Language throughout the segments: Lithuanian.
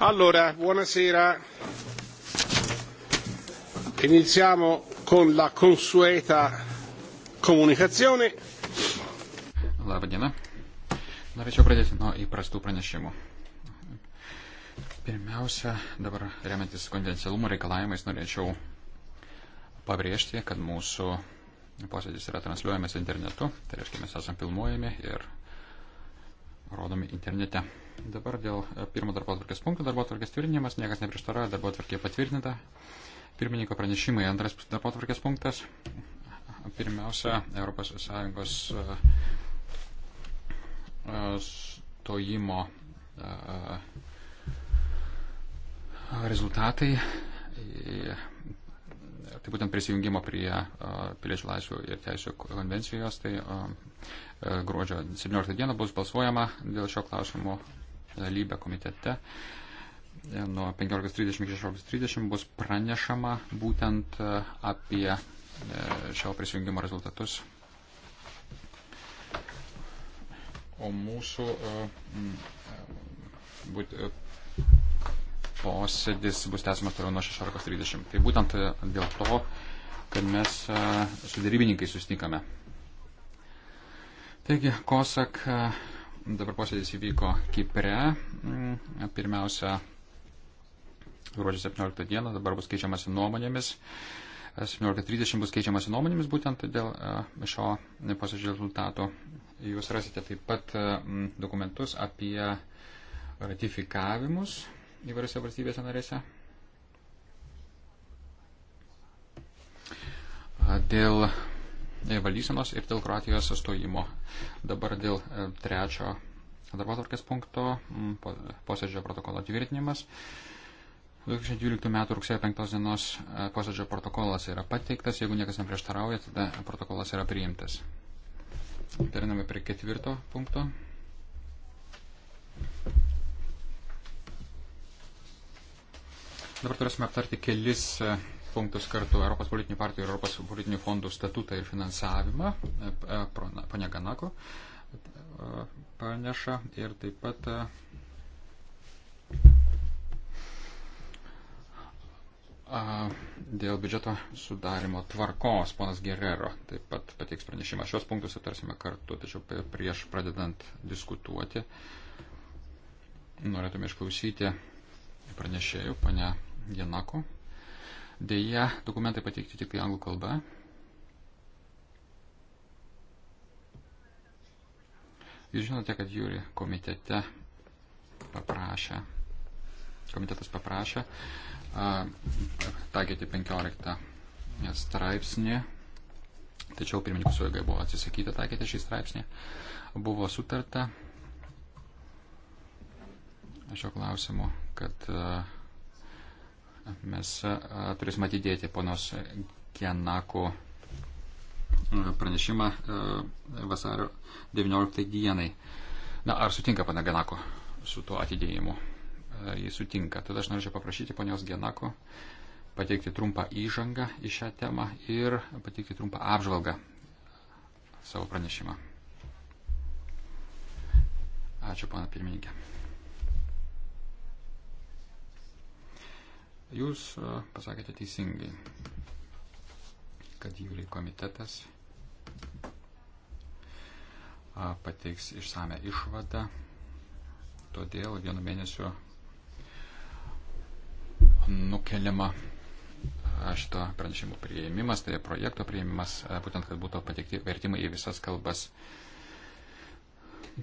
Allora, buonasera. Iniziamo con la consueta comunicazione. Labą dieną. Norėčiau pradėti nuo įprastų pranešimų. Pirmiausia, dabar remiantis konfidencialumo reikalavimais, norėčiau pabrėžti, kad mūsų posėdis yra transliuojamas internetu, tai reiškia mes esame filmuojami ir rodomi internete. Dabar dėl e, pirmo darbo atvarkės punkto darbo atvarkės tvirtinimas, niekas neprieštarauja, darbo atvarkė patvirtinta. Pirmininko pranešimai, antras darbo atvarkės punktas. Pirmiausia, ES e, e, stojimo rezultatai tai būtent prisijungimo prie piliečių laisvių ir teisų konvencijos, tai gruodžio 17 dieną bus balsuojama dėl šio klausimo lybė komitete. E, nuo 15.30 iki 16.30 bus pranešama būtent apie e, šio prisijungimo rezultatus. O mūsų būt, posėdis bus tęsiamas toliau nuo 16.30. Tai būtent e, dėl to, kad mes e, su dėrybininkai susitinkame. Taigi, Kosak, e, dabar posėdis įvyko Kipre. Mm, pirmiausia, gruodžio 17 dieną, dabar bus keičiamasi nuomonėmis. 17.30 bus keičiamasi nuomonėmis būtent dėl šio posėdžio rezultato. Jūs rasite taip pat dokumentus apie ratifikavimus įvairiose valstybėse narėse. Dėl e, valdysenos ir dėl Kroatijos stojimo. Dabar dėl e, trečio darbo tvarkės punkto posėdžio protokolo tvirtinimas. 2012 m. rugsėjo 5 dienos e, posėdžio protokolas yra pateiktas, jeigu niekas neprieštarauja, tada protokolas yra priimtas. Periname prie ketvirto punkto. Dabar turėsime aptarti kelis e, punktus kartu Europos politinių partijų ir Europos politinių fondų statutą ir finansavimą. Pane e, Ganako e, praneša ir taip pat. Dėl biudžeto sudarimo tvarkos ponas Gerero taip pat pateiks pranešimą. Šios punktus aptarsime kartu, tačiau prieš pradedant diskutuoti norėtume išklausyti pranešėjų, pane Janako. Deja, dokumentai pateikti tik tai anglų kalba. Jūs žinote, kad Jūri komitete paprašė, komitetas paprašė taikyti 15 straipsnį, tačiau pirmininkų suėgai buvo atsisakyta taikyti šį straipsnį. Buvo sutarta šio klausimu, kad uh, mes turėsime atidėti ponos Kienako pranešimą vasario 19 dienai. Na, ar sutinka pana Genako su tuo atidėjimu? Jis sutinka. Tada aš norėčiau paprašyti ponios Genako pateikti trumpą įžangą į šią temą ir pateikti trumpą apžvalgą savo pranešimą. Ačiū, pana pirmininkė. Jūs pasakėte teisingai, kad jūri komitetas pateiks išsame išvadą, todėl vienu mėnesiu nukeliama šito pranešimo prieimimas, tai projekto prieimimas, būtent kad būtų pateikti vertimai į visas kalbas. Uh,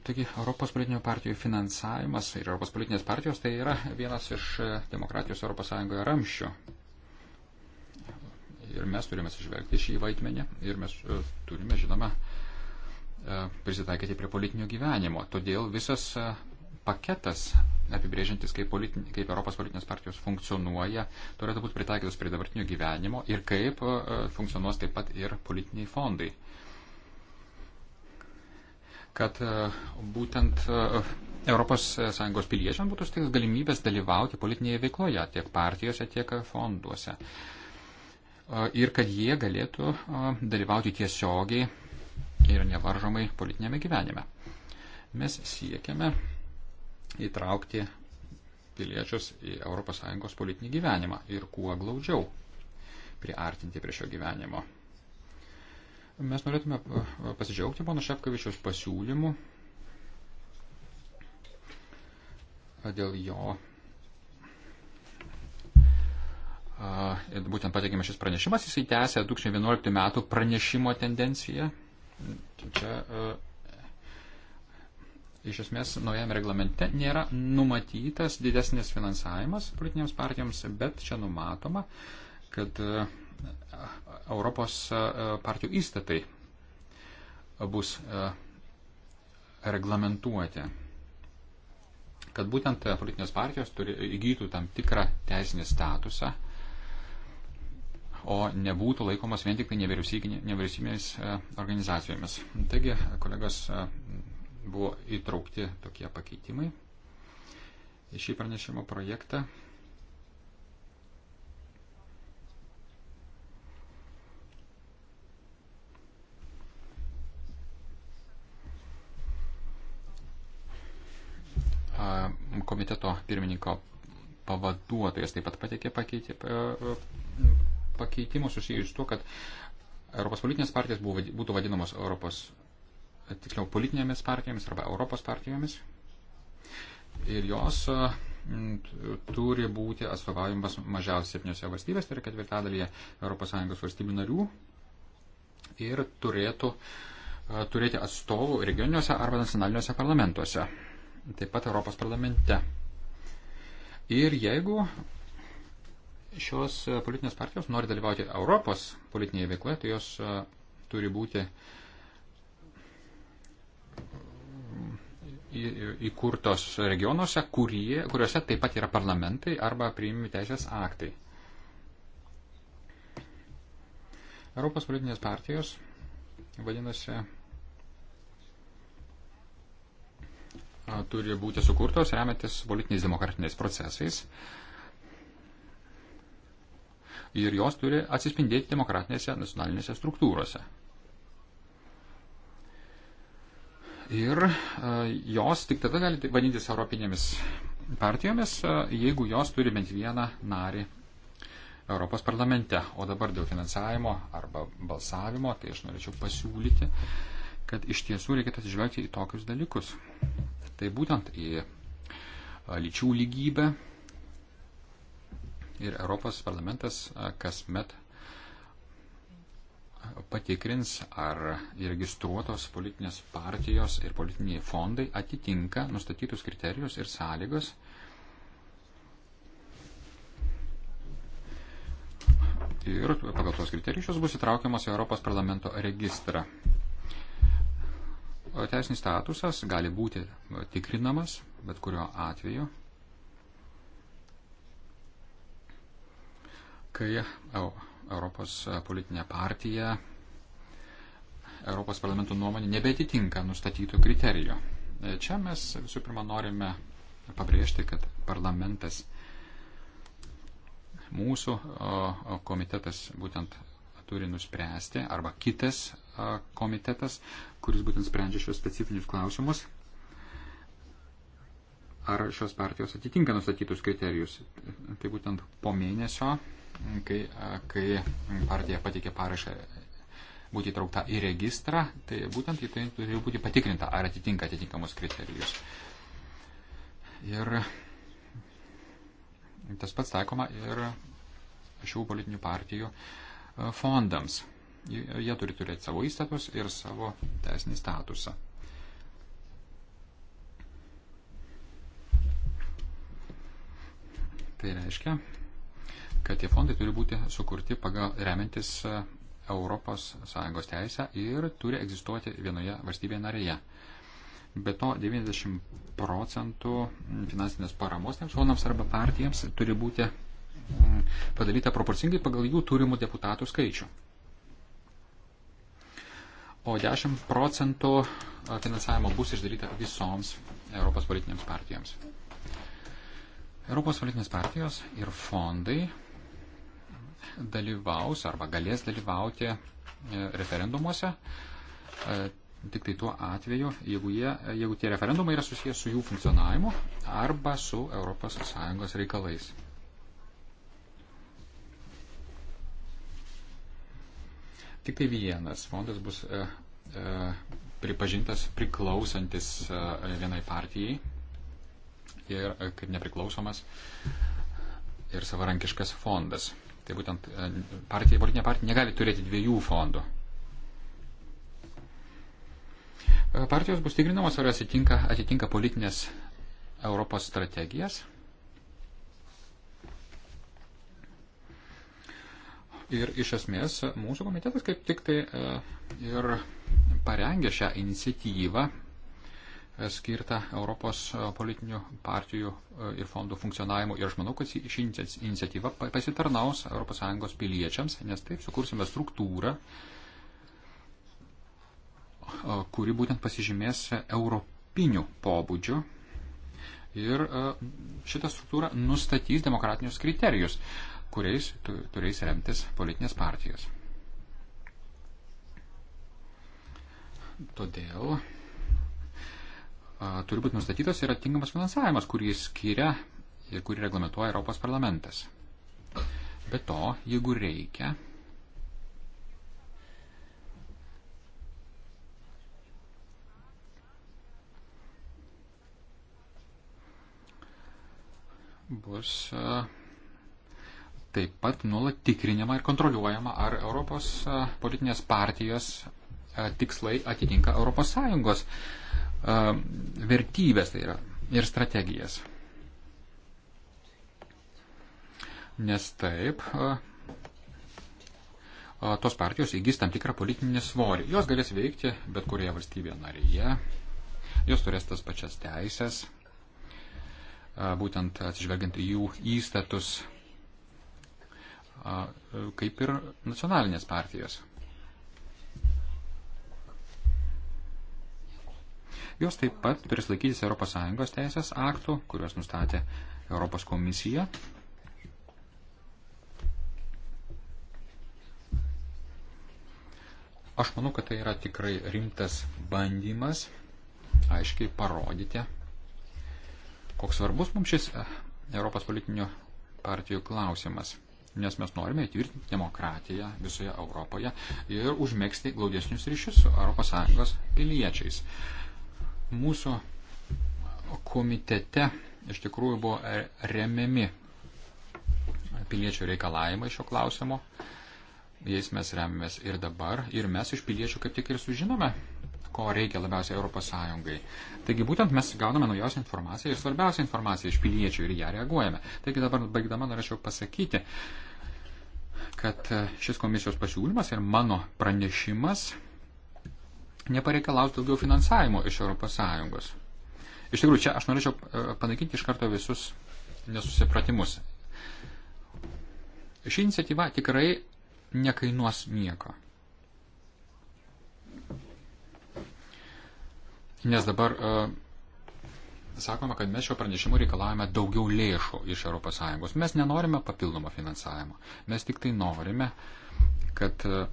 Taigi Europos politinių partijų finansavimas ir Europos politinės partijos tai yra vienas iš e, demokratijos ES ramščių. Ir mes turime atsižvelgti šį vaidmenį ir mes e, turime, žinoma, e, prisitaikyti prie politinio gyvenimo. Todėl visas paketas, apibrėžiantis, kaip, politin, kaip Europos politinės partijos funkcionuoja, turėtų būti pritaikytas prie dabartinio gyvenimo ir kaip funkcionuos taip pat ir politiniai fondai. Uh, kad e, būtent ES piliečiams būtų suteiktas galimybės dalyvauti politinėje veikloje tiek partijose, tiek fonduose. E, ir kad jie galėtų e, dalyvauti tiesiogiai ir nevaržomai politinėme gyvenime. Mes siekiame įtraukti piliečius į ES politinį gyvenimą ir kuo glaudžiau priartinti prie šio gyvenimo. Mes norėtume uh, uh, pasidžiaugti pono Šefkavičiaus pasiūlymų uh, dėl jo. Ir būtent pateikime šis pranešimas, jisai tęsė 2011 metų pranešimo tendenciją. Čia iš esmės naujame reglamente nėra numatytas didesnis finansavimas politinėms partijoms, bet čia numatoma, kad uh, Europos e, partijų įstatai bus e, reglamentuoti, kad būtent politinės partijos turi, įgytų tam tikrą teisinį statusą, o nebūtų laikomas vien tik tai nevyriausybinėmis e, organizacijomis. Taigi, kolegos, buvo įtraukti tokie pakeitimai į šį pranešimo projektą. komiteto pirmininko pavaduotojas taip pat pateikė pakeitį, pakeitimų susijus tuo, kad Europos politinės partijos buvo, būtų vadinamos Europos, tiksliau, politinėmis partijomis arba Europos partijomis. Ir jos turi būti atstovaujamas mažiausiai septyniose valstybėse, tai yra ketvirtadalyje ES valstybių narių ir turėtų turėti atstovų regioniniuose arba nacionaliniuose parlamentuose taip pat Europos parlamente. Ir jeigu šios politinės partijos nori dalyvauti Europos politinėje veikloje, tai jos e, turi būti įkurtos regionuose, kurie, kuriuose taip pat yra parlamentai arba priimimi teisės aktai. Europos politinės partijos vadinasi turi būti sukurtos remiantis politiniais demokratiniais procesais. Ir jos turi atsispindėti demokratinėse nacionalinėse struktūrose. Ir jos tik tada gali vadintis europinėmis partijomis, jeigu jos turi bent vieną narį Europos parlamente. O dabar dėl finansavimo arba balsavimo, tai aš norėčiau pasiūlyti, kad iš tiesų reikėtų atsižvelgti į tokius dalykus tai būtent į e, lyčių lygybę. Ir Europos parlamentas e, kasmet patikrins, ar registruotos politinės partijos ir politiniai fondai atitinka nustatytus kriterijus ir sąlygas. Ir pagal tos kriterijus bus įtraukiamas į Europos parlamento registrą teisinis statusas gali būti tikrinamas bet kurio atveju, kai Europos politinė partija Europos parlamento nuomonė nebetitinka nustatytų kriterijų. Čia mes visų pirma norime pabrėžti, kad parlamentas mūsų komitetas būtent turi nuspręsti arba kitas komitetas, kuris būtent sprendžia šios specifinius klausimus. Ar šios partijos atitinka nustatytus kriterijus? Tai būtent po mėnesio, kai, kai partija pateikė parašą būti įtraukta į registrą, tai būtent į tai turi būti patikrinta, ar atitinka atitinkamus kriterijus. Ir tas pats taikoma ir šių politinių partijų fondams jie turi turėti savo įstatus ir savo teisinį statusą. Tai reiškia, kad tie fondai turi būti sukurti pagal remiantis ES teisę ir turi egzistuoti vienoje valstybėje narėje. Be to, 90 procentų finansinės paramos tiems fondams arba partijams turi būti mm, padalyta proporcingai pagal jų turimų deputatų skaičių o 10 procentų finansavimo bus išdalyta visoms Europos politinėms partijoms. Europos politinės partijos ir fondai dalyvaus arba galės dalyvauti e, referendumuose e, tik tai tuo atveju, jeigu, jie, jeigu tie referendumai yra susijęs su jų funkcionavimu arba su ES reikalais. Tik tai vienas fondas bus e, e, pripažintas priklausantis e, vienai partijai ir kaip nepriklausomas ir savarankiškas fondas. Tai būtent partija, politinė partija negali turėti dviejų fondų. Partijos bus tikrinamos, ar atitinka, atitinka politinės Europos strategijas Ir iš esmės mūsų komitetas kaip tik tai e, ir parengė šią iniciatyvą e, skirtą Europos politinių partijų e, ir fondų funkcionavimu. Ir aš manau, kad ši iniciatyva pasitarnaus ES piliečiams, nes taip sukursime struktūrą, kuri būtent pasižymės europinių pobūdžių. Ir šita struktūra nustatys demokratinius kriterijus kuriais turės remtis politinės partijos. Todėl turi būti nustatytas ir atitinkamas finansavimas, kurį skiria ir kurį reglamentuoja Europos parlamentas. Be to, jeigu reikia, bus taip pat nuolat tikrinama ir kontroliuojama, ar Europos politinės partijos tikslai atitinka ES vertybės tai yra, ir strategijas. Nes taip, tos partijos įgys tam tikrą politinį svorį. Jos galės veikti bet kurioje valstybėje narėje, jos turės tas pačias teisės, būtent atsižvelgiant į jų įstatus E, kaip ir nacionalinės partijos. Jos taip pat turės laikytis ES teisės aktų, kuriuos nustatė Europos komisija. Aš manau, kad tai yra tikrai rimtas bandymas aiškiai parodyti, koks svarbus mums šis e, Europos politinių partijų klausimas nes mes norime įtvirtinti demokratiją visoje Europoje ir užmėgsti glaudesnius ryšius su ES piliečiais. Mūsų komitete iš tikrųjų buvo remiami piliečių reikalavimai šio klausimo. Jais mes remiamės ir dabar, ir mes iš piliečių kaip tik ir sužinome, ko reikia labiausiai Europos Sąjungai. Taigi būtent mes gauname naujausią informaciją ir svarbiausią informaciją iš piliečių ir ją reaguojame. Taigi dabar baigdama norėčiau pasakyti, uh, kad e, šis komisijos pasiūlymas ir mano pranešimas nepareikalaus daugiau finansavimo iš ES. Iš tikrųjų, čia aš norėčiau e, panaikinti iš karto visus nesusipratimus. Ši iniciatyva tikrai nekainuos nieko. Nes dabar uh, sakoma, kad mes šio pranešimu reikalavome daugiau lėšų iš ES. Mes nenorime papildomo finansavimo. Mes tik tai norime, kad e,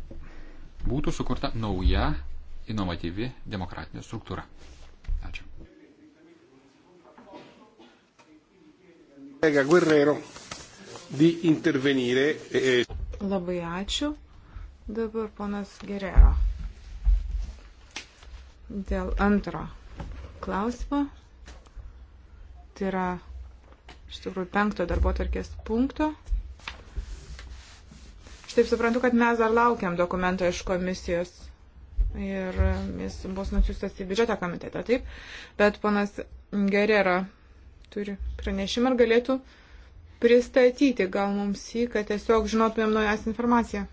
būtų sukurta nauja, inovatyvi demokratinė struktūra. Ačiū. E, e- Labai ačiū. Dabar ponas Gerero. Dėl antro klausimo Tai yra, iš tikrųjų, penkto darbo tvarkės punkto. Aš taip suprantu, kad mes dar laukiam dokumento iš komisijos ir jis bus nusiustas į biudžeto komitetą, taip. Bet ponas Gerera turi pranešimą ir galėtų pristatyti gal mums jį, kad tiesiog žinotumėm naujas informaciją.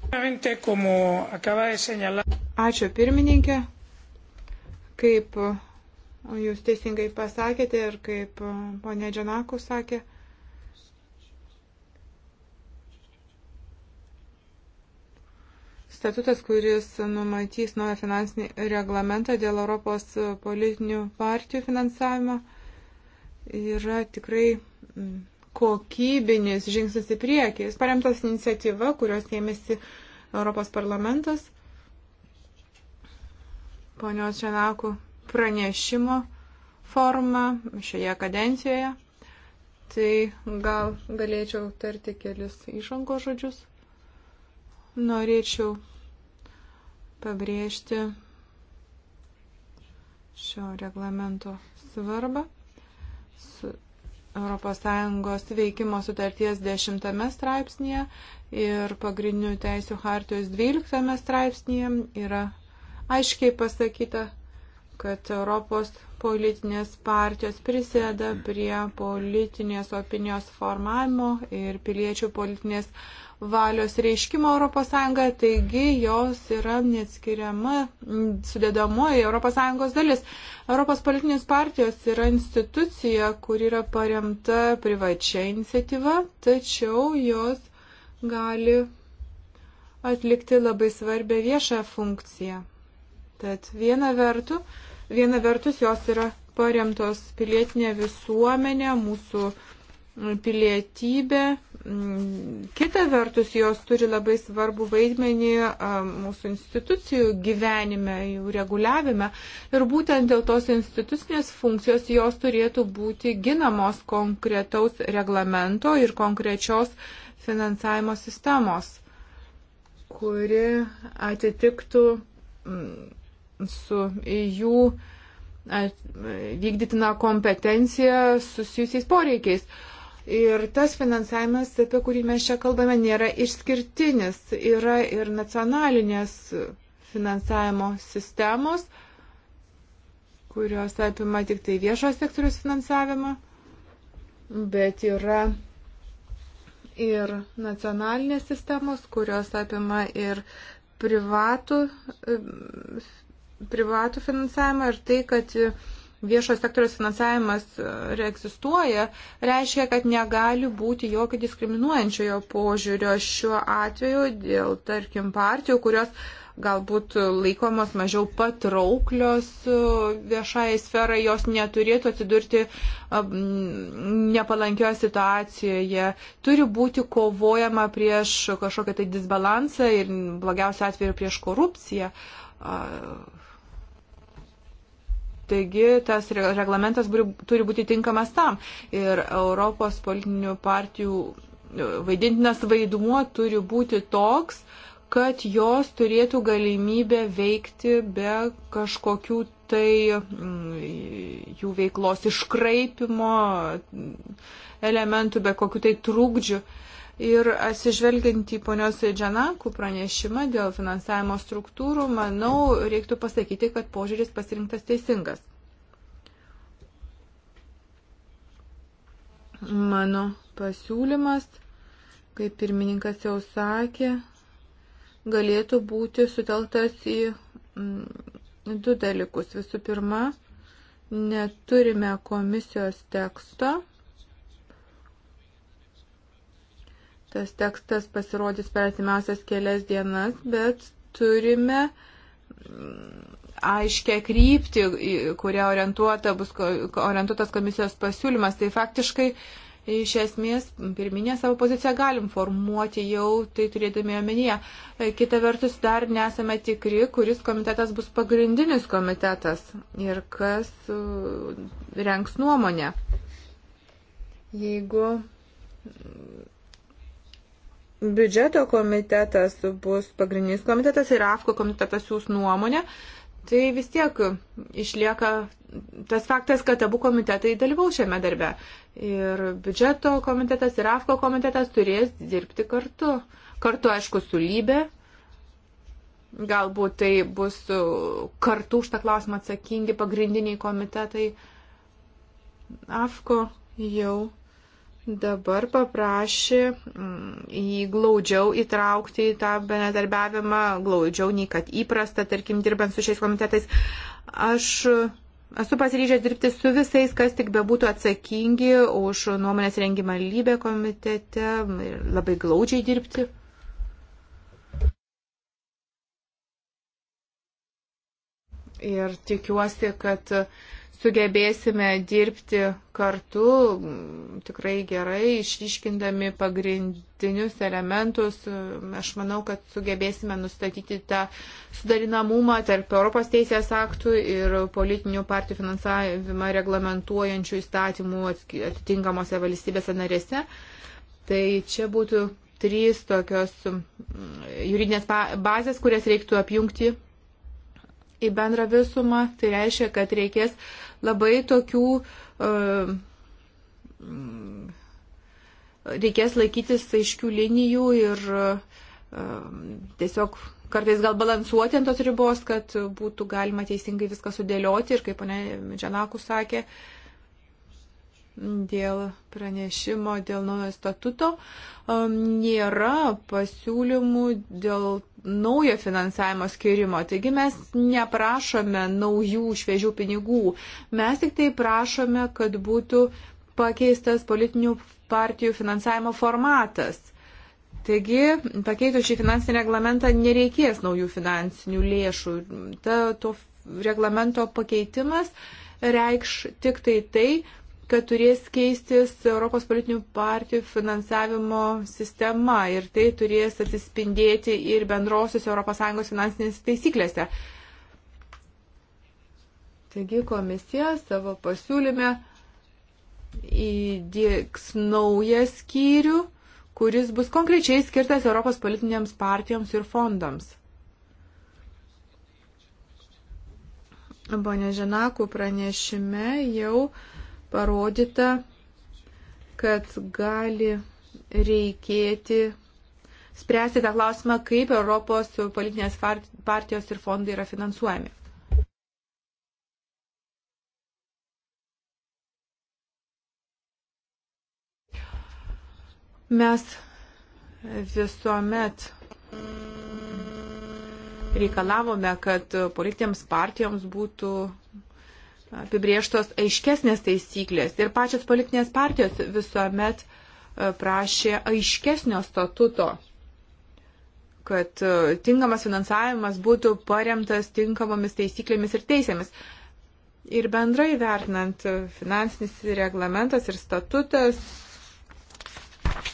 Ačiū pirmininkė. Kaip Jūs teisingai pasakėte ir kaip e, ponė Džanaku sakė, statutas, kuris numatys naują finansinį reglamentą dėl Europos politinių partijų finansavimo, yra tikrai kokybinis žingsnis į priekį. Jis paremtas iniciatyva, kurios ėmėsi Europos parlamentas. Ponios Šenakų pranešimo formą šioje kadencijoje. Tai gal galėčiau tarti kelis įšanko žodžius. Norėčiau pabrėžti šio reglamento svarbą. Su ES veikimo sutarties 10 straipsnėje ir pagrindinių teisų hartijos 12 straipsnėje yra aiškiai pasakyta, kad Europos politinės partijos prisėda prie politinės opinijos formavimo ir piliečių politinės valios reiškimo ES, taigi jos yra neatskiriama sudėdamoji ES dalis. Europos politinės partijos yra institucija, kur yra paremta privačia iniciatyva, tačiau jos gali atlikti labai svarbę viešą funkciją. Tad viena vertu, Viena vertus jos yra paremtos pilietinė visuomenė, mūsų mm, pilietybė. Mm, kita vertus jos turi labai svarbu vaidmenį mūsų institucijų gyvenime, jų reguliavime. Ir būtent dėl tos institucinės funkcijos jos turėtų būti ginamos konkretaus reglamento ir konkrečios finansavimo sistemos, kuri atitiktų mm, su jų vykdytina kompetencija susijusiais poreikiais. Ir tas finansavimas, apie kurį mes čia kalbame, nėra išskirtinis. Yra ir nacionalinės finansavimo sistemos, kurios apima tik tai viešo sektorius finansavimą, bet yra ir nacionalinės sistemos, kurios apima ir privatų privatų finansavimą ir tai, kad viešo sektoriaus finansavimas e, egzistuoja, reiškia, kad negali būti jokio diskriminuojančiojo požiūrio šiuo atveju dėl, tarkim, partijų, kurios galbūt laikomos mažiau patrauklios e, viešai sferai, jos neturėtų atsidurti e, nepalankioje situacijoje. Turi būti kovojama prieš kažkokią tai disbalansą ir blogiausią atveju prieš korupciją. Uh Taigi tas reglamentas turi būti tinkamas tam. Ir Europos politinių partijų e, vaidintinas vaidumuo turi būti toks, kad jos turėtų galimybę veikti be kažkokių tai mm, jų veiklos iškraipimo elementų, be kokių tai trūkdžių. Uh, Ir atsižvelgiant į ponios Džanankų pranešimą dėl finansavimo struktūrų, manau, reiktų pasakyti, kad požiūris pasirinktas teisingas. Mano pasiūlymas, kaip pirmininkas jau sakė, galėtų būti suteltas į mm, du dalykus. Visų pirma, neturime komisijos teksto Tas tekstas pasirodys per atimiausias kelias dienas, bet turime mm, aiškia krypti, kuria orientuota bus orientuotas komisijos pasiūlymas. Tai faktiškai iš esmės pirminę savo poziciją galim formuoti jau tai turėdami omenyje. Kita vertus, dar nesame tikri, kuris komitetas bus pagrindinis komitetas ir kas uh, renks nuomonę. Jeigu biudžeto komitetas bus pagrindinis komitetas ir AFKO komitetas jūs nuomonė, tai vis tiek išlieka tas faktas, kad abu komitetai dalyvau šiame darbe. Ir biudžeto komitetas ir AFKO komitetas turės dirbti kartu. Kartu, aišku, su lybė. Galbūt tai bus kartu už tą klausimą atsakingi pagrindiniai komitetai. AFKO jau dabar paprašė mm, jį glaudžiau įtraukti į tą bendradarbiavimą, glaudžiau nei kad įprasta, tarkim, dirbant su šiais komitetais. Aš esu pasiryžęs dirbti su visais, kas tik bebūtų atsakingi už nuomonės rengimą lybę komitete ir labai glaudžiai dirbti. Ir tikiuosi, kad uh, sugebėsime dirbti kartu tikrai gerai, išryškindami pagrindinius elementus. Aš manau, kad sugebėsime nustatyti tą sudarinamumą tarp Europos teisės aktų ir politinių partijų finansavimą reglamentuojančių įstatymų atitinkamose valstybėse narėse. Tai čia būtų trys tokios juridinės bazės, kurias reiktų apjungti į bendrą visumą. Tai reiškia, kad reikės labai tokių uh, reikės laikytis aiškių linijų ir uh, tiesiog kartais gal balansuoti ant tos ribos, kad būtų galima teisingai viską sudėlioti ir kaip pane Džanakų sakė, dėl pranešimo, dėl naujo statuto e, nėra pasiūlymų dėl naujo finansavimo skirimo. Taigi mes neprašome naujų šviežių pinigų. Mes tik tai prašome, kad būtų pakeistas politinių partijų finansavimo formatas. Taigi, pakeitus šį finansinį reglamentą, nereikės naujų finansinių lėšų. Ta, to reglamento pakeitimas reikš tik tai tai, kad turės keistis Europos politinių partijų finansavimo sistema ir tai turės atsispindėti ir bendrosios ES finansinėse taisyklėse. Taigi komisija savo pasiūlyme įdėks naują skyrių, kuris bus konkrečiai skirtas Europos politinėms partijoms ir fondams. Bone Žinakų pranešime jau uh, parodyta, kad gali reikėti spręsti tą klausimą, kaip Europos politinės partijos ir fondai yra finansuojami. Mes visuomet reikalavome, kad politinėms partijoms būtų apibrieštos aiškesnės taisyklės ir pačios politinės partijos visuomet e, prašė aiškesnio statuto kad e, tinkamas finansavimas būtų paremtas tinkamomis taisyklėmis ir teisėmis. Ir bendrai vertinant e, finansinis reglamentas ir statutas,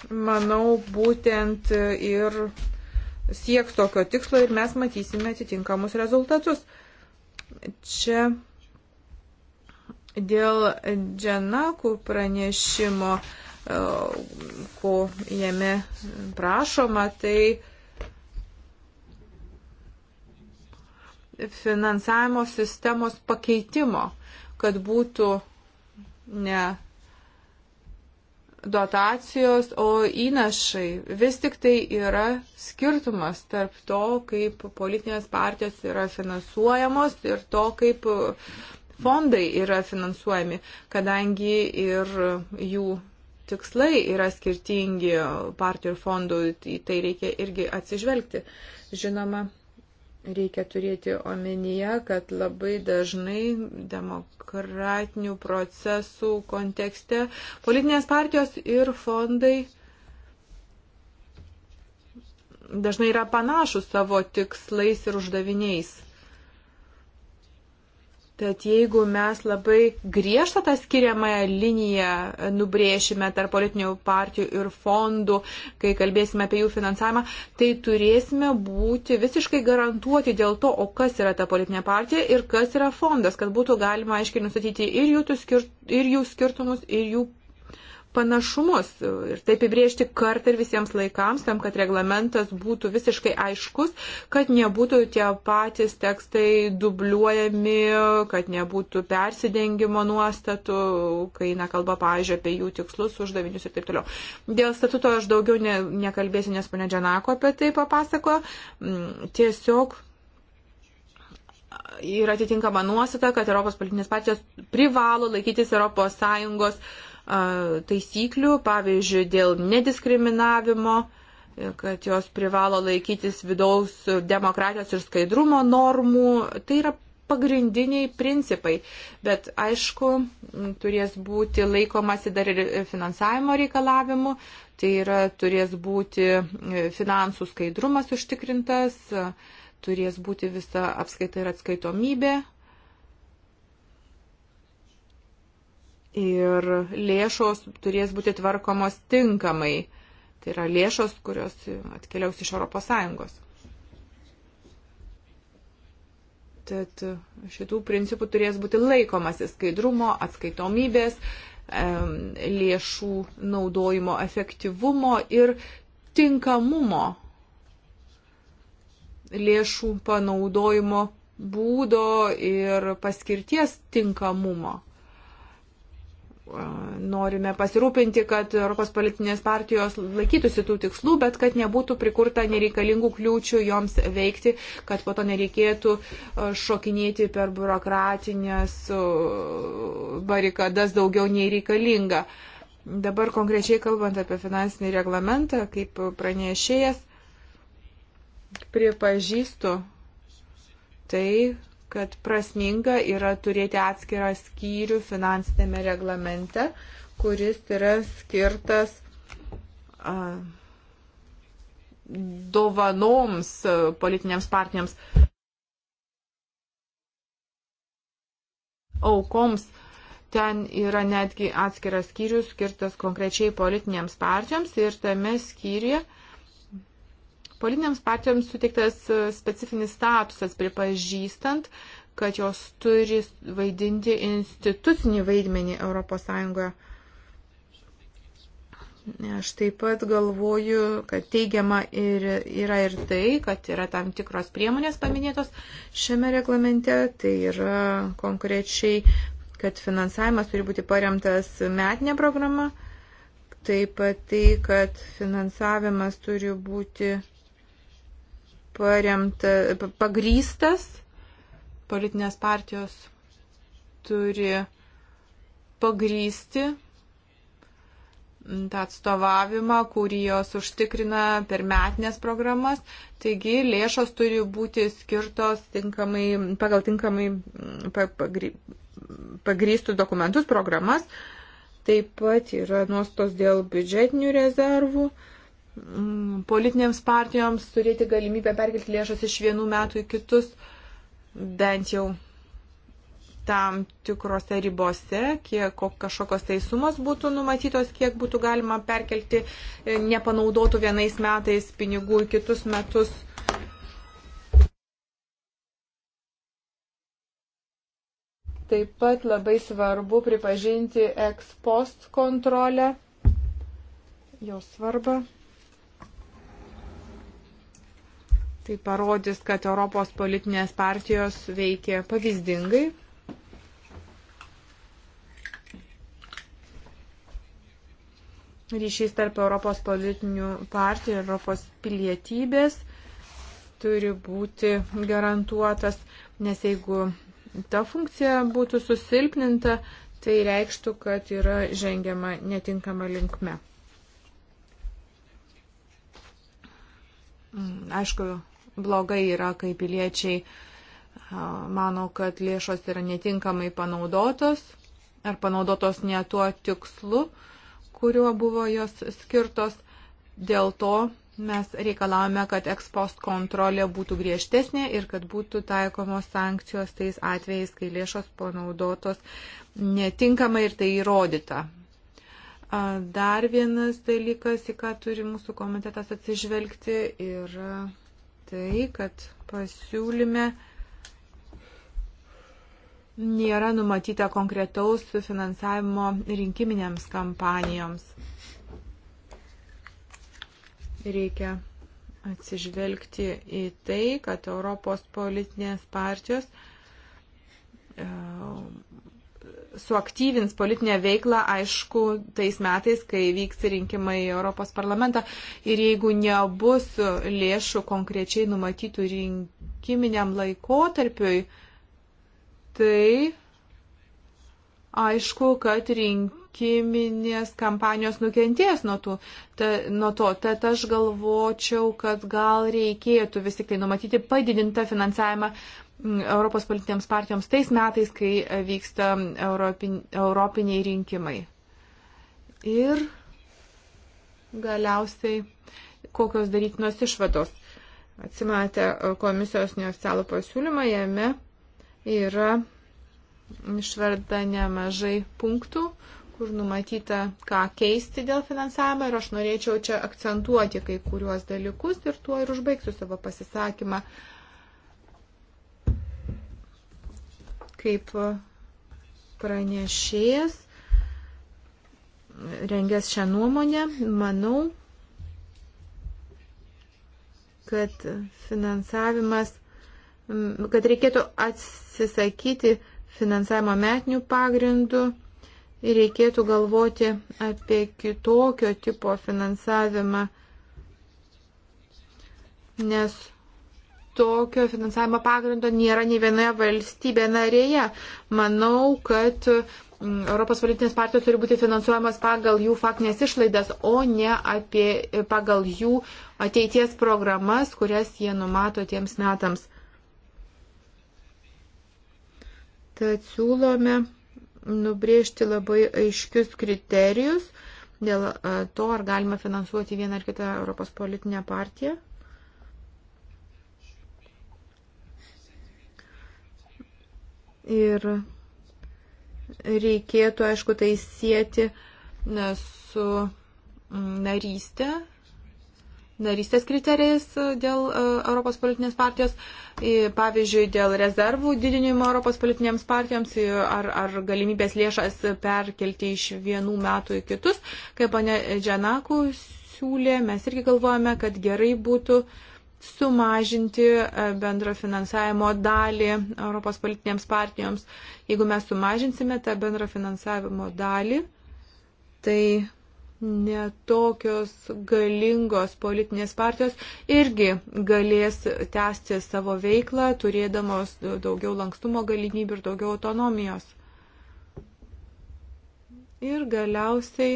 manau, būtent ir sieks tokio tikslo ir mes matysime atitinkamus rezultatus. Čia Dėl Dženakų pranešimo, e, ko jame prašoma, tai finansavimo sistemos pakeitimo, kad būtų ne dotacijos, o įnašai. Vis tik tai yra skirtumas tarp to, kaip politinės partijos yra finansuojamos ir to, kaip fondai yra finansuojami, kadangi ir jų tikslai yra skirtingi partijų ir fondų, į tai reikia irgi atsižvelgti. Žinoma, reikia turėti omenyje, kad labai dažnai demokratinių procesų kontekste politinės partijos ir fondai dažnai yra panašus savo tikslais ir uždaviniais. Tad jeigu mes labai griežtą tą skiriamąją liniją nubrėšime tarp politinių partijų ir fondų, kai kalbėsime apie jų finansavimą, tai turėsime būti visiškai garantuoti dėl to, o kas yra ta politinė partija ir kas yra fondas, kad būtų galima aiškiai nustatyti ir jų, skir ir jų skirtumus, ir jų panašumus ir tai apibriežti kartą ir visiems laikams, tam, kad reglamentas būtų visiškai aiškus, kad nebūtų tie patys tekstai dubliuojami, kad nebūtų persidengimo nuostatų, kai eina kalba, pavyzdžiui, apie jų tikslus, uždavinius ir taip toliau. Dėl statuto aš daugiau ne, nekalbėsiu, nes ponia Džanako apie tai papasako. Mm, tiesiog yra atitinkama nuostata, kad Europos politinės partijos privalo laikytis ES taisyklių, pavyzdžiui, dėl nediskriminavimo, kad jos privalo laikytis vidaus demokratijos ir skaidrumo normų. Tai yra pagrindiniai principai. Bet aišku, turės būti laikomasi dar ir finansavimo reikalavimų, tai yra turės būti finansų skaidrumas užtikrintas, turės būti visa apskaita ir atskaitomybė ir lėšos turės būti tvarkomos tinkamai. Tai yra lėšos, kurios atkeliaus iš ES. Tad šitų principų turės būti laikomasi skaidrumo, atskaitomybės, lėšų naudojimo efektyvumo ir tinkamumo lėšų panaudojimo būdo ir paskirties tinkamumo norime pasirūpinti, kad Europos politinės partijos laikytųsi tų tikslų, bet kad nebūtų prikurta nereikalingų kliūčių joms veikti, kad po to nereikėtų šokinėti per biurokratinės barikadas daugiau nei reikalinga. Dabar konkrečiai kalbant apie finansinį reglamentą, kaip pranešėjas, pripažįstu tai, kad prasminga yra turėti atskirą skyrių finansinėme reglamente, kuris yra skirtas a, dovanoms politiniams partijams, aukoms. Ten yra netgi atskiras skyrius skirtas konkrečiai politinėms partijoms ir tame skyriuje Politiniams partijoms suteiktas e, specifinis statusas pripažįstant, kad jos turi vaidinti institucinį vaidmenį ES. Aš taip pat galvoju, kad teigiama ir, yra ir tai, kad yra tam tikros priemonės paminėtos šiame reglamente, tai yra konkrečiai, kad finansavimas turi būti paremtas metinė programa, taip pat tai, kad finansavimas turi būti paremta, pagrystas, politinės partijos turi pagrysti tą atstovavimą, kurį jos užtikrina per metinės programas. Taigi lėšos turi būti skirtos tinkamai, pagal tinkamai mm, pagry, pagrystų dokumentus, programas. Taip pat yra nuostos dėl biudžetinių rezervų. Uh, Mm, politinėms partijoms turėti galimybę perkelti lėšas iš vienų metų į kitus, bent jau tam tikrose ribose, kiek kažkokios tai sumas būtų numatytos, kiek būtų galima perkelti e, nepanaudotų vienais metais pinigų į kitus metus. Taip pat labai svarbu pripažinti ex post kontrolę, jos svarbą. Tai parodys, kad Europos politinės partijos veikia pavyzdingai. Ryšys tarp Europos politinių partijų ir Europos pilietybės turi būti garantuotas, nes jeigu ta funkcija būtų susilpninta, tai reikštų, kad yra žengiama netinkama linkme. Mm, aišku, blogai yra, kai piliečiai mano, kad lėšos yra netinkamai panaudotos ar panaudotos ne tuo tikslu, kuriuo buvo jos skirtos. Dėl to mes reikalavome, kad ekspost kontrolė būtų griežtesnė ir kad būtų taikomos sankcijos tais atvejais, kai lėšos panaudotos netinkamai ir tai įrodyta. Dar vienas dalykas, į ką turi mūsų komitetas atsižvelgti, yra tai, kad pasiūlyme nėra numatyta konkretaus finansavimo rinkiminėms kampanijoms. Reikia atsižvelgti į tai, kad Europos politinės partijos suaktyvins politinę veiklą, aišku, tais metais, kai vyks rinkimai į Europos parlamentą. Ir jeigu nebus lėšų konkrečiai numatytų rinkiminiam laikotarpiui, tai aišku, kad rinkiminės kampanijos nukentės nuo, tų, ta, nuo to. Tad aš galvočiau, kad gal reikėtų vis tik tai numatyti padidintą finansavimą Europos politinėms partijoms tais metais, kai vyksta europin, europiniai rinkimai. Ir galiausiai kokios darytinos išvados. Atsimatę komisijos neoficialų pasiūlymą, jame yra išvarda nemažai punktų, kur numatyta, ką keisti dėl finansavimo ir aš norėčiau čia akcentuoti kai kuriuos dalykus ir tuo ir užbaigsiu savo pasisakymą. Uh, kaip e, pranešėjas, rengęs šią nuomonę, manau, kad finansavimas, kad reikėtų atsisakyti finansavimo metinių pagrindų ir reikėtų galvoti apie kitokio tipo finansavimą, nes tokio finansavimo pagrindo nėra nei vienoje valstybėje narėje. Manau, kad mm, Europos politinės partijos turi būti finansuojamas pagal jų faktinės išlaidas, o ne apie, pagal jų ateities programas, kurias jie numato tiems metams. Tad siūlome nubrėžti labai aiškius kriterijus dėl e, to, ar galima finansuoti vieną ar kitą Europos politinę partiją. Ir reikėtų, aišku, tai sieti na, su mm, narystė, narystės kriterijais dėl e, Europos politinės partijos, pavyzdžiui, dėl rezervų didinimo Europos politinėms partijoms ar, ar galimybės lėšas perkelti iš vienų metų į kitus, kaip pane Džanaku siūlė, mes irgi galvojame, kad gerai būtų uh, sumažinti e, bendro finansavimo dalį Europos politinėms partijoms. Jeigu mes sumažinsime tą bendro finansavimo dalį, tai netokios galingos politinės partijos irgi galės tęsti savo veiklą, turėdamos daugiau lankstumo galimybių ir daugiau autonomijos. Ir galiausiai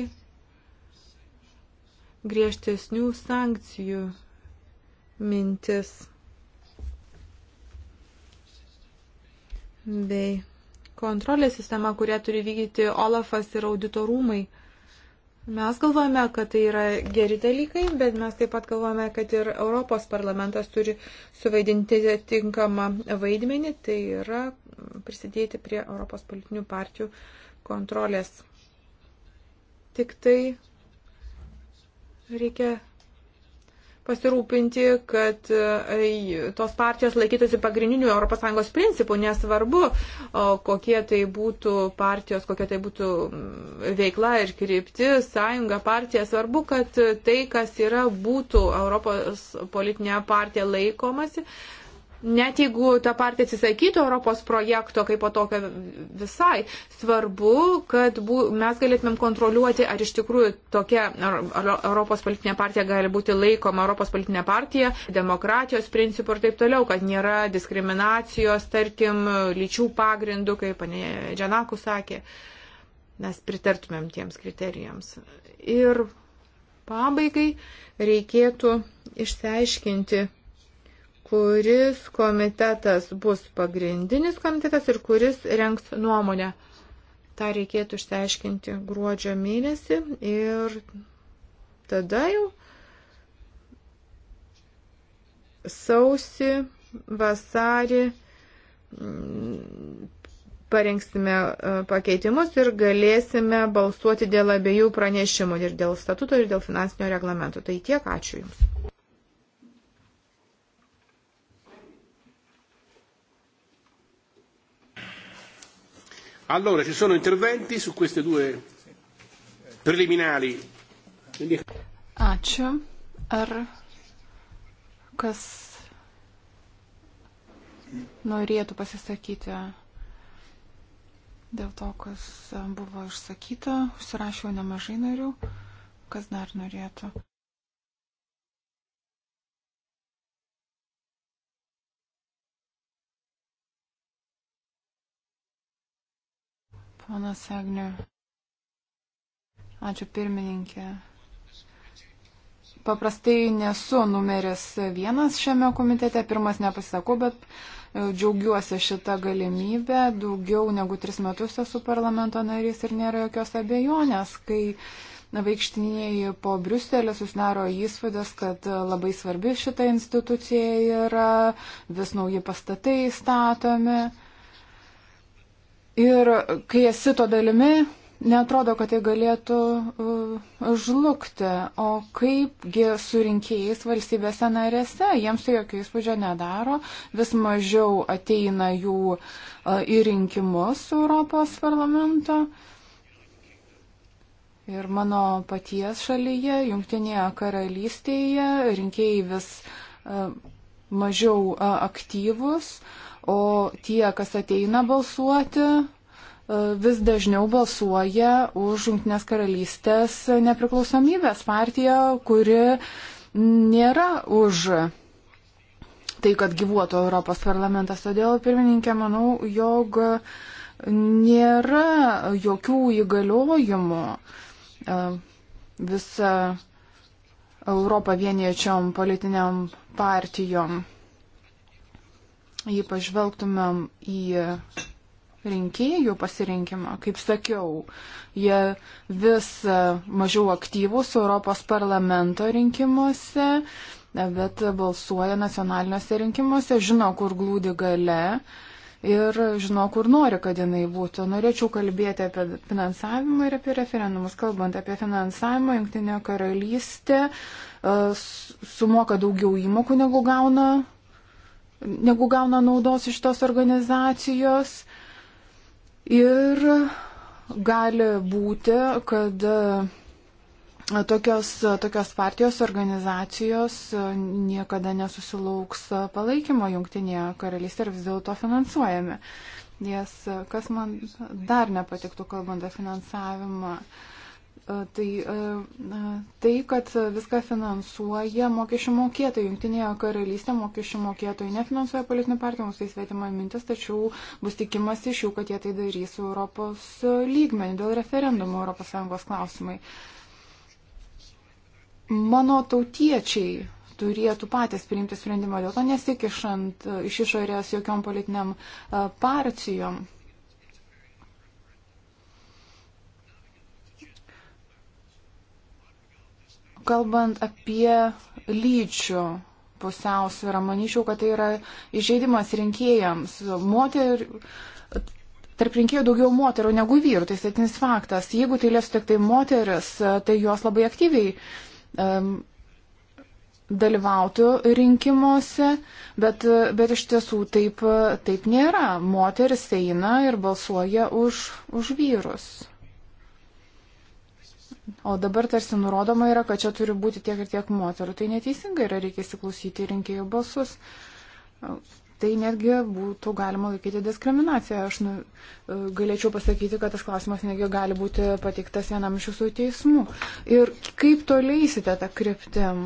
griežtesnių sankcijų mintis bei kontrolės sistema, kurią turi vykdyti Olafas ir auditorumai. Mes galvojame, kad tai yra geri dalykai, bet mes taip pat galvojame, kad ir Europos parlamentas turi suvaidinti tinkamą vaidmenį, tai yra prisidėti prie Europos politinių partijų kontrolės. Tik tai reikia pasirūpinti, kad e, tos partijos laikytųsi pagrindinių ES principų, nesvarbu, kokie tai būtų partijos, kokia tai būtų veikla ir krypti, sąjunga, partija, svarbu, kad tai, kas yra, būtų Europos politinė partija laikomasi. Uh, net jeigu ta partija atsisakytų Europos projekto kaip po tokio visai, svarbu, kad bu, mes galėtumėm kontroliuoti, ar iš tikrųjų tokia ar, ar Europos politinė partija gali būti laikoma Europos politinė partija, demokratijos principų ir taip toliau, kad nėra diskriminacijos, tarkim, lyčių pagrindų, kaip panė Džanaku sakė. Mes pritartumėm tiems kriterijams. Ir pabaigai reikėtų išsiaiškinti, kuris komitetas bus pagrindinis komitetas ir kuris renks nuomonę. Ta reikėtų išsiaiškinti gruodžio mėnesį ir tada jau sausi, vasarį mm, parengsime e, pakeitimus ir galėsime balsuoti dėl abiejų pranešimų ir dėl statuto ir dėl finansinio reglamento. Tai tiek, ačiū Jums. Allora, ci sono interventi su queste due preliminari. Ačiū. Ar kas norėtų pasisakyti dėl to, kas buvo išsakyta? Užsirašiau nemažai narių. Kas dar norėtų? Ponas Agniu. Ačiū pirmininkė. Paprastai nesu numeris vienas šiame komitete, pirmas nepasakau, bet e, džiaugiuosi šitą galimybę. Daugiau negu tris metus esu parlamento narys ir nėra jokios abejonės, kai vaikštinėjai po Briuselį, susidaro įspūdis, kad e, labai svarbi šita institucija yra, vis nauji pastatai statomi. Ir kai esi to dalimi, netrodo, kad tai galėtų uh, žlugti. O kaipgi su rinkėjais valstybėse narėse, jiems tai jokio įspūdžio nedaro, vis mažiau ateina jų uh, į rinkimus Europos parlamento. Ir mano paties šalyje, Junktinėje karalystėje, rinkėjai vis uh, mažiau aktyvus. Uh, o tie, kas ateina balsuoti, e, vis dažniau balsuoja už Junktinės karalystės nepriklausomybės partiją, kuri nėra už tai, kad gyvuotų Europos parlamentas. Todėl, pirmininkė, manau, jog nėra jokių įgaliojimų e, visą Europą vieniečiom politiniam partijom jei pažvelgtumėm į rinkėjų pasirinkimą, kaip sakiau, jie vis mažiau aktyvūs Europos parlamento rinkimuose, bet balsuoja nacionaliniuose rinkimuose, žino, kur glūdi gale ir žino, kur nori, kad jinai būtų. Norėčiau kalbėti apie finansavimą ir apie referendumus. Kalbant apie finansavimą, Junktinė karalystė e, sumoka daugiau įmokų negu gauna negu gauna naudos iš tos organizacijos. Ir gali būti, kad e, tokios, e, tokios partijos organizacijos e, niekada nesusilauks palaikymo jungtinėje karalystėje ir vis dėlto finansuojami. Nes kas man dar nepatiktų, kalbant apie finansavimą, uh, Tai tai, kad viską finansuoja mokesčių mokėtojai. Junktinėje karalystėje mokesčių mokėtojai nefinansuoja politinių partijų, mums tai svetima mintis, tačiau bus tikimas iš jų, kad jie tai darys Europos lygmenį dėl referendumo ES klausimai. Mano tautiečiai turėtų patys priimti sprendimą dėl to nesikišant iš išorės jokiom politiniam partijom. Uh, Kalbant apie lyčių pusiausvyrą, manyčiau, kad tai yra įžeidimas rinkėjams. Moter, tarp rinkėjų daugiau moterų negu vyrų, tai statinis faktas. Jeigu tai liesų tik tai moteris, tai jos labai aktyviai um, dalyvautų rinkimuose, bet, bet iš tiesų taip, taip nėra. Moteris eina ir balsuoja už, už vyrus. O dabar tarsi nurodoma yra, kad čia turi būti tiek ir tiek moterų. Tai neteisinga yra, reikia įsiklausyti rinkėjų balsus. Tai netgi būtų galima laikyti diskriminaciją. Aš nu, e, galėčiau pasakyti, kad tas klausimas negi gali būti patiktas vienam iš jūsų teismų. Ir kaip toliaisite tą kryptim?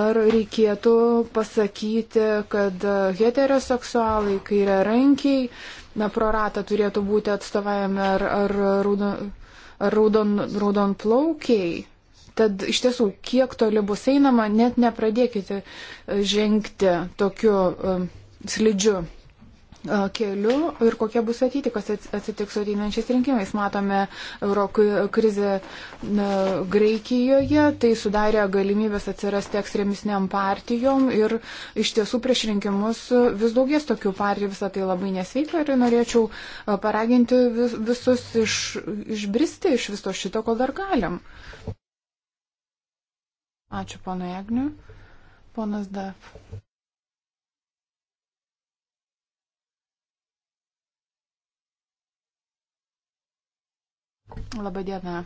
Ar reikėtų pasakyti, kad heteroseksualai, kairiarankiai, na, proratą turėtų būti atstovavami ar, ar rūdų. Rūna raudon, raudon plaukiai. Tad iš tiesų, kiek toli bus einama, net nepradėkite e, žengti tokiu um, slidžiu keliu ir kokie bus ateiti, kas atsitiks su ateinančiais rinkimais. Matome euro krizę Graikijoje, tai sudarė galimybės atsirasti ekstremistiniam partijom ir iš tiesų prieš rinkimus vis daugės tokių partijų, visą tai labai nesveika ir norėčiau paraginti vis, visus iš, išbristi iš viso šito, kol dar galim. Ačiū ponui Agniu. Ponas Daf. Labadiena.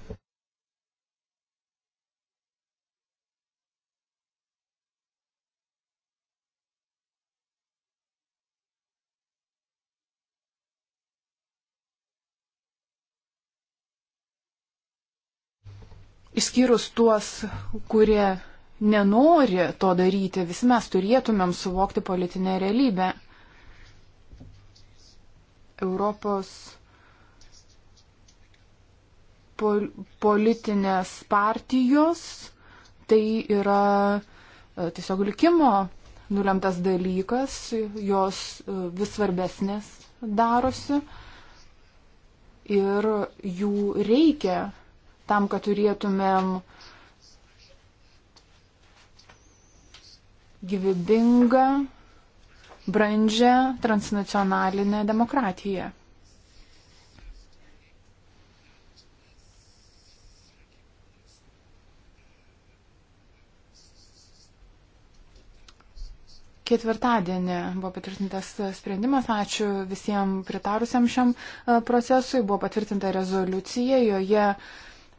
Išskyrus tuos, kurie nenori to daryti, visi mes turėtumėm suvokti politinę realybę. Europos pol politinės partijos, tai yra e, tiesiog likimo nulemtas dalykas, jos e, vis svarbesnės darosi ir jų reikia tam, kad turėtumėm gyvybingą, brandžią transnacionalinę demokratiją. ketvirtadienį buvo patvirtintas sprendimas. Ačiū visiems pritarusiam šiam e, procesui. Buvo patvirtinta rezoliucija, joje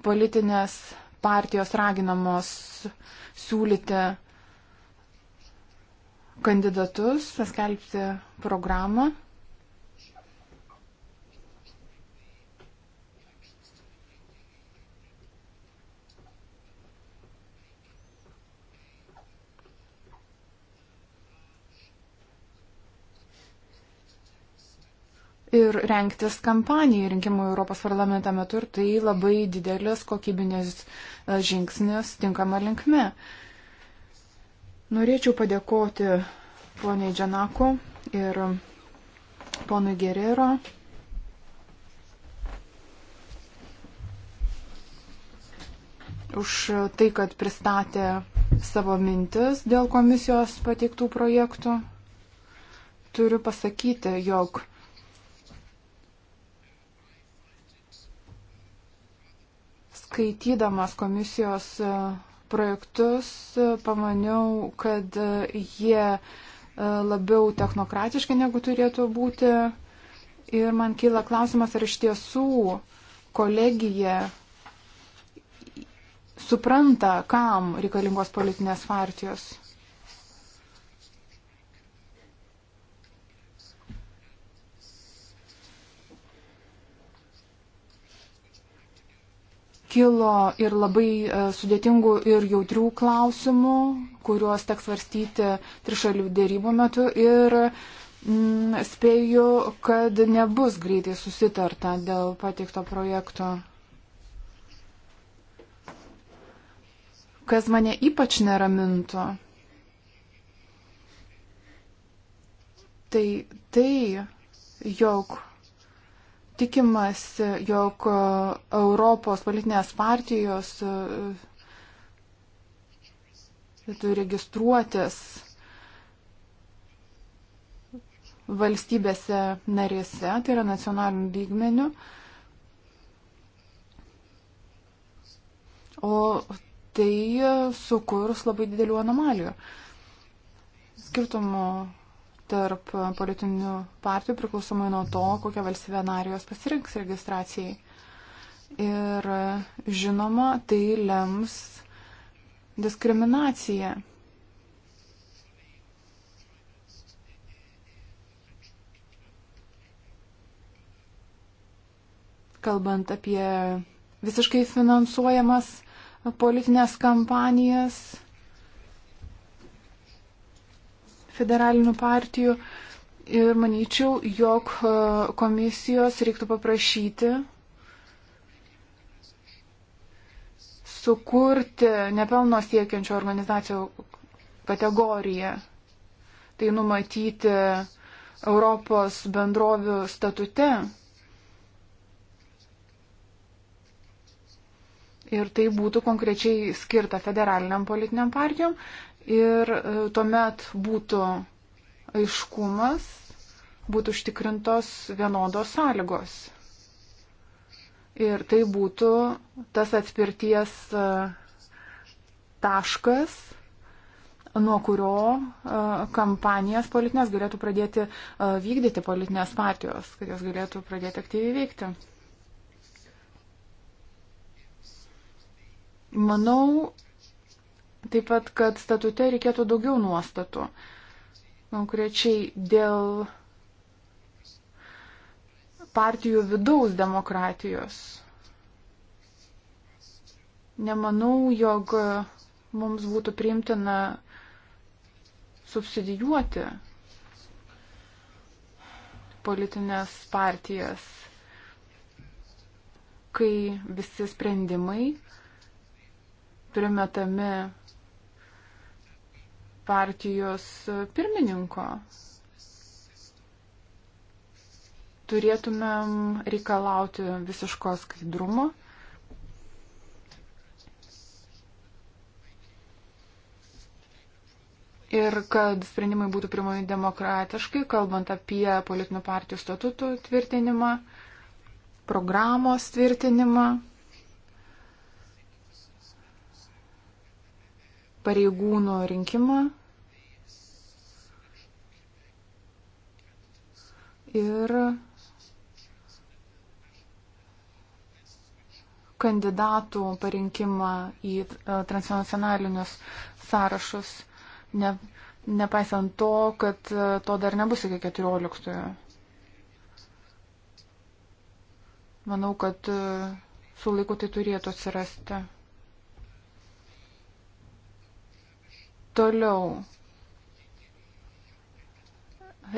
politinės partijos raginamos siūlyti kandidatus, paskelbti programą ir renktis kampanijai rinkimų Europos parlamentą metu ir tai labai didelis kokybinis e, žingsnis tinkama linkme. Norėčiau padėkoti poniai Džanaku ir ponui Gerero. Už tai, kad pristatė savo mintis dėl komisijos pateiktų projektų, turiu pasakyti, jog skaitydamas komisijos e, projektus e, pamaniau, kad e, jie labiau technokratiški negu turėtų būti. Ir man kyla klausimas, ar iš tiesų kolegija supranta, kam reikalingos politinės partijos. kilo ir labai e, sudėtingų ir jautrių klausimų, kuriuos teks svarstyti trišalių dėrybų metu ir mm, spėju, kad nebus greitai susitarta dėl patikto projekto. Kas mane ypač neramintų, tai tai, jog tikimasi, jog e, Europos politinės partijos e, turi registruotis valstybėse narėse, tai yra nacionaliniu lygmeniu. O tai sukurs labai didelių anomalijų. Skirtumo tarp politinių partijų priklausomai nuo to, kokią valstybę narį jos pasirinks registracijai. Ir žinoma, tai lems diskriminacija. Kalbant apie visiškai finansuojamas politinės kampanijas, federalinių partijų. Ir manyčiau, jog e, komisijos reiktų paprašyti sukurti nepelno siekiančių organizacijų kategoriją. Tai numatyti Europos bendrovių statute. Ir tai būtų konkrečiai skirta federaliniam politiniam partijom ir e, tuomet būtų aiškumas, būtų užtikrintos vienodos sąlygos. Ir tai būtų tas atspirties e, taškas, nuo kurio e, kampanijas politinės galėtų pradėti vykdyti politinės partijos, kad jos galėtų pradėti aktyviai veikti. Manau, Taip pat, kad statute reikėtų daugiau nuostatų. Konkrečiai dėl partijų vidaus demokratijos. Nemanau, jog mums būtų priimtina subsidijuoti politinės partijas, kai visi sprendimai primetami partijos pirmininko. Turėtumėm reikalauti visiško skaidrumo. Ir kad sprendimai būtų primami demokratiškai, kalbant apie politinių partijų statutų tvirtinimą, programos tvirtinimą. pareigūnų rinkimą ir kandidatų parinkimą į e, transnacionalinius sąrašus, ne, nepaisant to, kad e, to dar nebus iki 14-ojo. Manau, kad e, su laiku tai turėtų atsirasti. Toliau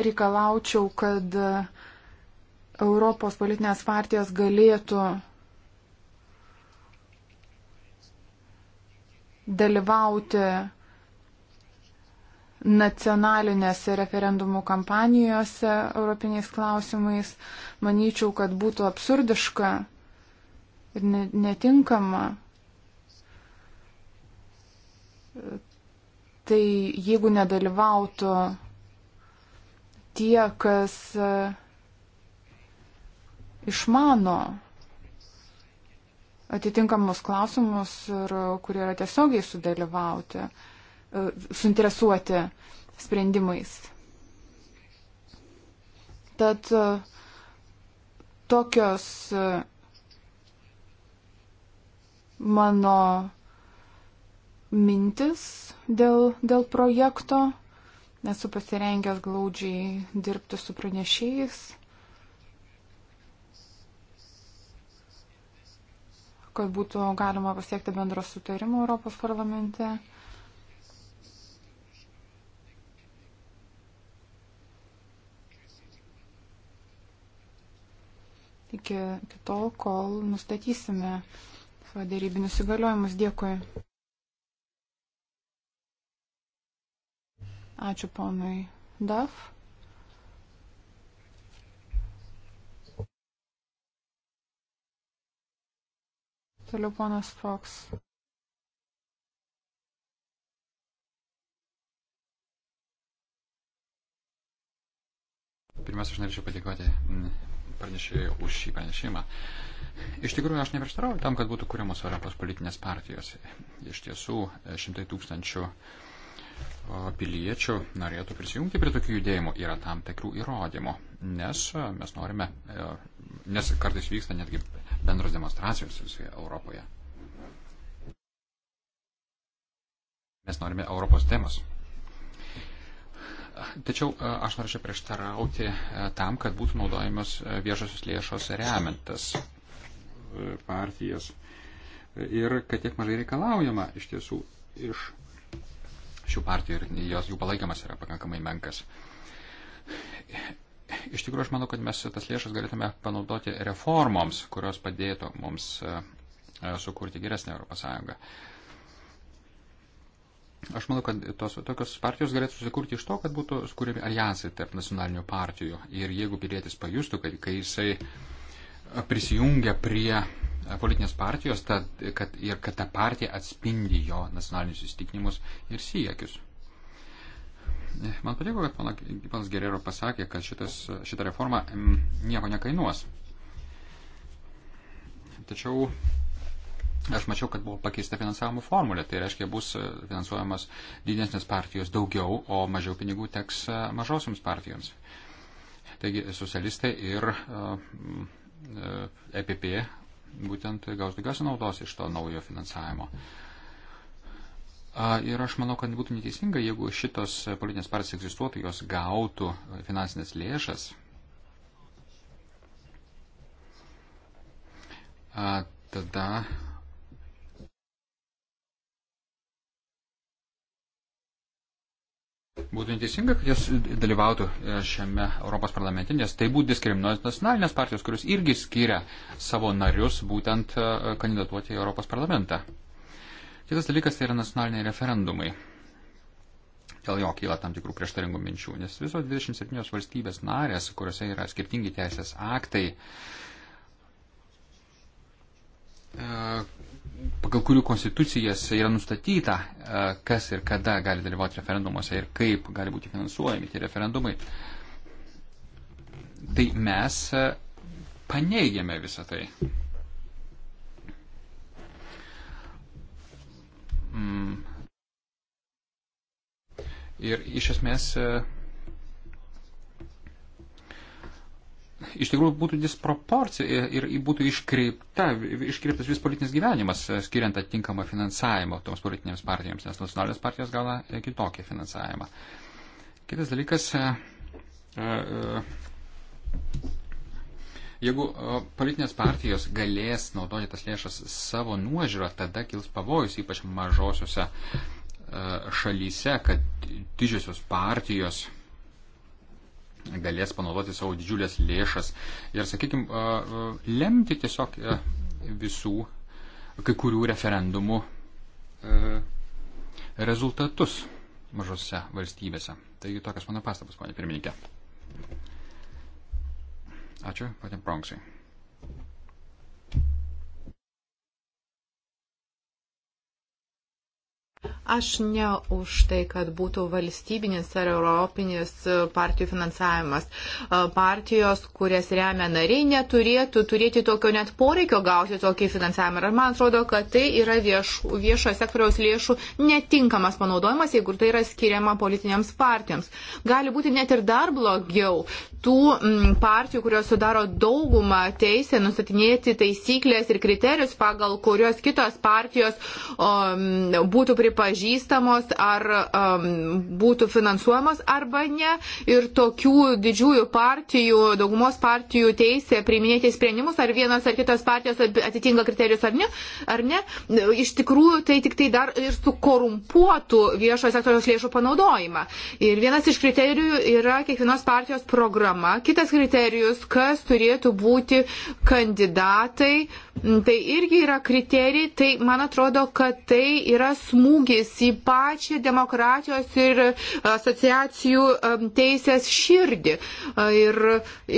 reikalaučiau, kad Europos politinės partijos galėtų dalyvauti nacionalinėse referendumų kampanijose europiniais klausimais. Manyčiau, kad būtų absurdiška ir netinkama tai jeigu nedalyvautų tie, kas e, išmano atitinkamus klausimus ir kurie yra tiesiogiai sudalyvauti, e, suinteresuoti sprendimais. Tad e, tokios mano mintis dėl, dėl projekto. Nesu pasirengęs glaudžiai dirbti su pranešėjais. kad būtų galima pasiekti bendro sutarimo Europos parlamente. Iki, iki tol, kol nustatysime savo dėrybinius įgaliojimus. Dėkui. Ačiū ponui Daf. Toliau ponas Fox. Pirmiausia, aš norėčiau padėkoti pranešėjai už šį pranešimą. Iš tikrųjų, aš neprieštarauju tam, kad būtų kūriamos Europos politinės partijos. Iš tiesų, šimtai tūkstančių uh, piliečių norėtų prisijungti prie tokių judėjimų, yra tam tikrų įrodymų, nes e, mes norime, e, nes kartais vyksta netgi bendros demonstracijos visoje Europoje. Mes norime Europos temos. Tačiau e, aš norėčiau prieštarauti tam, kad būtų naudojamos viešosios lėšos remiantas partijas ir kad tiek mažai reikalaujama iš tiesų iš šių partijų ir jos, jų palaikymas yra pakankamai menkas. Iš tikrųjų, aš manau, kad mes tas lėšas galėtume panaudoti reformoms, kurios padėtų mums e, e, sukurti geresnę Europos Sąjungą. Aš manau, kad tos tokios partijos galėtų susikurti iš to, kad būtų skūrimi alijansai tarp nacionalinių partijų. Ir jeigu pilietis pajustų, kad kai jisai uh, prisijungia prie e, politinės partijos, tad, kad, ir kad ta partija atspindi jo nacionalinius įstikinimus ir siekius. E, man patiko, kad panas Gerero pasakė, kad šitas, šita reforma nieko nekainuos. Tačiau aš mačiau, kad buvo pakeista finansavimo formulė, tai reiškia bus e, finansuojamas didesnės partijos daugiau, o mažiau pinigų teks mažosiams partijoms. Taigi socialistai ir uh, EPP e būtent gaus daugiausia naudos iš to naujo finansavimo. Ir aš manau, kad būtų neteisinga, jeigu šitos politinės partijos egzistuotų, jos gautų finansinės lėšas. Tada Būtų neteisinga, kad jos dalyvautų e, šiame Europos parlamente, nes tai būtų diskriminuojant nacionalinės partijos, kurios irgi skiria savo narius būtent e, kandidatuoti į Europos parlamentą. Kitas dalykas tai yra nacionaliniai referendumai. Dėl jo kyla tam tikrų prieštaringų minčių, nes visos 27 valstybės narės, kuriuose yra skirtingi teisės aktai, e, pagal kurių konstitucijas yra nustatyta, e, kas ir kada gali dalyvauti referendumuose ir kaip gali būti finansuojami tie referendumai, tai mes e, paneigėme visą tai. Mm. Ir iš esmės e, iš tikrųjų būtų disproporcija ir, ir būtų iškreipta, iškreiptas vis politinis gyvenimas, e, skiriant atitinkamą finansavimą toms politinėms partijoms, nes nacionalinės partijos gauna e, kitokį finansavimą. Kitas dalykas, e, jeigu politinės partijos galės naudoti tas lėšas savo nuožiūrą, tada kils pavojus, ypač mažosiuose šalyse, kad didžiosios partijos galės panaudoti savo didžiulės lėšas ir, sakykime, lemti tiesiog e, visų kai kurių referendumų e, rezultatus mažose valstybėse. Taigi tokias mano pastabas, ponė pirmininkė. Ačiū, patiem Pronksai. Aš ne už tai, kad būtų valstybinis ar europinis e, partijų finansavimas. E, partijos, kurias remia nariai, neturėtų turėti tokio net poreikio gauti tokį finansavimą. Ir man atrodo, kad tai yra vieš, viešo sektoriaus lėšų netinkamas panaudojimas, jeigu tai yra skiriama politinėms partijoms. Gali būti net ir dar blogiau. Tų m, mm, partijų, kurios sudaro daugumą teisę nustatinėti taisyklės ir kriterijus, pagal kurios kitos partijos o, mm, būtų priimtos pripažįstamos ar um, būtų finansuojamos arba ne. Ir tokių didžiųjų partijų, daugumos partijų teisė priiminėti sprendimus, ar vienas ar kitos partijos atitinka kriterijus ar ne, ar ne, iš tikrųjų tai tik tai dar ir sukorumpuotų viešojo sektoriaus lėšų panaudojimą. Ir vienas iš kriterijų yra kiekvienos partijos programa, kitas kriterijus, kas turėtų būti kandidatai Tai irgi yra kriterijai, tai man atrodo, kad tai yra smūgis į pačią demokratijos ir asociacijų teisės širdį. Ir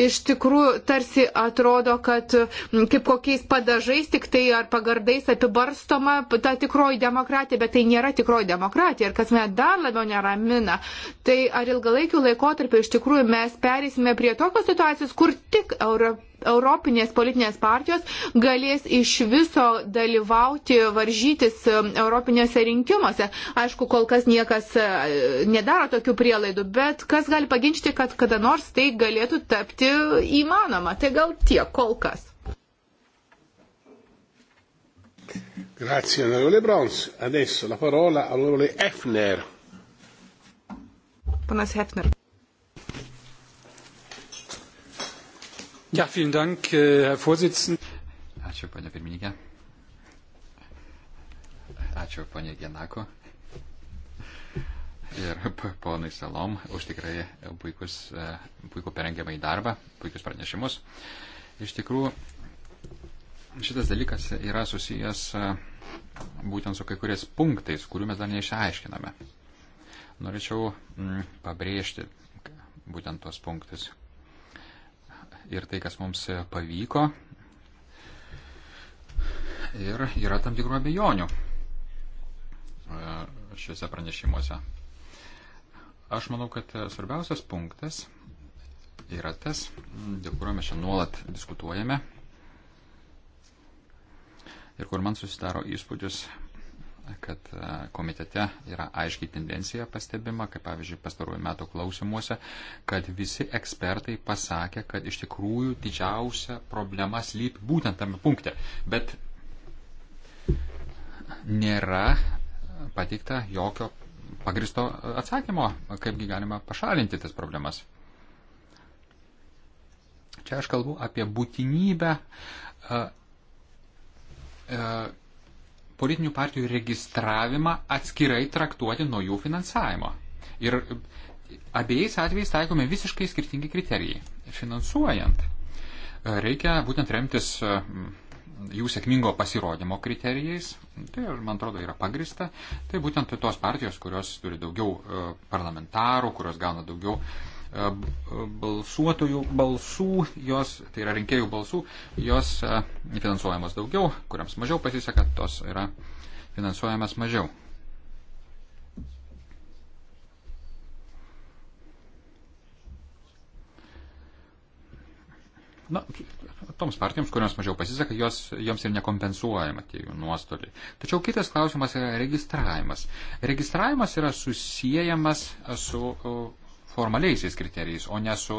iš tikrųjų tarsi atrodo, kad kaip kokiais padažais tik tai ar pagardais apibarstoma ta tikroji demokratija, bet tai nėra tikroji demokratija. Ir kas mane dar labiau neramina, tai ar ilgalaikiu laikotarpiu iš tikrųjų mes perėsime prie tokios situacijos, kur tik Europos Europinės politinės partijos galės iš viso dalyvauti, varžytis um, Europinėse rinkimuose. Aišku, kol kas niekas uh, nedaro tokių prielaidų, bet kas gali paginčyti, kad kada nors tai galėtų tapti įmanoma. Tai gal tiek kol kas. Grazie onorevole Brons. Adesso la parola all'onorevole Hefner. Panas Hefner. Ja, vielen Dank, äh, Herr Vorsitzender. Ačiū, ponė pirmininkė. Ačiū, ponė Genako. Ir ponui Salom už tikrai puikus, e, puikų perengiamą į darbą, puikius pranešimus. Iš tikrųjų, šitas dalykas yra susijęs e, būtent su kai kuriais punktais, kurių mes dar neišaiškiname. Norėčiau mm, pabrėžti būtent tuos punktus, ir tai, kas mums pavyko. Ir yra tam tikrų abejonių e, šiuose pranešimuose. Aš manau, kad svarbiausias punktas yra tas, dėl kurio mes čia nuolat diskutuojame ir kur man susidaro įspūdis, kad e, komitete yra aiškiai tendencija pastebima, kaip pavyzdžiui pastaruoju metu klausimuose, kad visi ekspertai pasakė, kad iš tikrųjų didžiausia problema slypi būtent tame punkte. Bet nėra pateikta jokio pagristo atsakymo, kaipgi galima pašalinti tas problemas. Čia aš kalbu apie būtinybę e, e, politinių partijų registravimą atskirai traktuoti nuo jų finansavimo. Ir abiejais atvejais taikomi visiškai skirtingi kriterijai. Finansuojant reikia būtent remtis mm, jų sėkmingo pasirodymo kriterijais, tai, man atrodo, yra pagrista, tai būtent tos partijos, kurios turi daugiau e, parlamentarų, kurios gauna daugiau uh, E, balsuotojų balsų, jos, tai yra rinkėjų balsų, jos e, finansuojamos daugiau, kuriams mažiau pasiseka, tos yra finansuojamas mažiau. Na, toms partijoms, kuriams mažiau pasiseka, jos, joms ir nekompensuojama tie jų nuostoliai. Tačiau kitas klausimas yra registravimas. Registravimas yra susijęjamas su formaliaisiais kriterijais, o ne su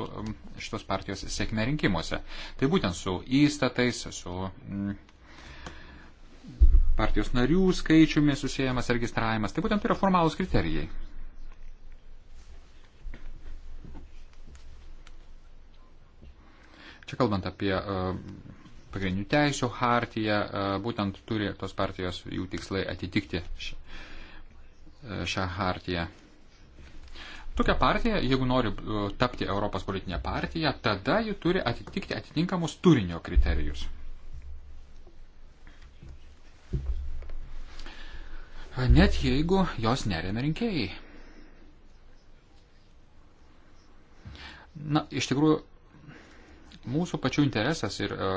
šitos partijos sėkme rinkimuose. Tai būtent su įstatais, su partijos narių skaičiumi susijęs registravimas. Tai būtent tai yra formalūs kriterijai. Čia kalbant apie e, pagrindinių teisų hartiją, e, būtent turi tos partijos jų tikslai atitikti e, šią hartiją. Tokia partija, jeigu nori e, tapti Europos politinė partija, tada ji turi atitikti atitinkamus turinio kriterijus. Net jeigu jos neremia rinkėjai. Na, iš tikrųjų, mūsų pačių interesas ir e,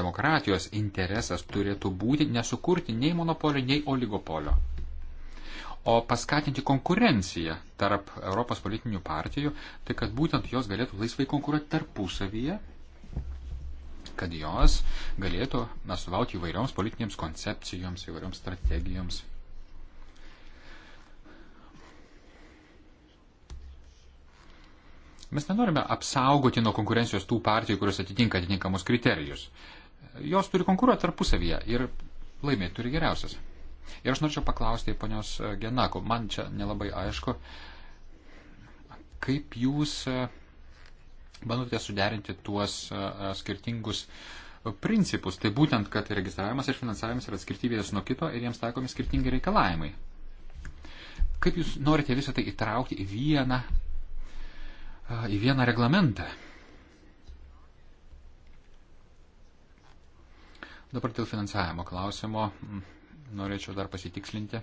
demokratijos interesas turėtų būti nesukurti nei monopolio, nei oligopolio o paskatinti konkurenciją tarp Europos politinių partijų, tai kad būtent jos galėtų laisvai konkuruoti tarpusavyje, kad jos galėtų atstovauti įvairioms politinėms koncepcijoms, įvairioms strategijoms. Mes nenorime apsaugoti nuo konkurencijos tų partijų, kurios atitinka atitinkamus kriterijus. Jos turi konkuruoti tarpusavyje ir laimėti turi geriausias. Ir aš norėčiau paklausti ponios Genako, man čia nelabai aišku, kaip jūs e, bandote suderinti tuos e, e, skirtingus principus. Tai būtent, kad registravimas ir finansavimas yra atskirti vienas nuo kito ir jiems taikomi skirtingi reikalavimai. Kaip jūs norite visą tai įtraukti į vieną, į vieną reglamentą? Dabar dėl finansavimo klausimo mm norėčiau dar pasitikslinti.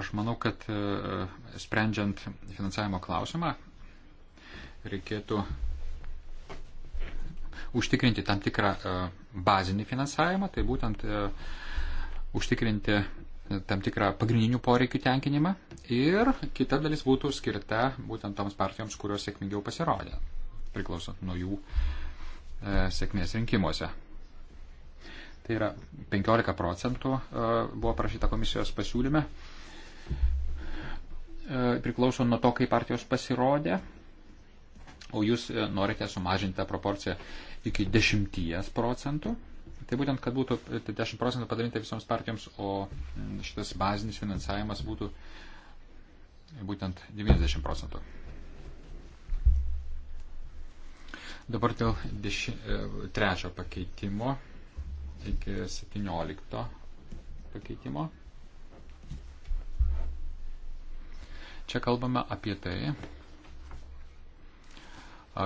Aš manau, kad e, sprendžiant finansavimo klausimą reikėtų užtikrinti tam tikrą e, bazinį finansavimą, tai būtent e, užtikrinti tam tikrą pagrindinių poreikių tenkinimą ir kita dalis būtų skirta būtent toms partijoms, kurios sėkmingiau pasirodė, priklausant nuo jų sėkmės rinkimuose tai yra 15 procentų e, buvo prašyta komisijos pasiūlyme. E, priklauso nuo to, kaip partijos pasirodė, o jūs e, norite sumažinti tą proporciją iki 10 procentų. Tai būtent, kad būtų 10 tai procentų padalinta visoms partijoms, o šitas bazinis finansavimas būtų būtent 90 procentų. Dabar dėl deši, trečio pakeitimo iki 17 pakeitimo. Čia kalbame apie tai,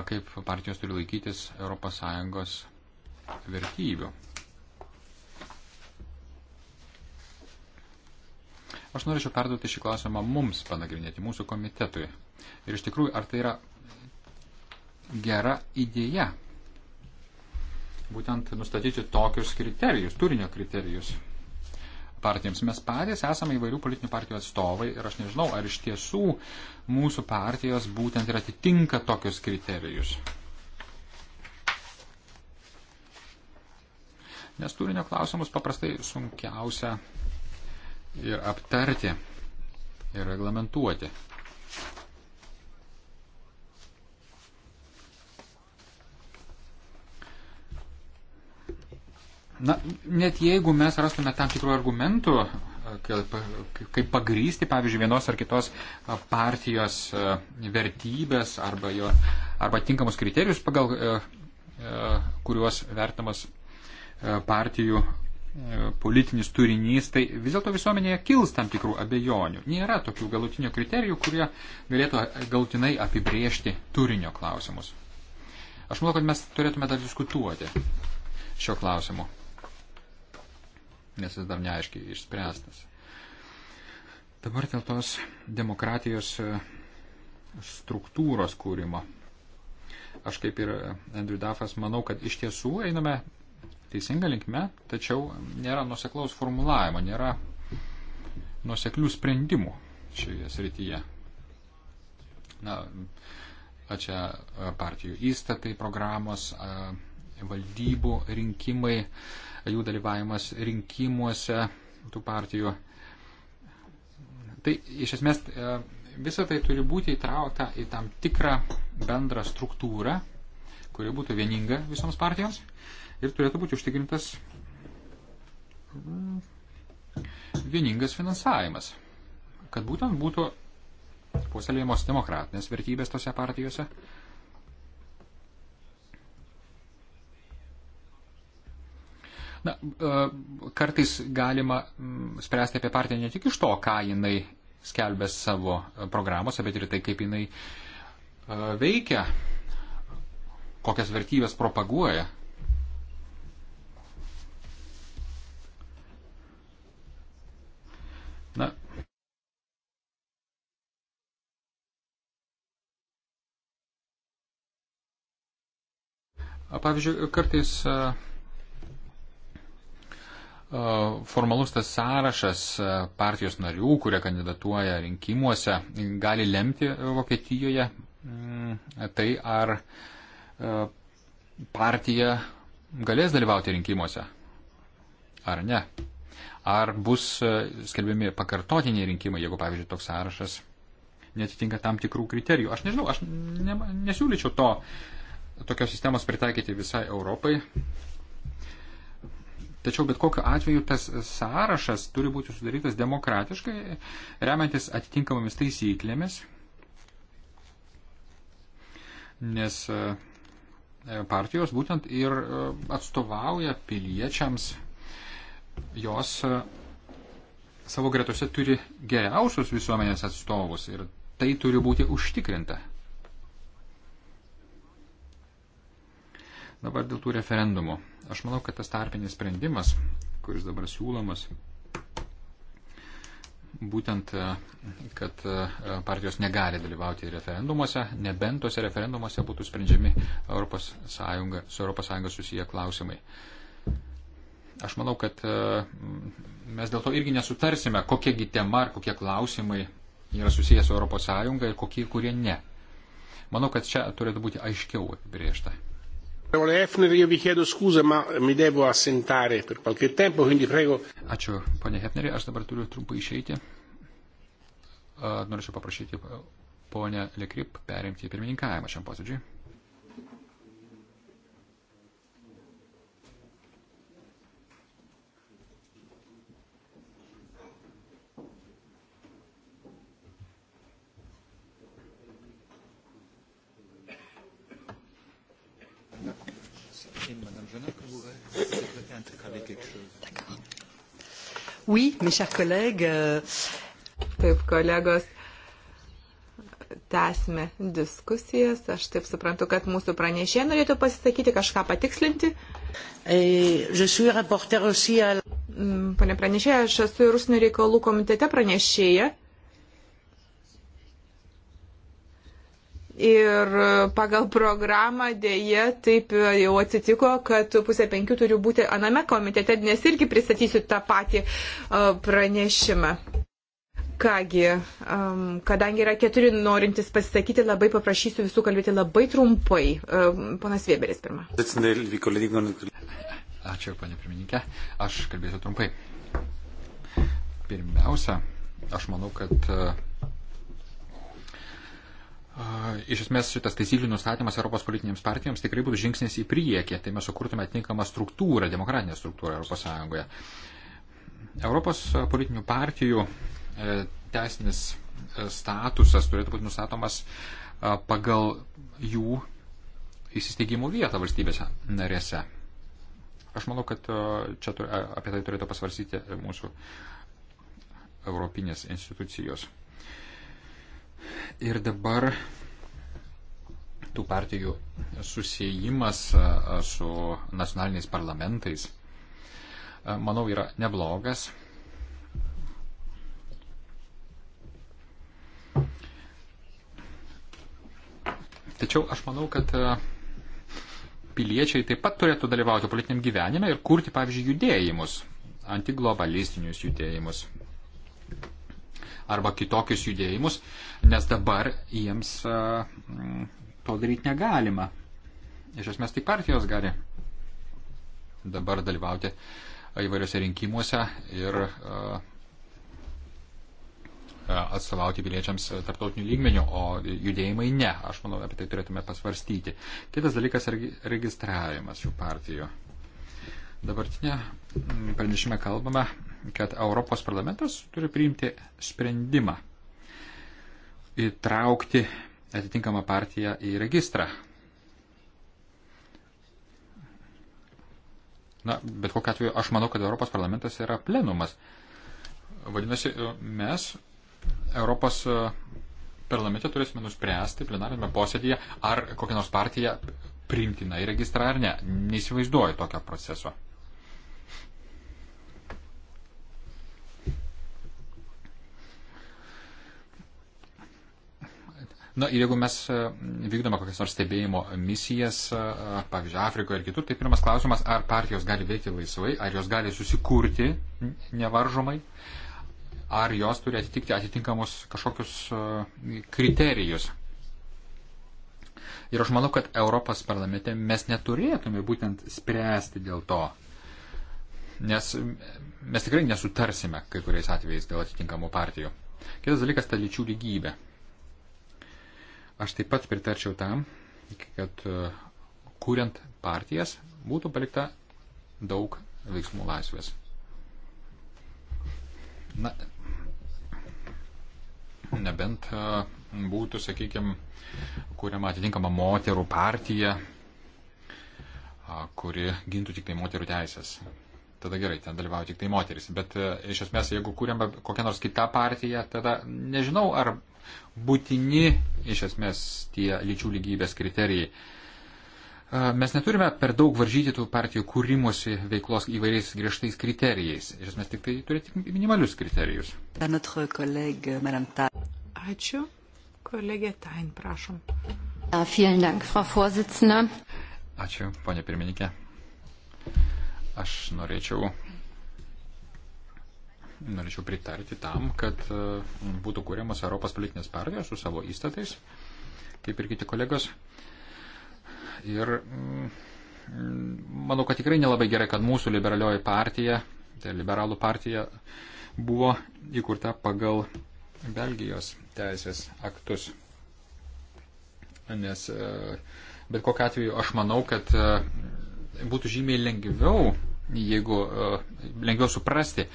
kaip partijos turi laikytis ES vertybių. Aš norėčiau perduoti šį klausimą mums panagrinėti, mūsų komitetui. Ir iš tikrųjų, ar tai yra gera idėja būtent nustatyti tokius kriterijus, turinio kriterijus partijoms. Mes patys esame įvairių politinių partijų atstovai ir aš nežinau, ar iš tiesų mūsų partijos būtent ir atitinka tokius kriterijus. Nes turinio klausimus paprastai sunkiausia ir aptarti, ir reglamentuoti. Na, net jeigu mes rastume tam tikrų argumentų, kaip, kaip pagrysti, pavyzdžiui, vienos ar kitos partijos vertybės arba, jo, arba tinkamus kriterijus, pagal e, e, kuriuos vertamas e, partijų politinis turinys, tai vis dėlto visuomenėje kils tam tikrų abejonių. Nėra tokių galutinių kriterijų, kurie galėtų galutinai apibriežti turinio klausimus. Aš manau, kad mes turėtume dar diskutuoti šio klausimu nes jis dar neaiškiai išspręstas. Dabar dėl tos demokratijos e, struktūros kūrimo. Aš kaip ir Andrew Duffas manau, kad iš tiesų einame teisinga linkme, tačiau nėra nuseklaus formulavimo, nėra nuseklių sprendimų šioje srityje. Na, čia partijų įstatai, programos, valdybų rinkimai, jų dalyvavimas rinkimuose tų partijų. Tai iš esmės e, visą tai turi būti įtraukta į tam tikrą bendrą struktūrą, kuri būtų vieninga visoms partijoms ir turėtų būti užtikrintas mm, vieningas finansavimas, kad būtent būtų puoselėjamos demokratinės vertybės tose partijose, Na, e, kartais galima spręsti apie partiją ne tik iš to, ką jinai skelbė savo programose, bet ir tai, kaip jinai e, veikia, kokias vertybės propaguoja. Na, Pavyzdžiui, kartais e, formalus tas sąrašas partijos narių, kurie kandidatuoja rinkimuose, gali lemti Vokietijoje mm, tai, ar partija galės dalyvauti rinkimuose ar ne. Ar bus skelbiami pakartotiniai rinkimai, jeigu, pavyzdžiui, toks sąrašas netitinka tam tikrų kriterijų. Aš nežinau, aš ne, nesiūlyčiau to, tokios sistemos pritaikyti visai Europai. Tačiau bet kokiu atveju tas sąrašas turi būti sudarytas demokratiškai, remiantis atitinkamomis taisyklėmis, nes e, partijos būtent ir e, atstovauja piliečiams, jos e, savo gretose turi geriausius visuomenės atstovus ir tai turi būti užtikrinta. Dabar dėl tų referendumų. Aš manau, kad tas tarpinis sprendimas, kuris dabar siūlomas, būtent, e, kad e, partijos negali dalyvauti referendumuose, nebent tuose referendumuose būtų sprendžiami ES, su ES susiję klausimai. Aš manau, kad e, mes dėl to irgi nesutarsime, kokiegi tema ar kokie klausimai yra susijęs su ES ir kokie, kurie ne. Manau, kad čia turėtų būti aiškiau apibriešta. Onorevole Hefner, io vi chiedo scusa, ma mi devo assentare per qualche tempo, quindi prego. Ačiū, ponė Hefneri, aš dabar turiu trumpai išeiti. Norėčiau paprašyti e, ponę Lekrip perimti pirmininkavimą šiam posėdžiui. intégralé quelque chose. D'accord. Oui, mes chers collègues. Euh, taip, kolegos, tęsime diskusijas. Aš taip suprantu, kad mūsų pranešė norėtų pasisakyti, kažką patikslinti. Pane mm, pranešėja, aš esu ir užsienio reikalų komitete pranešėja. Ir pagal programą dėje taip jau atsitiko, kad pusę penkių turiu būti aname komitete, nes irgi pristatysiu tą patį pranešimą. Kągi, kadangi yra keturi norintys pasisakyti, labai paprašysiu visų kalbėti labai trumpai. Ponas Vėberis pirmą. Ačiū, panė pirmininkė. Aš kalbėsiu trumpai. Pirmiausia, aš manau, kad Iš esmės šitas taisyklių nustatymas Europos politinėms partijoms tikrai būtų žingsnis į priekį, tai mes sukurtume atitinkamą struktūrą, demokratinę struktūrą Europos Sąjungoje. Europos politinių partijų e, teisinis e, statusas turėtų būti nustatomas e, pagal jų įsisteigimų vietą valstybėse narėse. Aš manau, kad čia apie tai turėtų pasvarsyti mūsų europinės institucijos. Ir dabar tų partijų susijimas su nacionaliniais parlamentais, manau, yra neblogas. Tačiau aš manau, kad piliečiai taip pat turėtų dalyvauti politiniam gyvenime ir kurti, pavyzdžiui, judėjimus, antiglobalistinius judėjimus arba kitokius judėjimus, nes dabar jiems e, to daryti negalima. Iš esmės tik partijos gali dabar dalyvauti įvairiose rinkimuose ir e, e, atstovauti piliečiams tarptautinių lygmenių, o judėjimai ne. Aš manau, apie tai turėtume pasvarstyti. Kitas dalykas - registravimas šių partijų. Dabartinė mm, pranešime kalbame, kad Europos parlamentas turi priimti sprendimą įtraukti atitinkamą partiją į registrą. Na, bet kokiu atveju aš manau, kad Europos parlamentas yra plenumas. Vadinasi, mes Europos e, parlamente turėsime nuspręsti plenarinėme posėdėje, ar kokia nors partija priimtina į registrą ar ne. Neįsivaizduoju tokio proceso. Na ir jeigu mes e, vykdome kokias nors stebėjimo misijas, e, pavyzdžiui, Afrikoje ir kitur, tai pirmas klausimas, ar partijos gali veikti laisvai, ar jos gali susikurti nevaržomai, ar jos turi atitikti atitinkamus kažkokius e, kriterijus. Ir aš manau, kad Europos parlamente mes neturėtume būtent spręsti dėl to. Nes mes tikrai nesutarsime kai kuriais atvejais dėl atitinkamų partijų. Kitas dalykas - ta lyčių lygybė. Aš taip pat pritarčiau tam, kad e, kuriant partijas būtų palikta daug veiksmų laisvės. Na, nebent e, būtų, sakykime, kuriama atitinkama moterų partija, kuri gintų tik tai moterų teisės. Tada gerai, ten dalyvauja tik tai moteris. Bet e, iš esmės, jeigu kuriam kokią nors kitą partiją, tada nežinau, ar būtini iš esmės tie lyčių lygybės kriterijai. Mes neturime per daug varžyti tų partijų kūrimosi veiklos įvairiais griežtais kriterijais. Iš esmės tik tai turėti minimalius kriterijus. Ačiū. Kolegė Tain, prašom. Ačiū, ponė pirmininkė. Aš norėčiau norėčiau pritarti tam, kad e, būtų kūriamas Europos politinės partijos su savo įstatais, kaip ir kiti kolegos. Ir mm, manau, kad tikrai nelabai gerai, kad mūsų liberalioji partija, tai liberalų partija, buvo įkurta pagal Belgijos teisės aktus. Nes e, bet kokiu atveju aš manau, kad e, būtų žymiai lengviau, jeigu lengviau suprasti,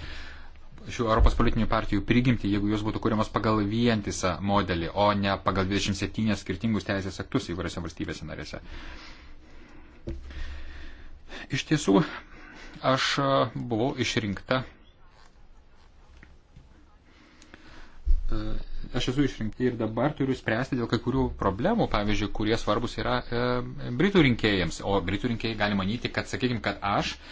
šių Europos politinių partijų prigimti, jeigu jos būtų kuriamas pagal vientisą modelį, o ne pagal 27 skirtingus teisės aktus įvairiose valstybėse narėse. Iš tiesų, aš e, buvau išrinkta. E, aš esu išrinkta ir dabar turiu spręsti dėl kai kurių problemų, pavyzdžiui, kurie svarbus yra e, Britų rinkėjams. O Britų rinkėjai gali manyti, kad, sakykime, kad aš e,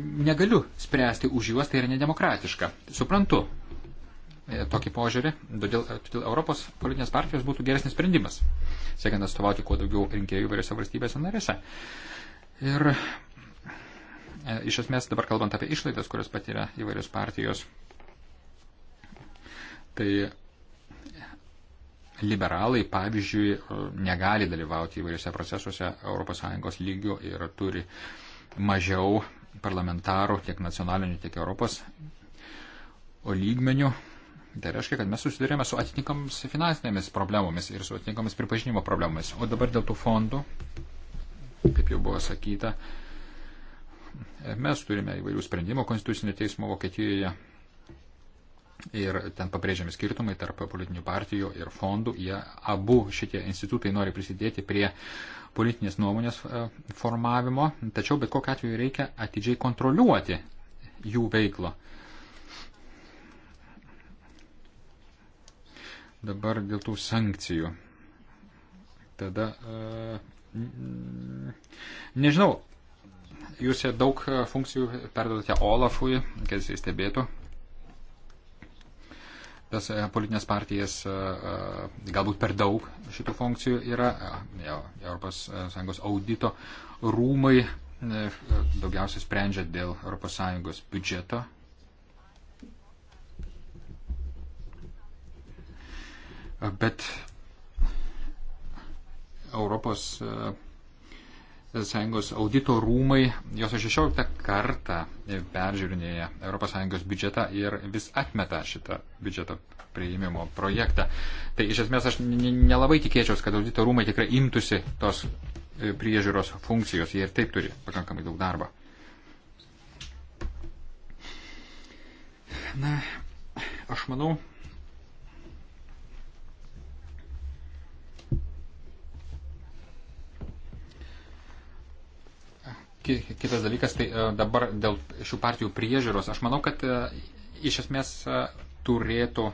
negaliu spręsti už juos, tai yra nedemokratiška. Suprantu e, tokį požiūrį, todėl, todėl Europos politinės partijos būtų geresnis sprendimas, siekiant atstovauti kuo daugiau rinkėjų įvairiose valstybėse narėse. Ir e, iš esmės dabar kalbant apie išlaidas, kurias patiria įvairios partijos, tai liberalai, pavyzdžiui, e, negali dalyvauti įvairiose procesuose ES lygių ir turi mažiau parlamentarų, tiek nacionalinių, tiek Europos lygmenių. Tai reiškia, kad mes susidurėme su atitinkamomis finansinėmis problemomis ir su atitinkamomis pripažinimo problemomis. O dabar dėl tų fondų, kaip jau buvo sakyta, mes turime įvairių sprendimų Konstitucinio teismo Vokietijoje. Ir ten pabrėžiami skirtumai tarp politinių partijų ir fondų. Jie abu šitie institutai nori prisidėti prie uh, politinės nuomonės e, formavimo, tačiau bet kokiu atveju reikia atidžiai kontroliuoti jų veiklą. Dabar dėl tų sankcijų. Tada. E, nežinau, jūs daug e, funkcijų perdodate Olafui, kad jis stebėtų tas e, politinės partijas e, e, galbūt per daug šitų funkcijų yra. ES audito rūmai daugiausiai sprendžia dėl ES biudžeto. Bet Europos ES audito rūmai jos 16 kartą peržiūrinėja ES biudžetą ir vis atmeta šitą biudžeto prieimimo projektą. Tai iš esmės aš nelabai tikėčiau, kad audito rūmai tikrai imtųsi tos e, priežiūros funkcijos. Jie ir taip turi pakankamai daug darbo. Na, aš manau, Kitas dalykas, tai e, dabar dėl šių partijų priežiūros, aš manau, kad e, iš esmės e, turėtų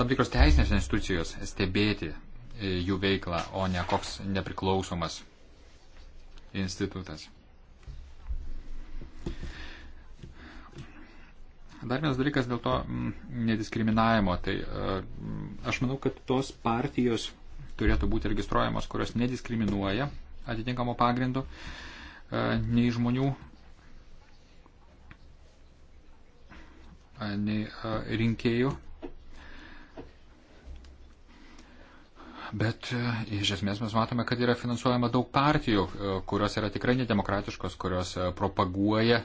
tam tikros teisinės institucijos stebėti jų veiklą, o ne koks nepriklausomas institutas. Dar vienas dalykas dėl to nediskriminavimo. Tai aš manau, kad tos partijos turėtų būti registruojamos, kurios nediskriminuoja atitinkamo pagrindu. Uh, E, nei žmonių, e, nei e, rinkėjų. Bet iš esmės mes matome, kad yra finansuojama daug partijų, kurios yra tikrai nedemokratiškos, kurios propaguoja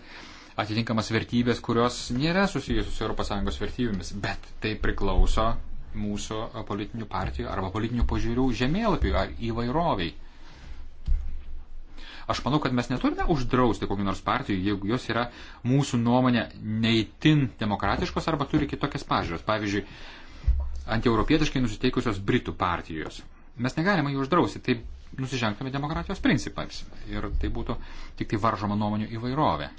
atitinkamas vertybės, kurios nėra susijusios su ES vertybėmis, bet tai priklauso mūsų politinių partijų arba politinių požiūrių žemėlapiui ar įvairoviai. Aš manau, kad mes neturime uždrausti kokių nors partijų, jeigu jos yra mūsų nuomonė neįtin demokratiškos arba turi kitokias pažiūros. Pavyzdžiui, antieuropietiškai nusiteikusios Britų partijos. Mes negalime jų uždrausti, tai nusižengtume demokratijos principams ir tai būtų tik tai varžoma nuomonių įvairovė.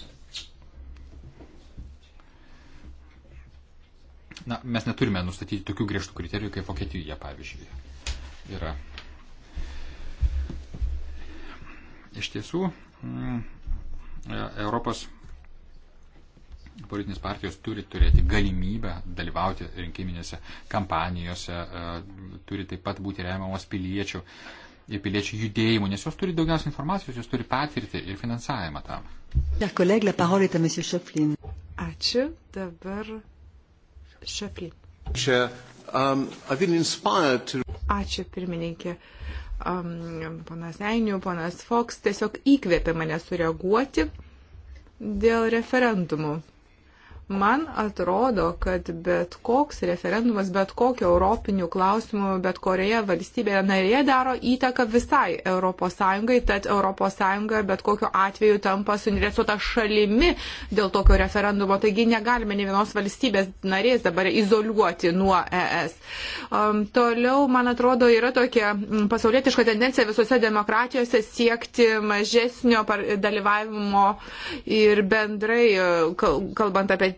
Na, mes neturime nustatyti tokių griežtų kriterijų kaip Vokietijoje, pavyzdžiui, yra. Iš tiesų, mm, e, Europos politinės partijos turi turėti galimybę dalyvauti rinkiminėse kampanijose, e, turi taip pat būti remiamos piliečių ir e, piliečių judėjimų, nes jos turi daugiausia informacijos, jos turi patirtį ir finansavimą tam. Ačiū. Dabar Šaplin. Um, Ačiū, pirmininkė um, ponas Einių, ponas Fox tiesiog įkvėpė mane sureaguoti dėl referendumų. Man atrodo, kad bet koks referendumas, bet kokio europinių klausimų, bet kurioje valstybėje narėje daro įtaką visai ES, tad ES bet kokiu atveju tampa suinteresuota šalimi dėl tokio referendumo. Taigi negalime ne vienos valstybės narės dabar izoliuoti nuo ES. Um, toliau, man atrodo, yra tokia mm, pasaulietiška tendencija visose demokratijose siekti mažesnio dalyvavimo ir bendrai, uh, kalbant apie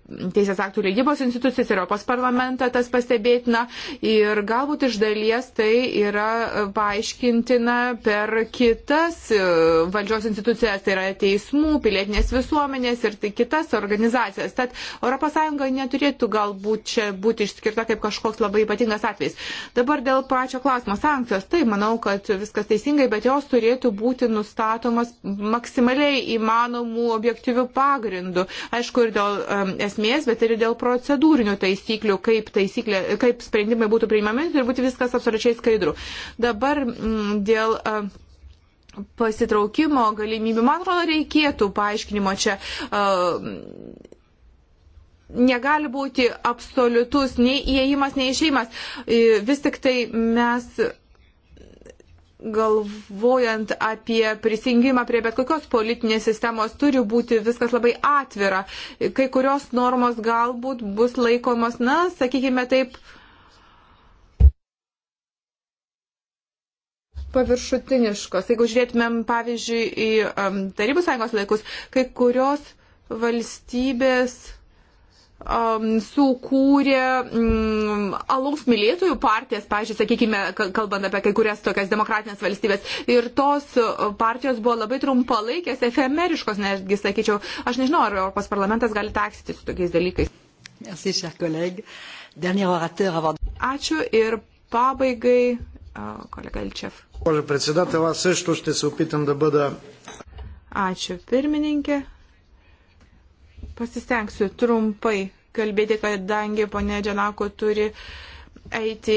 teisės aktų leidybos institucijas, Europos parlamentą, tas pastebėtina. Ir galbūt iš dalies tai yra paaiškintina per kitas e, valdžios institucijas, tai yra teismų, pilietinės visuomenės ir tai kitas organizacijas. Tad ES neturėtų galbūt čia būti išskirta kaip kažkoks labai ypatingas atvejs. Dabar dėl pačio klausimo sankcijos. Tai manau, kad viskas teisingai, bet jos turėtų būti nustatomas maksimaliai įmanomų objektyvių pagrindų. Aišku, ir dėl um, esmės esmės, bet ir dėl procedūrinių taisyklių, kaip, taisyklė, kaip sprendimai būtų priimami, turi būti viskas absoliučiai skaidru. Dabar m, mm, dėl. A, pasitraukimo galimybių. Man atrodo, reikėtų paaiškinimo čia. Uh, negali būti absoliutus nei įėjimas, nei išėjimas. Vis tik tai mes galvojant apie prisijungimą prie bet kokios politinės sistemos, turi būti viskas labai atvira. Kai kurios normos galbūt bus laikomos, na, sakykime taip, paviršutiniškos. Jeigu žiūrėtumėm, pavyzdžiui, į um, Tarybų sąjungos laikus, kai kurios valstybės um, sukūrė um, alaus mylėtojų partijas, pažiūrėjau, sakykime, kalbant apie kai kurias tokias demokratinės valstybės. Ir tos partijos buvo labai trumpalaikės, efemeriškos, netgi sakyčiau, aš nežinau, ar Europos parlamentas gali taksyti su tokiais dalykais. Merci, cher collègue. Dernier orateur avant. Ačiū ir pabaigai, kolega Ilčev. Ačiū, pirmininkė. Pasistengsiu trumpai kalbėti, kadangi ponė Džanako turi eiti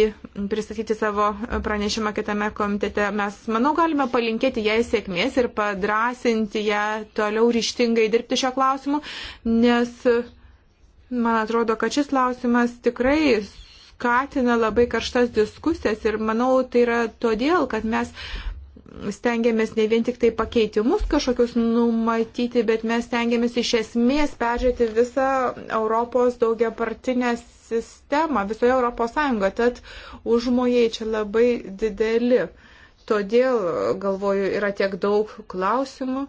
pristatyti savo pranešimą kitame komitete. Mes, manau, galime palinkėti jai sėkmės ir padrasinti ją toliau ryštingai dirbti šio klausimu, nes man atrodo, kad šis klausimas tikrai skatina labai karštas diskusijas ir manau, tai yra todėl, kad mes stengiamės ne vien tik tai pakeitimus kažkokius numatyti, bet mes stengiamės iš esmės peržiūrėti visą Europos daugiapartinę sistemą visoje Europos Sąjungoje, tad užmojai čia labai dideli. Todėl, galvoju, yra tiek daug klausimų,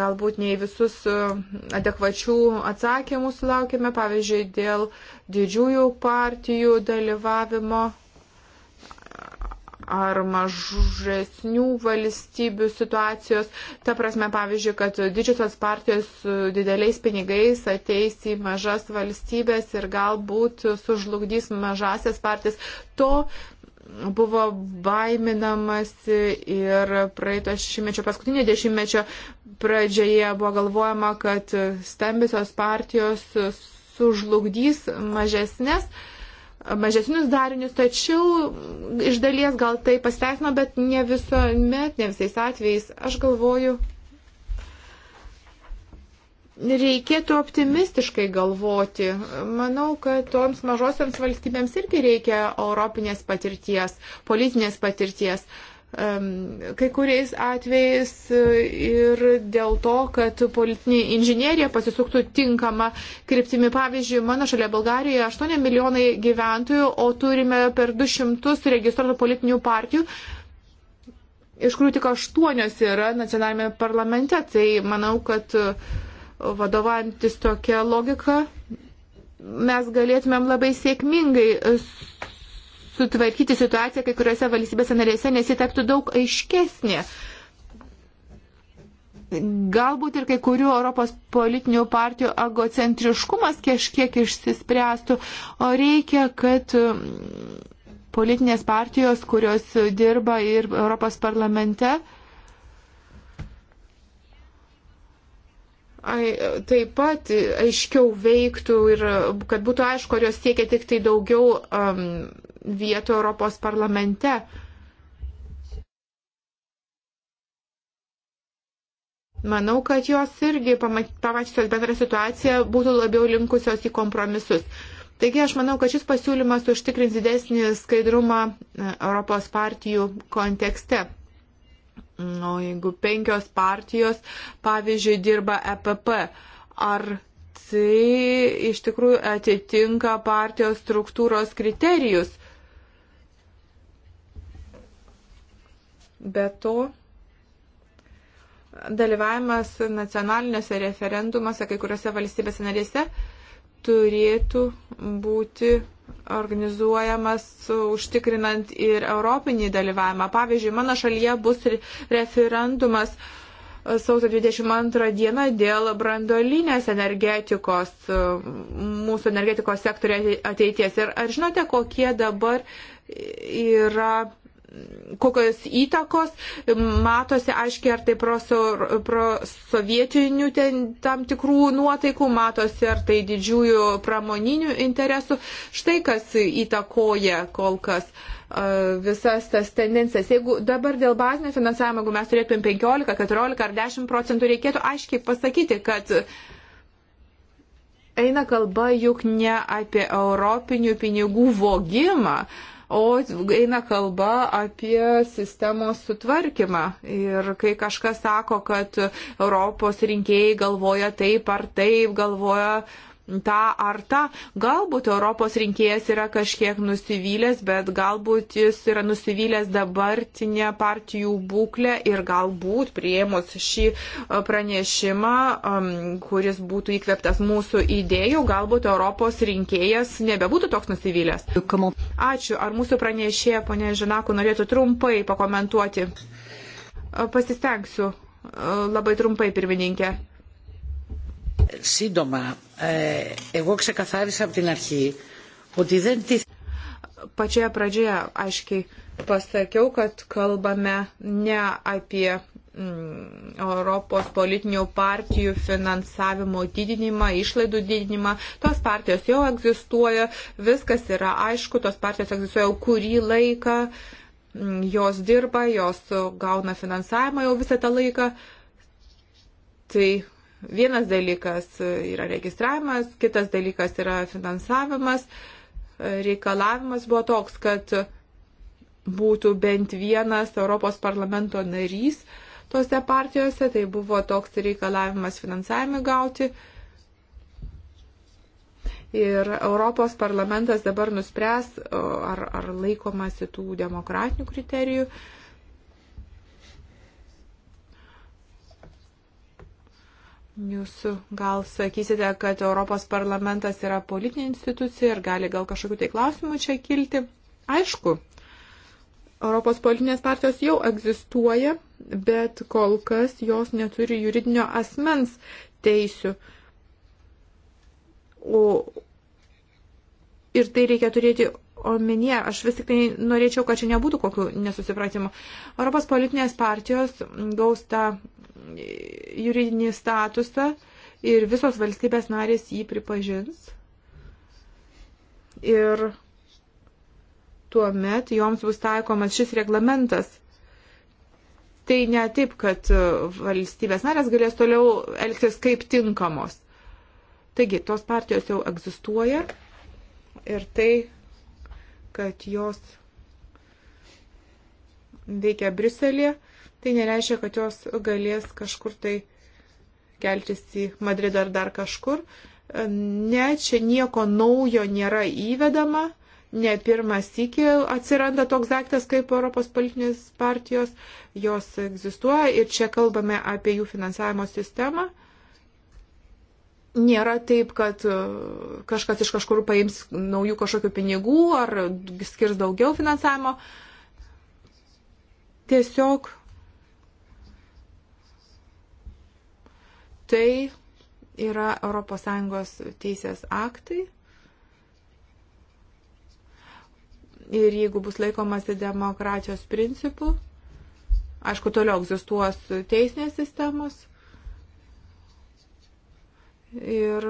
galbūt nei visus e, adekvačių atsakymų sulaukime, pavyzdžiui, dėl didžiųjų partijų dalyvavimo ar mažesnių valstybių situacijos. Ta prasme, pavyzdžiui, kad didžiosios partijos su dideliais pinigais ateis į mažas valstybės ir galbūt sužlugdys mažasias partijas. To buvo baiminamasi ir praeito šimtmečio, paskutinio dešimtmečio pradžioje buvo galvojama, kad stambiosios partijos sužlugdys mažesnės. Uh, mažesnius darinius, tačiau iš dalies gal tai pasiteisino, bet ne visuomet, ne visais atvejais. Aš galvoju, reikėtų optimistiškai galvoti. Manau, kad toms mažosiams valstybėms irgi reikia europinės patirties, politinės patirties. Uh, kai kuriais atvejais e, ir dėl to, kad politinė inžinierija pasisuktų tinkama kryptimi. Pavyzdžiui, mano šalia Bulgarijoje 8 milijonai gyventojų, o turime per 200 registruotų politinių partijų. Iš kurių tik aštuonios yra nacionalinėme parlamente, tai manau, kad e, vadovantis tokia logika mes galėtumėm labai sėkmingai sutvarkyti situaciją kai kuriuose valstybėse narėse, nes ji taptų daug aiškesnė. Galbūt ir kai kurių Europos politinių partijų agocentriškumas kažkiek išsispręstų, o reikia, kad um, politinės partijos, kurios dirba ir Europos parlamente, ai, taip pat aiškiau veiktų ir kad būtų aišku, ar jos siekia tik tai daugiau um, vietų Europos parlamente. Manau, kad jos irgi pamačiusios bendrą situaciją būtų labiau linkusios į kompromisus. Taigi aš manau, kad šis pasiūlymas užtikrins didesnį skaidrumą e, Europos partijų kontekste. O jeigu penkios partijos, pavyzdžiui, dirba EPP, ar tai iš tikrųjų atitinka partijos struktūros kriterijus? Be to, dalyvavimas nacionaliniuose referendumuose kai kuriuose valstybėse narėse turėtų būti organizuojamas užtikrinant ir europinį dalyvavimą. Pavyzdžiui, mano šalyje bus referendumas e, sausio 22 dieną dėl brandolinės energetikos, e, mūsų energetikos sektorių ateities. Ir ar žinote, kokie dabar yra kokios įtakos, matosi aiškiai ar tai prosovietinių pro, pro ten, tam tikrų nuotaikų, matosi ar tai didžiųjų pramoninių interesų. Štai kas įtakoja kol kas visas tas tendencijas. Jeigu dabar dėl bazinio finansavimo, jeigu mes turėtumėm 15, 14 ar 10 procentų, reikėtų aiškiai pasakyti, kad eina kalba juk ne apie europinių pinigų vogimą, uh, o eina kalba apie sistemos sutvarkymą. Ir kai kažkas sako, kad Europos rinkėjai galvoja taip ar taip, galvoja, tą ar tą. Galbūt Europos rinkėjas yra kažkiek nusivylęs, bet galbūt jis yra nusivylęs dabartinė partijų būklė ir galbūt prieimus šį e, pranešimą, kuris būtų įkveptas mūsų idėjų, galbūt Europos rinkėjas nebebūtų toks nusivylęs. Ačiū. Ar mūsų pranešėja, ponė Žinaku, norėtų trumpai pakomentuoti? E, pasistengsiu. E, labai trumpai, pirmininkė. Σύντομα, ε, εγώ ξεκαθάρισα από την αρχή ότι δεν Pačioje pradžioje aiškiai pasakiau, kad kalbame ne apie mm, Europos politinių partijų finansavimo didinimą, išlaidų didinimą. Tos partijos jau egzistuoja, viskas yra aišku, tos partijos egzistuoja jau kurį laiką, mm, jos dirba, jos gauna finansavimą jau visą tą laiką. Tai Vienas dalykas yra registravimas, kitas dalykas yra finansavimas. Reikalavimas buvo toks, kad būtų bent vienas Europos parlamento narys tose partijose, tai buvo toks reikalavimas finansavimui gauti. Ir Europos parlamentas dabar nuspręs, ar, ar laikomasi tų demokratinių kriterijų. Uh, Jūs gal sakysite, kad Europos parlamentas yra politinė institucija ir gali gal kažkokiu tai klausimu čia kilti. Aišku, Europos politinės partijos jau egzistuoja, bet kol kas jos neturi juridinio asmens teisių. O, ir tai reikia turėti omenyje, aš vis tik tai norėčiau, kad čia nebūtų kokių nesusipratimų. Europos politinės partijos gaus tą juridinį statusą ir visos valstybės narės jį pripažins. Ir tuo met joms bus taikomas šis reglamentas. Tai ne taip, kad valstybės narės galės toliau elgtis kaip tinkamos. Taigi, tos partijos jau egzistuoja ir tai, kad jos veikia Briuselėje, tai nereiškia, kad jos galės kažkur tai keltis į Madridą ar dar kažkur. Ne, čia nieko naujo nėra įvedama. Ne pirmas iki atsiranda toks daiktas kaip Europos politinės partijos, jos egzistuoja ir čia kalbame apie jų finansavimo sistemą nėra taip, kad e, kažkas iš kažkur paims naujų kažkokių pinigų ar skirs daugiau finansavimo. Tiesiog Tai yra ES teisės aktai. Ir jeigu bus laikomasi demokratijos principų, aišku, toliau egzistuos teisinės sistemos. Ir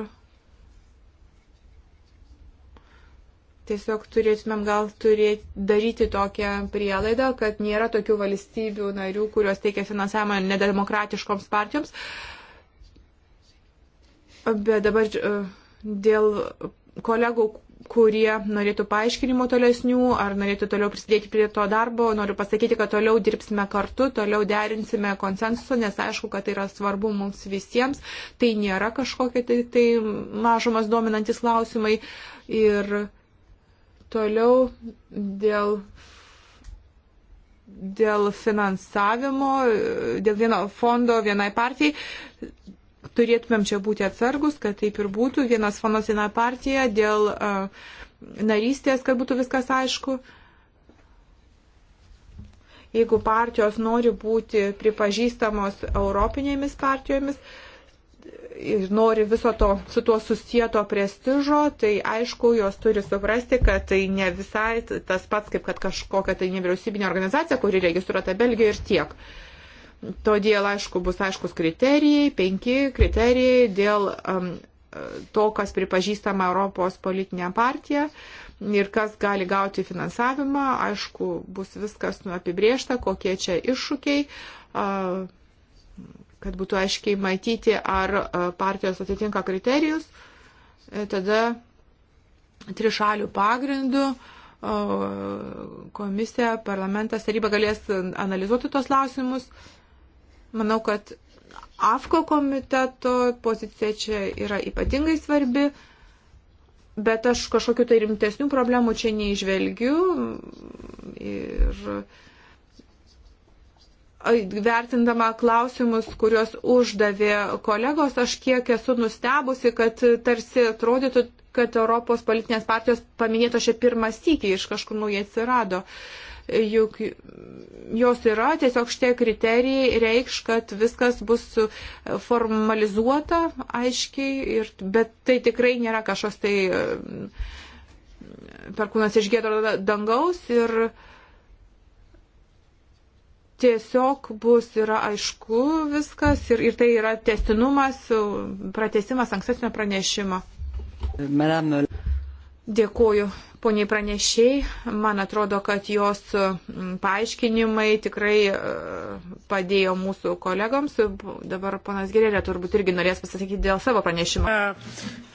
tiesiog turėtumėm gal turėti, daryti tokią prielaidą, kad nėra tokių valstybių narių, kurios teikia finansavimą nedemokratiškoms partijoms, Bet dabar e, dėl kolegų, kurie norėtų paaiškinimo tolesnių ar norėtų toliau prisidėti prie to darbo, noriu pasakyti, kad toliau dirbsime kartu, toliau derinsime konsensusą, nes aišku, kad tai yra svarbu mums visiems. Tai nėra kažkokie tai, tai mažumas dominantis klausimai. Ir toliau dėl dėl finansavimo, dėl vieno fondo vienai partijai turėtumėm čia būti atsargus, kad taip ir būtų. Vienas fonas viena partija dėl uh, narystės, kad būtų viskas aišku. Jeigu partijos nori būti pripažįstamos europinėmis partijomis, uh, ir nori viso to su tuo susieto prestižo, tai aišku, jos turi suprasti, kad tai ne visai tas pats, kaip kad kažkokia tai nevyriausybinė organizacija, kuri registruota Belgijoje ir tiek. Uh, Todėl, aišku, bus aiškus kriterijai, penki kriterijai dėl um, to, kas pripažįstama Europos politinė partija ir kas gali gauti finansavimą. Aišku, bus viskas nu apibriešta, kokie čia iššūkiai. Uh, kad būtų aiškiai matyti, ar partijos atitinka kriterijus, e, tada trišalių pagrindų komisija, parlamentas, taryba galės analizuoti tos klausimus Manau, kad AFKO komiteto pozicija čia yra ypatingai svarbi, bet aš kažkokiu tai rimtesnių problemų čia neižvelgiu. Ir vertindama klausimus, kuriuos uždavė kolegos, aš kiek esu nustebusi, kad tarsi atrodytų, kad Europos politinės partijos paminėtos čia pirmą sykį iš kažkur naujai atsirado. Uh, juk jos yra, tiesiog šitie kriterijai reikš, kad viskas bus formalizuota aiškiai, ir, bet tai tikrai nėra kažkoks tai e, perkūnas iš gėdo dangaus ir tiesiog bus yra aišku viskas ir, ir tai yra testinumas, pratesimas ankstesnio pranešimo. Madame. Dėkuoju poniai pranešiai. Man atrodo, kad jos mm, paaiškinimai tikrai e, padėjo mūsų kolegoms. Dabar ponas Gerėlė turbūt irgi norės pasakyti dėl savo pranešimo.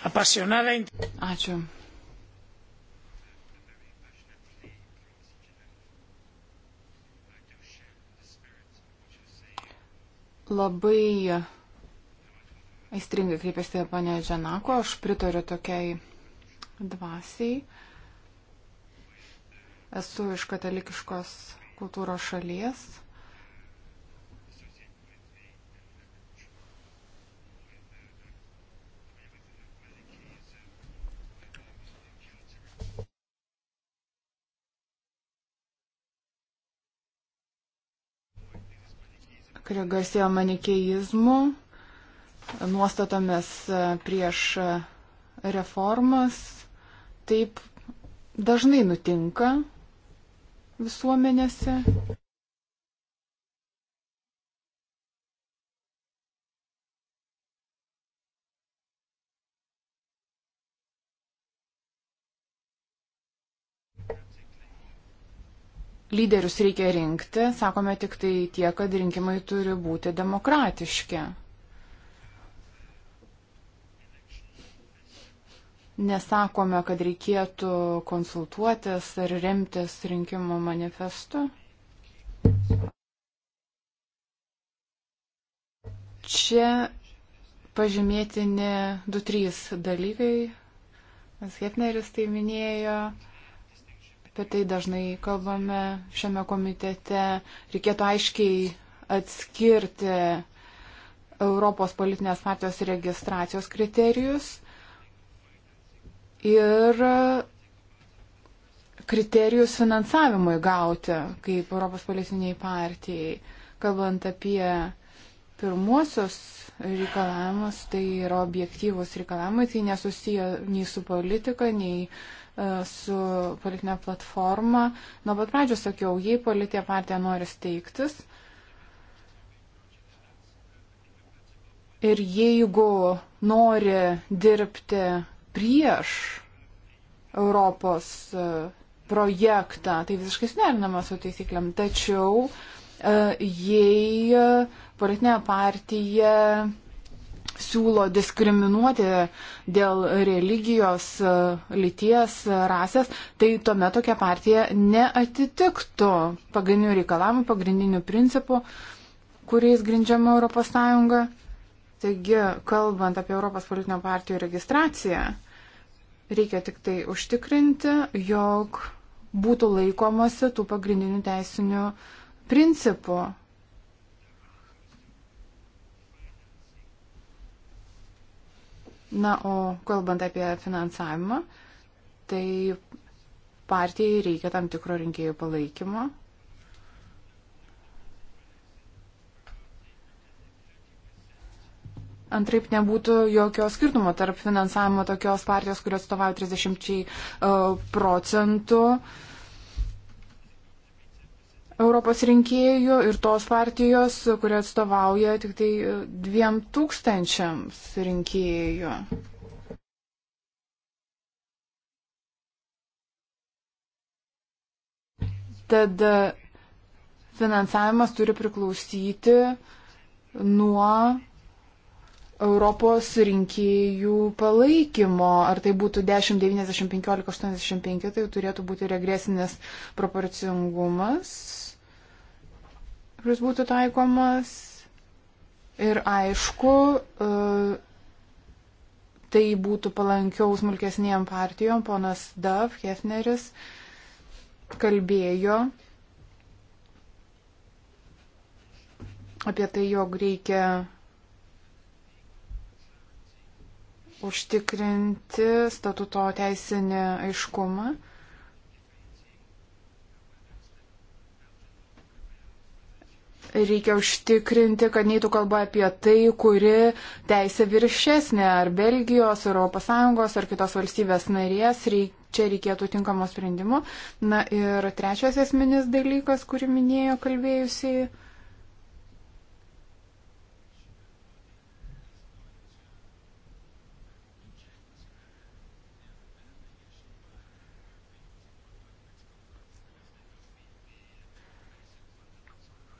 Ačiū. Labai aistringai kreipėsi ponia Džanako, aš pritariu tokiai dvasiai. Esu iš katalikiškos kultūros šalies. kurie garsėjo manikeizmu, nuostatomis prieš reformas, taip dažnai nutinka visuomenėse. Lyderius reikia rinkti, sakome tik tai tie, kad rinkimai turi būti demokratiški. nesakome, kad reikėtų konsultuotis ar remtis rinkimų manifestu. Čia pažymėtini 2-3 dalykai. Hepneris tai minėjo, apie tai dažnai kalbame šiame komitete. Reikėtų aiškiai atskirti Europos politinės partijos registracijos kriterijus ir kriterijus finansavimui gauti kaip Europos politiniai partijai. Kalbant apie pirmuosius reikalavimus, tai yra objektyvus reikalavimai, tai nesusiję nei su politika, nei e, su politinė platforma. Nuo pat pradžio sakiau, jei politinė partija nori steigtis ir jeigu nori dirbti prieš Europos e, projektą, tai visiškai suderinama su taisykliam. Tačiau e, jei politinė partija siūlo diskriminuoti dėl religijos, e, lyties, rasės, tai tuomet tokia partija neatitiktų pagrindinių reikalavimų, pagrindinių principų, kuriais grindžiama ES. Taigi, kalbant apie Europos politinio partijų registraciją, reikia tik tai užtikrinti, jog būtų laikomasi tų pagrindinių teisinių principų. Na, o kalbant apie finansavimą, tai partijai reikia tam tikro rinkėjų palaikymo. Antraip nebūtų jokio skirtumo tarp finansavimo tokios partijos, kurios atstovauja 30 e, procentų Europos rinkėjų ir tos partijos, kurie atstovauja tik tai e, dviem tūkstančiams rinkėjų. Tad e, finansavimas turi priklausyti nuo Europos rinkėjų palaikymo. Ar tai būtų 10, 90, 15, 85, tai turėtų būti regresinis proporcingumas, kuris būtų taikomas. Ir aišku, e, tai būtų palankiau smulkesniem partijom. Ponas Dav, Hefneris kalbėjo apie tai, jog reikia užtikrinti statuto teisinį aiškumą. Reikia užtikrinti, kad neįtų kalba apie tai, kuri teisė viršesnė ar Belgijos, ar ES, ar kitos valstybės narės. Reik, čia reikėtų tinkamo sprendimo. Na ir trečias esminis dalykas, kurį minėjo kalbėjusiai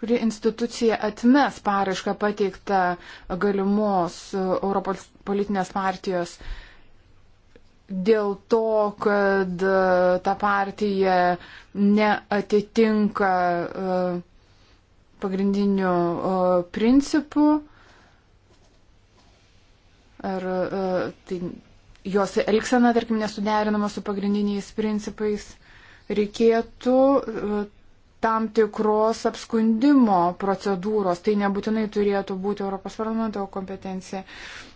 kuri institucija atmes parašką pateiktą galimos Europos politinės partijos dėl to, kad e, ta partija neatitinka e, pagrindinių e, principų. Ar tai jos elgsena, tarkim, nesuderinama su pagrindiniais principais, reikėtų tam tikros apskundimo procedūros. Tai nebūtinai turėtų būti Europos parlamento kompetencija.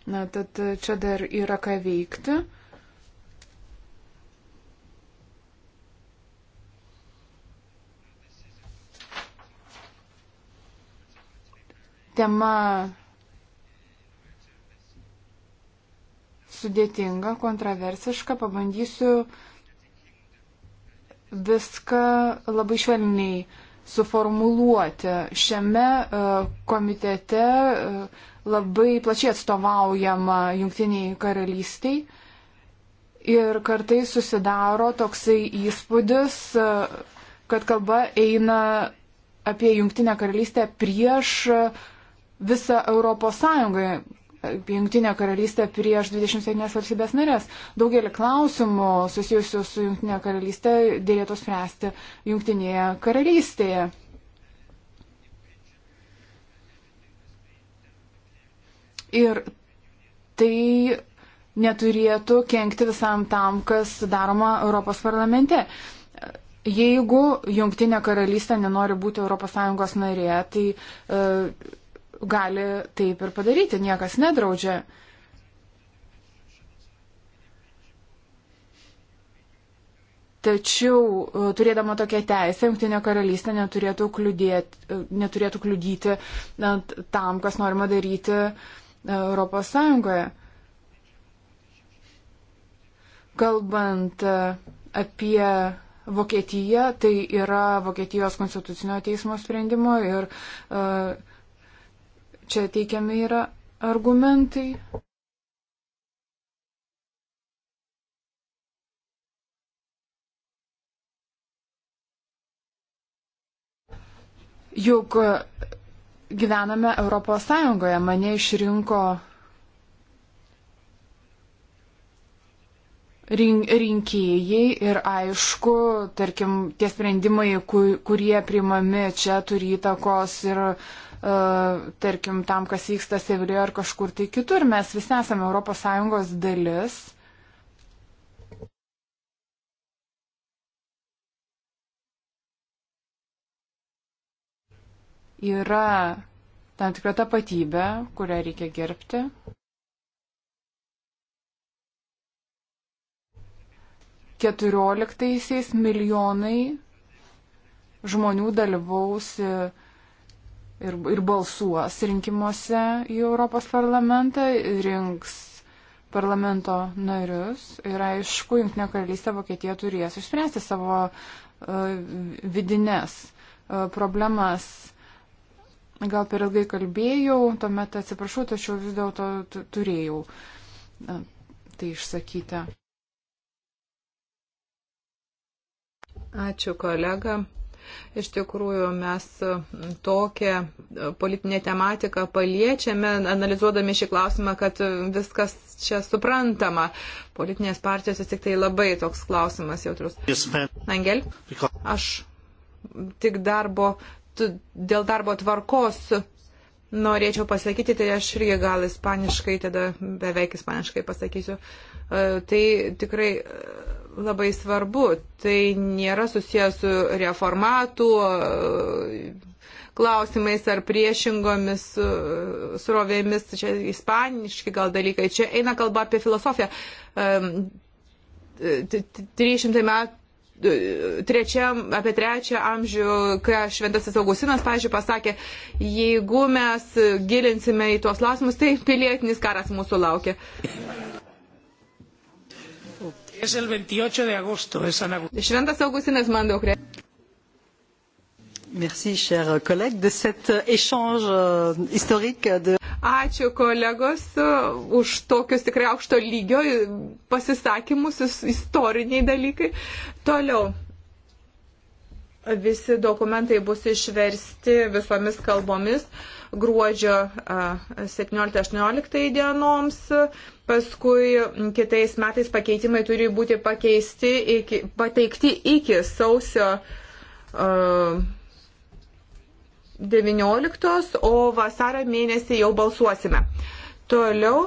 Na, tad čia dar yra ką veikti. Tema sudėtinga, kontroversiška, pabandysiu viską labai švelniai suformuluoti. Šiame e, komitete e, labai plačiai atstovaujama Junktiniai karalystiai ir kartai susidaro toksai įspūdis, e, kad kalba eina apie Junktinę karalystę prieš visą Europos Sąjungą. Junktinę karalystę prieš 27 valstybės narės. Daugelį klausimų susijusių su Junktinė karalystė dėlėtų spręsti Junktinėje karalystėje. Ir tai neturėtų kenkti visam tam, kas daroma Europos parlamente. Jeigu Junktinė karalystė nenori būti ES narė, tai uh, gali taip ir padaryti, niekas nedraudžia. Tačiau e, turėdama tokią teisę, Junktinė karalystė neturėtų, kliudėt, e, neturėtų kliudyti tam, kas norima daryti e, Europos Sąjungoje. Kalbant apie Vokietiją, tai yra Vokietijos konstitucinio teismo sprendimo ir uh, Čia teikiami yra argumentai. Juk gyvename Europos Sąjungoje, mane išrinko rinkėjai ir aišku, tarkim, tie sprendimai, kurie primami čia turi įtakos ir uh, E, tarkim, tam, kas vyksta Sevilijoje ar kažkur tai kitur. Mes visi esame ES dalis. Yra tam tikra tapatybė, kurią reikia gerbti. Keturioliktaisiais milijonai žmonių dalyvausi ir, ir balsuos rinkimuose į Europos parlamentą, rinks parlamento narius ir aišku, Junktinė karalystė Vokietija turės išspręsti savo uh, e, vidinės uh, e, problemas. Gal per ilgai kalbėjau, tuomet atsiprašau, tačiau vis dėlto turėjau uh, tai išsakyti. Ačiū kolega. Iš tikrųjų, mes e, tokią e, politinę tematiką paliečiame, analizuodami šį klausimą, kad e, viskas čia suprantama. Politinės partijos vis tik tai labai toks klausimas jautrus. Angel, aš tik darbo, dėl darbo tvarkos norėčiau pasakyti, tai aš irgi gal ispaniškai, tada beveik ispaniškai pasakysiu. Tai tikrai labai svarbu. Tai nėra susijęs su reformatų e, klausimais ar priešingomis e, srovėmis, čia ispaniški gal dalykai. Čia eina kalba apie filosofiją. 300 metų e, trečiam, apie trečią amžių, ką Šventasis Augustinas, pažiūrėjau, pasakė, jeigu mes gilinsime į tuos klausimus, tai pilietinis karas mūsų laukia. Šventas Augustinas man daug reikia. Merci, chers collègues, de cet euh, échange euh, historique. De... Ačiū kolegos euh, už tokius tikrai aukšto lygio e, pasisakymus, istoriniai dalykai. Toliau. Visi dokumentai bus išversti visomis kalbomis gruodžio 17-18 dienoms, paskui kitais metais pakeitimai turi būti pakeisti iki, pateikti iki sausio uh, 19, o vasarą mėnesį jau balsuosime. Toliau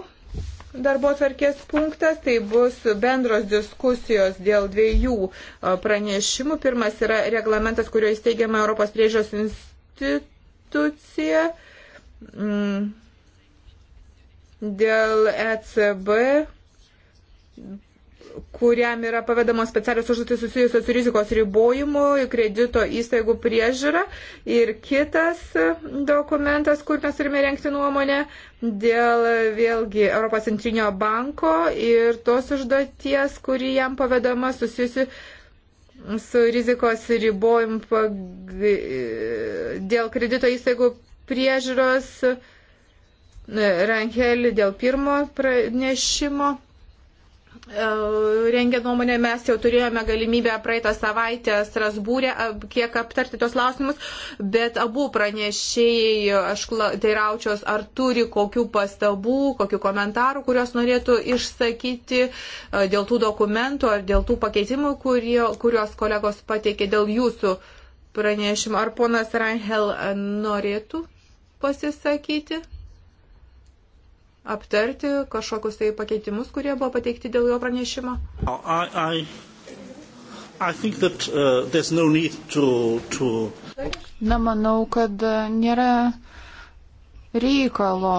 darbo atvarkės punktas, tai bus bendros diskusijos dėl dviejų pranešimų. Pirmas yra reglamentas, kurio įsteigiama Europos priežios institucija. Mm. dėl ECB kuriam yra pavedamos specialios užduotis susijusios su rizikos ribojimu, kredito įstaigų priežiūra. Ir kitas dokumentas, kur mes turime renkti nuomonę, dėl vėlgi Europos centrinio banko ir tos užduoties, kuri jam pavedama susijusi su rizikos ribojimu pag... dėl kredito įstaigų priežiūros, e, Rankelį dėl pirmo pranešimo e, rengia nuomonę, mes jau turėjome galimybę praeitą savaitę Strasbūrė kiek aptarti tos klausimus, bet abu pranešėjai, aš teiraučios, ar turi kokių pastabų, kokių komentarų, kuriuos norėtų išsakyti e, dėl tų dokumentų ar dėl tų pakeitimų, kurie, kuriuos kolegos pateikė dėl jūsų pranešimo. Ar ponas Rangel norėtų? pasisakyti, aptarti kažkokius tai pakeitimus, kurie buvo pateikti dėl jo pranešimo? I, I, I that, uh, no to, to... Na, manau, kad uh, nėra reikalo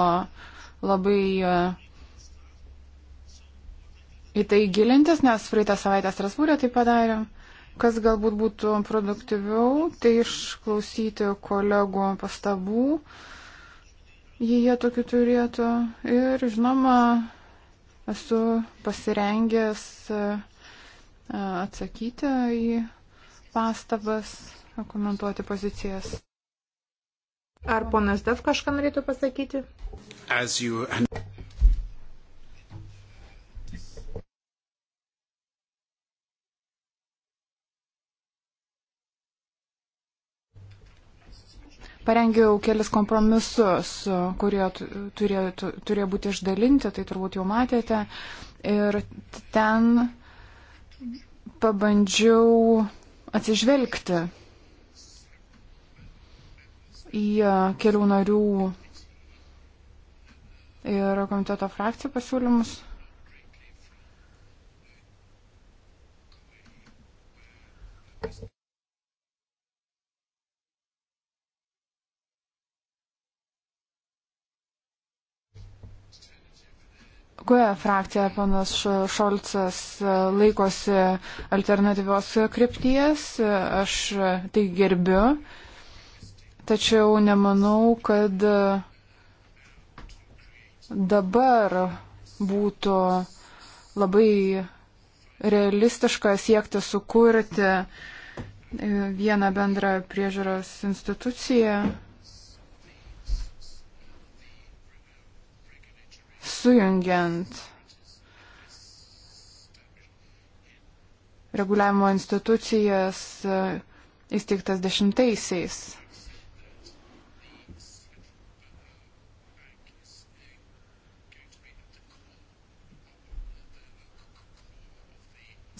labai uh, į tai gilintis, nes praeitą savaitę Strasbūrė tai padarėm. Kas galbūt būtų produktyviau, tai išklausyti kolegų pastabų, jei jie tokių turėtų. Ir, žinoma, esu pasirengęs e, atsakyti į pastabas, komentuoti pozicijas. Ar ponas Dev kažką norėtų pasakyti? You... parengiau kelis kompromisus, kurie turėjo, turėjo būti išdalinti, tai turbūt jau matėte. Ir ten pabandžiau atsižvelgti į kelių narių ir komiteto frakcijų pasiūlymus. GUE frakcija panas Šolcas e, laikosi alternatyvios krypties, aš e, tai gerbiu, tačiau nemanau, kad e, dabar būtų labai realistiška siekti sukurti vieną bendrą priežiūros instituciją sujungiant reguliavimo institucijas e, įsteigtas dešimtaisiais.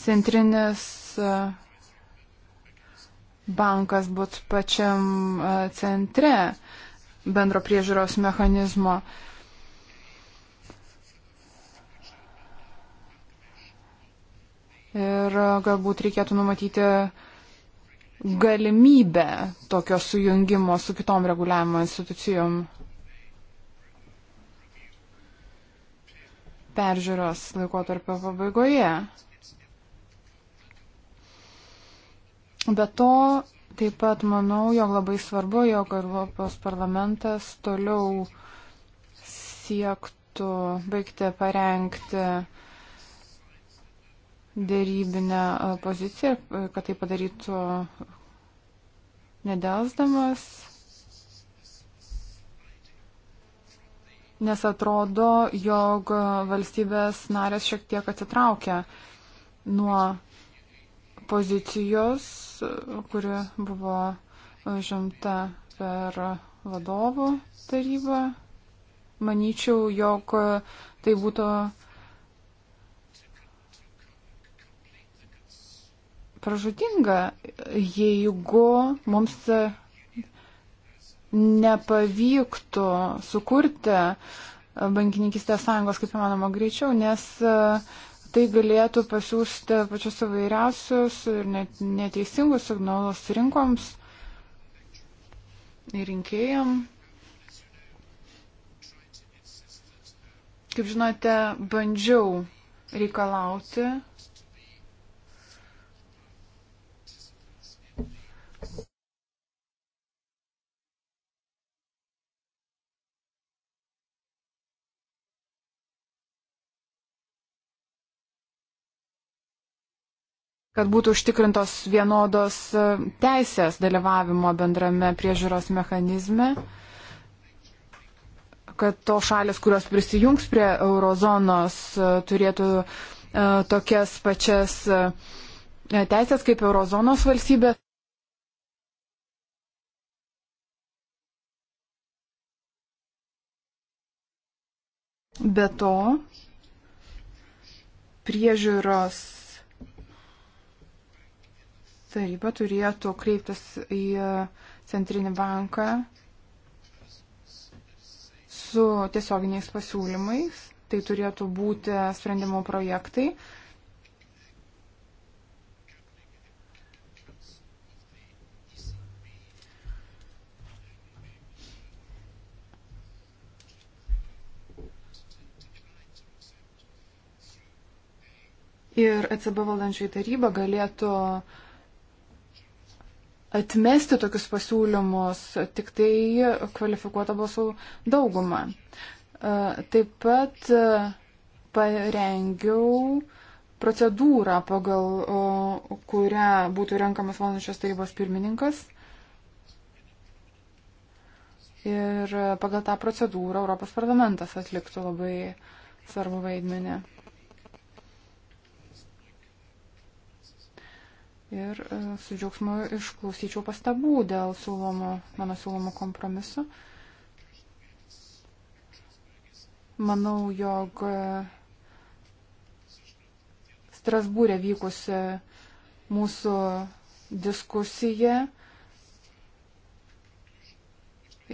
Centrinis e, bankas būtų pačiam e, centre bendro priežiūros mechanizmo. Uh, Ir galbūt reikėtų numatyti galimybę tokio sujungimo su kitom reguliavimo institucijom. Peržiūros laikotarpio pabaigoje. Be to, taip pat manau, jog labai svarbu, jog Europos parlamentas toliau siektų baigti parengti uh, dėrybinę poziciją, kad tai padarytų nedelsdamas. Nes atrodo, jog valstybės narės šiek tiek atsitraukia nuo pozicijos, kuri buvo žimta per vadovų tarybą. Manyčiau, jog tai būtų pražudinga, jeigu mums nepavyktų sukurti bankininkistės sąjungos kaip įmanoma greičiau, nes e, tai galėtų pasiūsti pačius įvairiausius ir net, neteisingus signalus rinkoms ir rinkėjams. Kaip žinote, bandžiau reikalauti, kad būtų užtikrintos vienodos e, teisės dalyvavimo bendrame priežiūros mechanizme, kad to šalis, kurios prisijungs prie eurozonos, e, turėtų e, tokias pačias teisės kaip eurozonos valstybė. Be to, priežiūros taryba turėtų kreiptis į centrinį banką su tiesioginiais pasiūlymais. Tai turėtų būti sprendimo projektai. Ir ECB valdančioji taryba galėtų uh, atmesti tokius pasiūlymus tik tai kvalifikuotą balsų daugumą. E, taip pat e, parengiau procedūrą, pagal kurią būtų renkamas valdančios tarybos pirmininkas. Ir pagal tą procedūrą Europos parlamentas atliktų labai svarbu vaidmenį. ir e, su džiaugsmu išklausyčiau pastabų dėl siūlomo, mano siūlomo kompromiso. Manau, jog e, Strasbūrė vykusi mūsų diskusija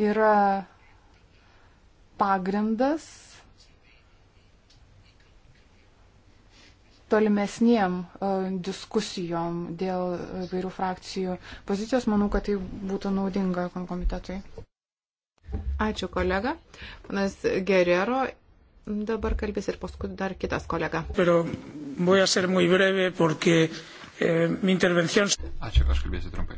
yra pagrindas tolimesniem e, diskusijom dėl vairių frakcijų pozicijos. Manau, kad tai būtų naudinga komitetui. Ačiū kolega. Panas Gerero dabar kalbės ir paskui dar kitas kolega. Pero voy a ser muy breve porque eh, mi intervención. Ačiū, aš kalbėsiu trumpai.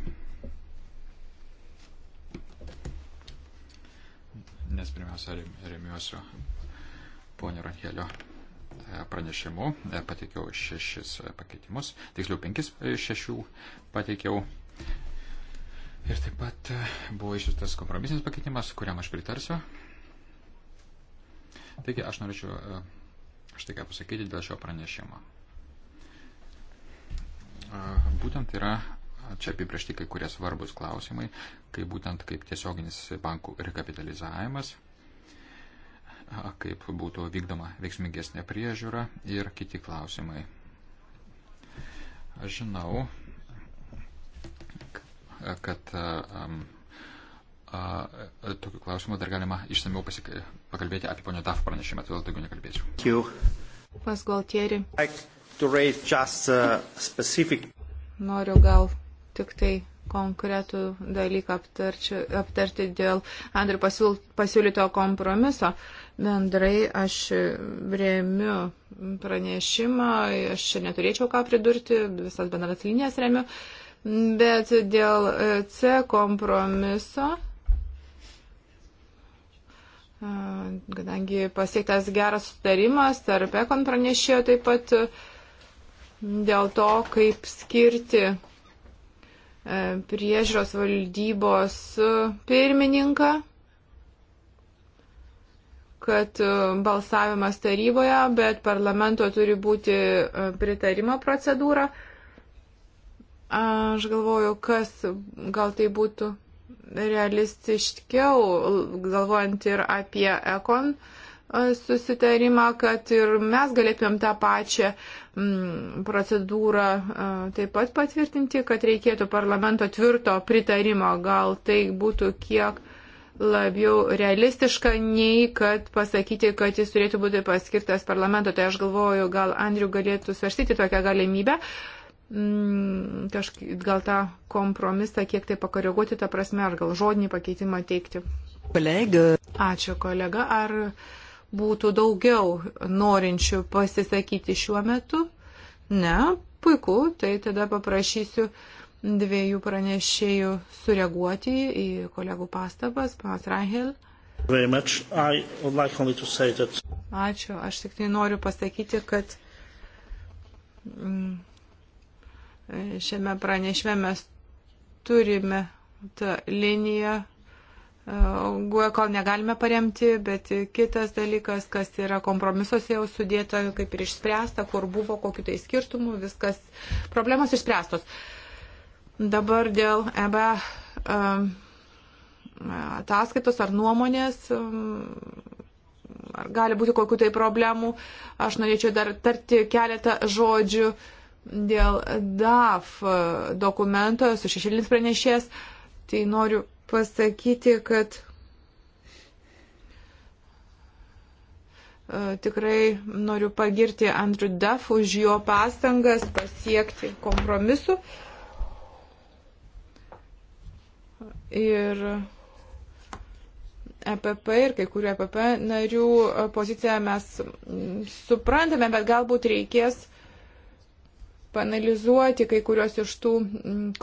Nes pirmiausia, remiuosiu ponio Rankelio E, pranešimu, e, pateikiau šešis e, pakeitimus, tiksliau penkis šešių pateikiau. Ir taip pat buvo išsiustas kompromisinis pakeitimas, kuriam aš pritarsiu. Taigi aš norėčiau štai ką pasakyti dėl šio pranešimo. Būtent yra čia apibriešti kai kurie svarbus klausimai, kai būtent kaip tiesioginis bankų rekapitalizavimas kaip būtų vykdoma veiksmingesnė priežiūra ir kiti klausimai. Aš žinau, kad tokių klausimų dar galima išsamiau pakalbėti apie ponio DAF pranešimą, todėl daugiau nekalbėsiu. Pas Galtieri. Noriu gal tik tai konkretų dalyką aptarti dėl Andrių pasiūlyto kompromiso. Bendrai aš remiu pranešimą, aš neturėčiau ką pridurti, visas bendras linijas remiu, bet dėl e, C kompromiso. E, kadangi pasiektas geras sutarimas tarp ekon pranešėjo taip pat dėl to, kaip skirti priežiūros valdybos pirmininką, kad e, balsavimas taryboje, bet parlamento turi būti e, pritarimo procedūra. Aš galvoju, kas gal tai būtų realistiškiau, galvojant ir apie ekon uh, susitarimą, kad ir mes galėtumėm tą pačią mm, procedūrą taip pat patvirtinti, kad reikėtų parlamento tvirto pritarimo. Gal tai būtų kiek labiau realistiška, nei kad pasakyti, kad jis turėtų būti paskirtas parlamento. Tai aš galvoju, gal Andriu galėtų svarstyti tokią galimybę mm, kažkaip gal tą kompromisą kiek tai pakoreguoti, ta prasme, ar gal žodinį pakeitimą teikti. Kolega. Ačiū, kolega. Ar būtų daugiau norinčių pasisakyti šiuo metu? Ne, puiku, tai tada paprašysiu dviejų pranešėjų sureaguoti į kolegų pastabas, panas Rahel. Like that... Ačiū, aš tik tai noriu pasakyti, kad mm, šiame pranešime mes turime tą liniją GUE kol negalime paremti, bet kitas dalykas, kas yra kompromisuose jau sudėta, kaip ir išspręsta, kur buvo kokiu tai skirtumu, viskas, problemos išspręstos. Dabar dėl EBA um, ataskaitos ar nuomonės, um, ar gali būti kokiu tai problemų, aš norėčiau dar tarti keletą žodžių dėl DAF dokumento su šešėlinis pranešės, tai noriu pasakyti, kad e, tikrai noriu pagirti Andrew Duff už jo pastangas pasiekti kompromisu. Ir EPP ir kai kurių EPP narių poziciją mes suprantame, bet galbūt reikės panalizuoti kai kurios iš tų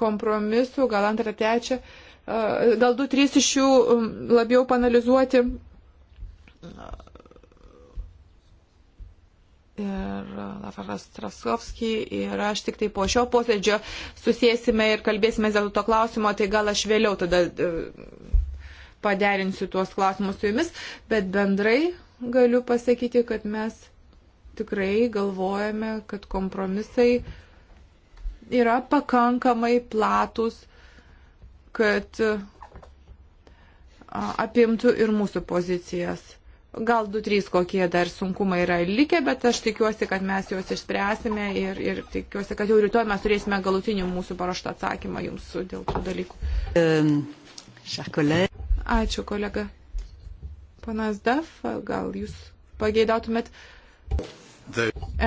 kompromisų, gal antrą, trečią. Uh, gal du, trys iš jų um, labiau panalizuoti. Ir uh, Lafaras Traskovski, ir aš tik tai po šio posėdžio susėsime ir kalbėsime dėl to klausimo, tai gal aš vėliau tada uh, paderinsiu tuos klausimus su jumis, bet bendrai galiu pasakyti, kad mes tikrai galvojame, kad kompromisai yra pakankamai platus kad apimtų ir mūsų pozicijas. Gal du, trys kokie dar sunkumai yra likę, bet aš tikiuosi, kad mes juos išspręsime ir, ir tikiuosi, kad jau rytoj mes turėsime galutinį mūsų paraštą atsakymą jums dėl tų dalykų. Ačiū, kolega. Panas Daf, gal jūs pageidautumėt?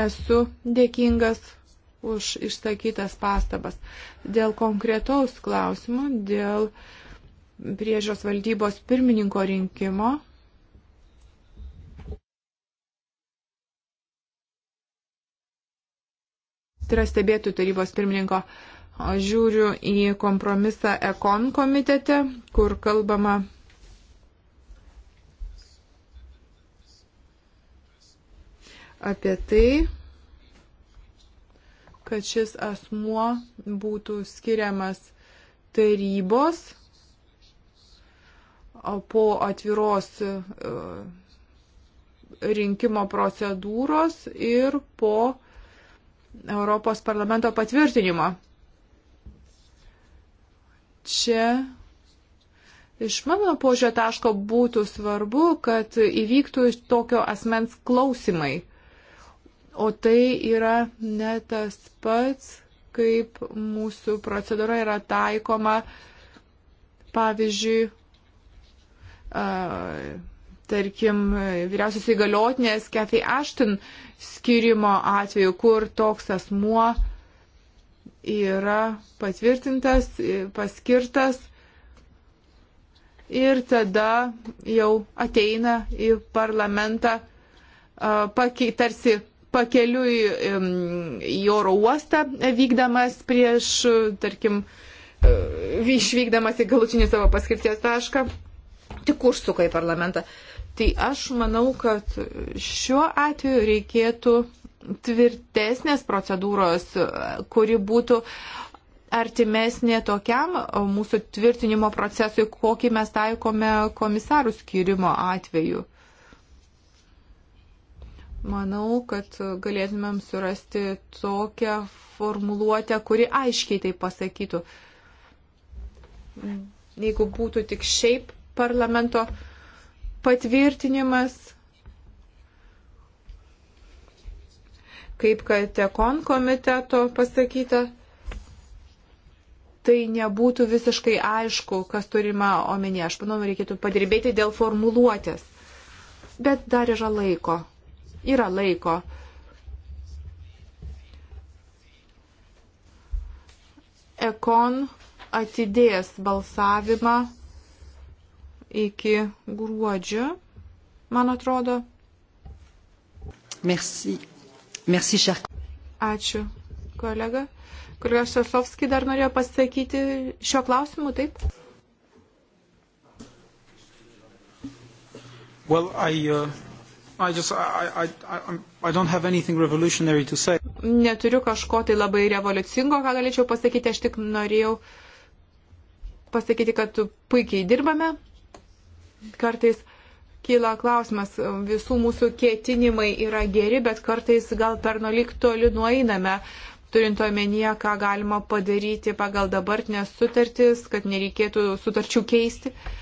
Esu dėkingas už išsakytas pastabas. Dėl konkretaus klausimų, dėl priežios valdybos pirmininko rinkimo. Tai yra stebėtų tarybos pirmininko. Žiūriu į kompromisą Ekon komitete, kur kalbama apie tai, kad šis asmuo būtų skiriamas tarybos po atviros e, rinkimo procedūros ir po Europos parlamento patvirtinimo. Čia iš mano požio taško būtų svarbu, kad įvyktų tokio asmens klausimai O tai yra ne tas pats, kaip mūsų procedūra yra taikoma, pavyzdžiui, tarkim, vyriausios įgaliotinės Kathy Ashton skirimo atveju, kur toks asmuo yra patvirtintas, paskirtas ir tada jau ateina į parlamentą tarsi pakeliui į oro uostą vykdamas prieš, tarkim, e, išvykdamas į galutinį savo paskirties tašką, tik užsuka į parlamentą. Tai aš manau, kad šiuo atveju reikėtų tvirtesnės procedūros, kuri būtų artimesnė tokiam mūsų tvirtinimo procesui, kokį mes taikome komisarų skirimo atveju. Manau, kad galėtumėm surasti tokią formuluotę, kuri aiškiai tai pasakytų. Jeigu būtų tik šiaip parlamento patvirtinimas, kaip kad ekon komiteto pasakyta, tai nebūtų visiškai aišku, kas turima omenyje. Aš manau, reikėtų padirbėti dėl formuluotės. Bet dar yra laiko. Yra laiko. Ekon atidės balsavimą iki gruodžio, man atrodo. Merci. Merci, cher. Ačiū, kolega. Kolega Šasovski dar norėjo pasakyti šio klausimu, taip? Well, I, uh... I just, I, I, I don't have anything revolutionary to say. Neturiu kažko tai labai revoliucingo, ką galėčiau pasakyti, aš tik norėjau pasakyti, kad puikiai dirbame. Kartais kyla klausimas, visų mūsų ketinimai yra geri, bet kartais gal per nolik toli nueiname, turint omenyje, ką galima padaryti pagal dabartinės sutartis, kad nereikėtų sutarčių keisti. Uh,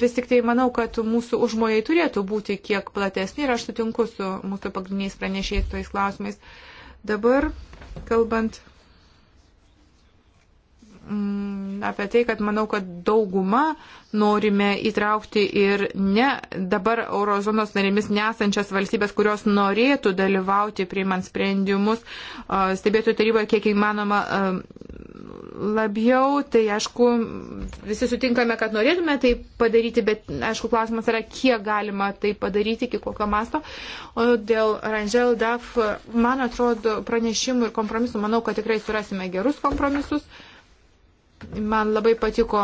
vis tik tai manau, kad mūsų užmojai turėtų būti kiek platesni ir aš sutinku su mūsų pagrindiniais pranešėjais tojais klausimais. Dabar, kalbant mm, apie tai, kad manau, kad dauguma norime įtraukti ir ne dabar eurozonos narėmis nesančias valstybės, kurios norėtų dalyvauti priimant sprendimus, stebėtų taryboje kiek įmanoma labiau, tai aišku, visi sutinkame, kad norėtume tai padaryti, bet aišku, klausimas yra, kiek galima tai padaryti, iki kokio masto. O dėl Rangel DAF, man atrodo, pranešimų ir kompromisų, manau, kad tikrai surasime gerus kompromisus. Man labai patiko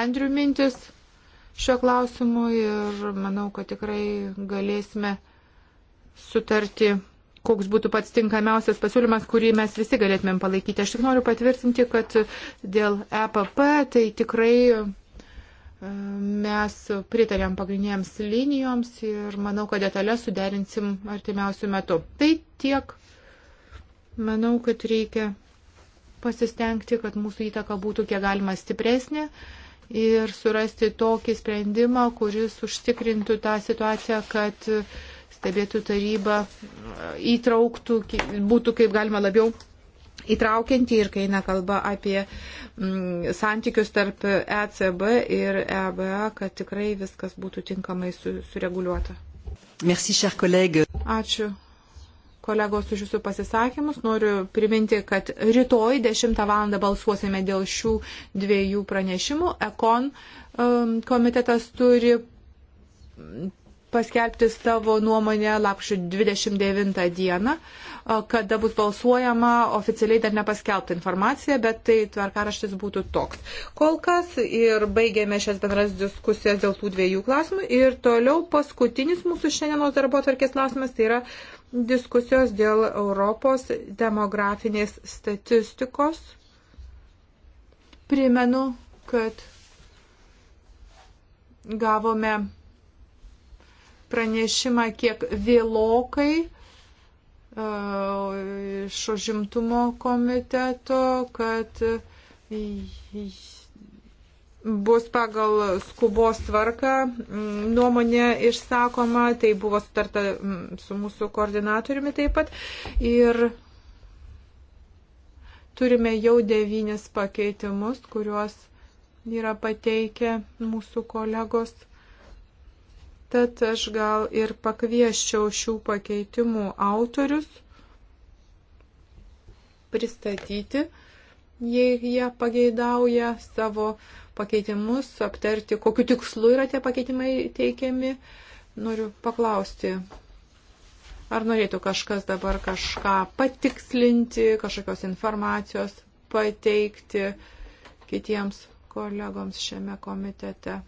Andrių mintis šio klausimu ir manau, kad tikrai galėsime sutarti koks būtų pats tinkamiausias pasiūlymas, kurį mes visi galėtumėm palaikyti. Aš tik noriu patvirtinti, kad dėl EPP tai tikrai e, mes pritarėm pagrindiniams linijoms ir manau, kad detalę suderinsim artimiausių metų. Tai tiek. Manau, kad reikia pasistengti, kad mūsų įtaka būtų kiek galima stipresnė ir surasti tokį sprendimą, kuris užtikrintų tą situaciją, kad uh, stebėtų taryba e, įtrauktų, būtų kaip galima labiau įtraukianti ir kai eina kalba apie mm, santykius tarp ECB ir EBA, kad tikrai viskas būtų tinkamai su, sureguliuota. Merci, Ačiū kolegos už jūsų pasisakymus. Noriu priminti, kad rytoj 10 val. balsuosime dėl šių dviejų pranešimų. Ekon um, komitetas turi paskelbti savo nuomonę lapkričio 29 dieną, kada bus balsuojama oficialiai dar nepaskelbta informacija, bet tai tvarkaraštis būtų toks. Kol kas ir baigėme šias bendras diskusijas dėl tų dviejų klausimų ir toliau paskutinis mūsų šiandienos darbo tvarkės klausimas tai yra diskusijos dėl Europos demografinės statistikos. Primenu, kad gavome pranešimą kiek vėlokai e, iš užimtumo komiteto, kad bus pagal skubos tvarką mm, nuomonė išsakoma, tai buvo sutarta mm, su mūsų koordinatoriumi taip pat. Ir turime jau devynis pakeitimus, kuriuos yra pateikę mūsų kolegos. Tad aš gal ir pakvieščiau šių pakeitimų autorius pristatyti, jei jie pageidauja savo pakeitimus, aptarti, kokiu tikslu yra tie pakeitimai teikiami. Noriu paklausti, ar norėtų kažkas dabar kažką patikslinti, kažkokios informacijos pateikti kitiems kolegoms šiame komitete.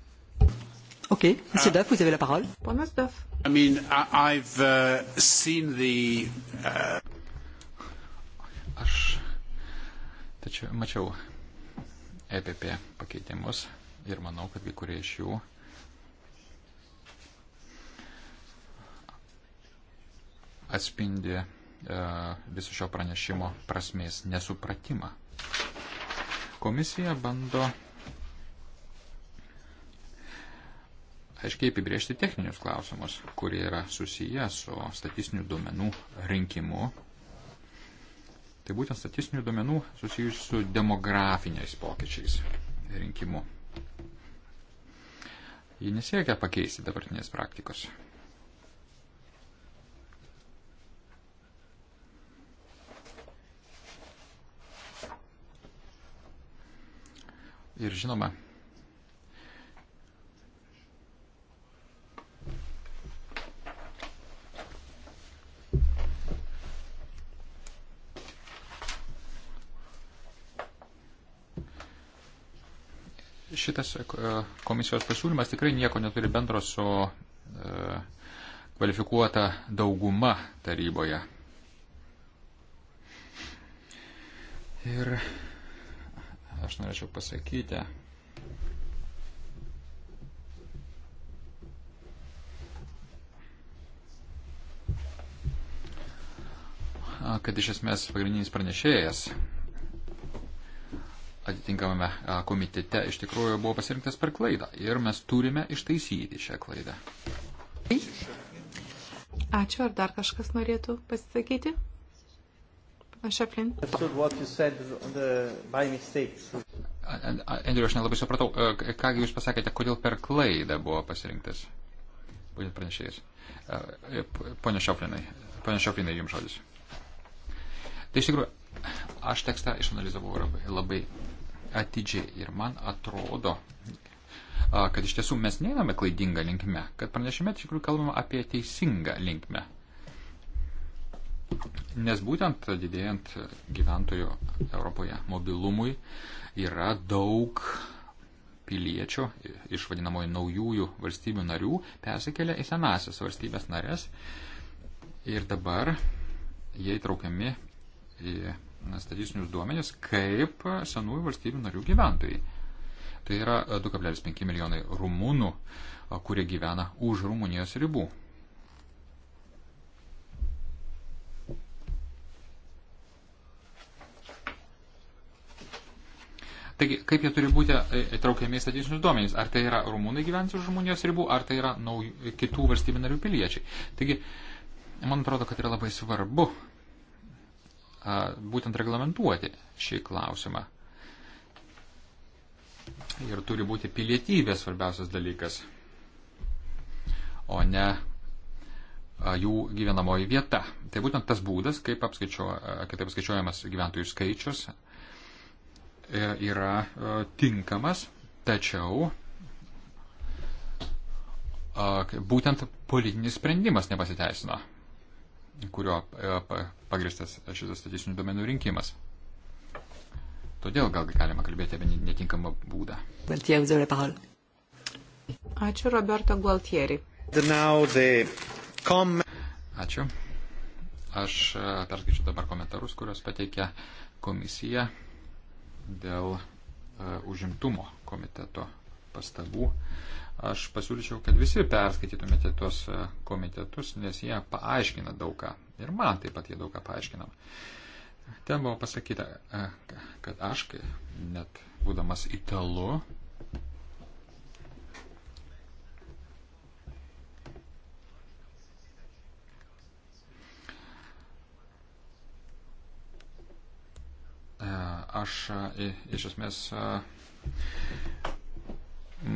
Ok, Monsieur Duff, vous avez la parole. Ponas Duff. I mean, I've uh, seen the. Uh... Aš tačiau mačiau EPP pakeitimus ir manau, kad kai kurie iš jų atspindi uh, viso šio pranešimo prasmės nesupratimą. Komisija bando uh, aiškiai apibriežti techninius klausimus, kurie yra susiję su statistinių duomenų rinkimu. Tai būtent statistinių duomenų susijusių su demografiniais pokyčiais rinkimu. Ji nesiekia pakeisti dabartinės praktikos. Ir žinoma, šitas e, komisijos pasiūlymas tikrai nieko neturi bendro su e, kvalifikuota dauguma taryboje. Ir aš norėčiau pasakyti, kad iš esmės pagrindinis pranešėjas atitinkamame komitete iš tikrųjų buvo pasirinktas per klaidą ir mes turime ištaisyti šią klaidą. Ačiū, ar dar kažkas norėtų pasisakyti? Šeflin. Andriu, aš nelabai supratau, ką jūs pasakėte, kodėl per klaidą buvo pasirinktas būtent pranešėjas. E, pone Šeflinai, pone Šeflinai, jums žodis. Tai iš tikrųjų, aš tekstą išanalizavau labai, labai atidžiai ir man atrodo, kad iš tiesų mes neiname klaidingą linkme, kad pranešime iš tikrųjų kalbama apie teisingą linkmę. Nes būtent didėjant gyventojų Europoje mobilumui yra daug piliečių iš vadinamojo naujųjų valstybių narių persikelia į senasias valstybės narės ir dabar jie įtraukiami į statistinius duomenis kaip senųjų valstybių narių gyventojai. Tai yra 2,5 e, milijonai rumunų, e, kurie gyvena už Rumunijos ribų. Taigi, kaip jie turi būti e, įtraukiami į statistinius duomenys? Ar tai yra rumūnai gyventi už Rumunijos ribų, ar tai yra naujų, kitų valstybių narių piliečiai? Taigi, man atrodo, kad yra labai svarbu būtent reglamentuoti šį klausimą. Ir turi būti pilietybė svarbiausias dalykas, o ne jų gyvenamoji vieta. Tai būtent tas būdas, kaip apskaičiuojamas apskaičiuoja gyventojų skaičius, yra tinkamas, tačiau būtent politinis sprendimas nepasiteisino kurio e, pagristas šitas statistinių duomenų rinkimas. Todėl gal galima kalbėti apie netinkamą būdą. Ačiū Roberto Gualtieri. Ačiū. Aš e, perskaičiu dabar komentarus, kuriuos pateikia komisija dėl e, užimtumo komiteto pastabų. Uh, aš pasiūlyčiau, kad visi perskaitytumėte tuos e, komitetus, nes jie paaiškina daugą. Ir man taip pat jie daugą paaiškina. Ten buvo pasakyta, e, kad aš, net būdamas italu, e, aš iš esmės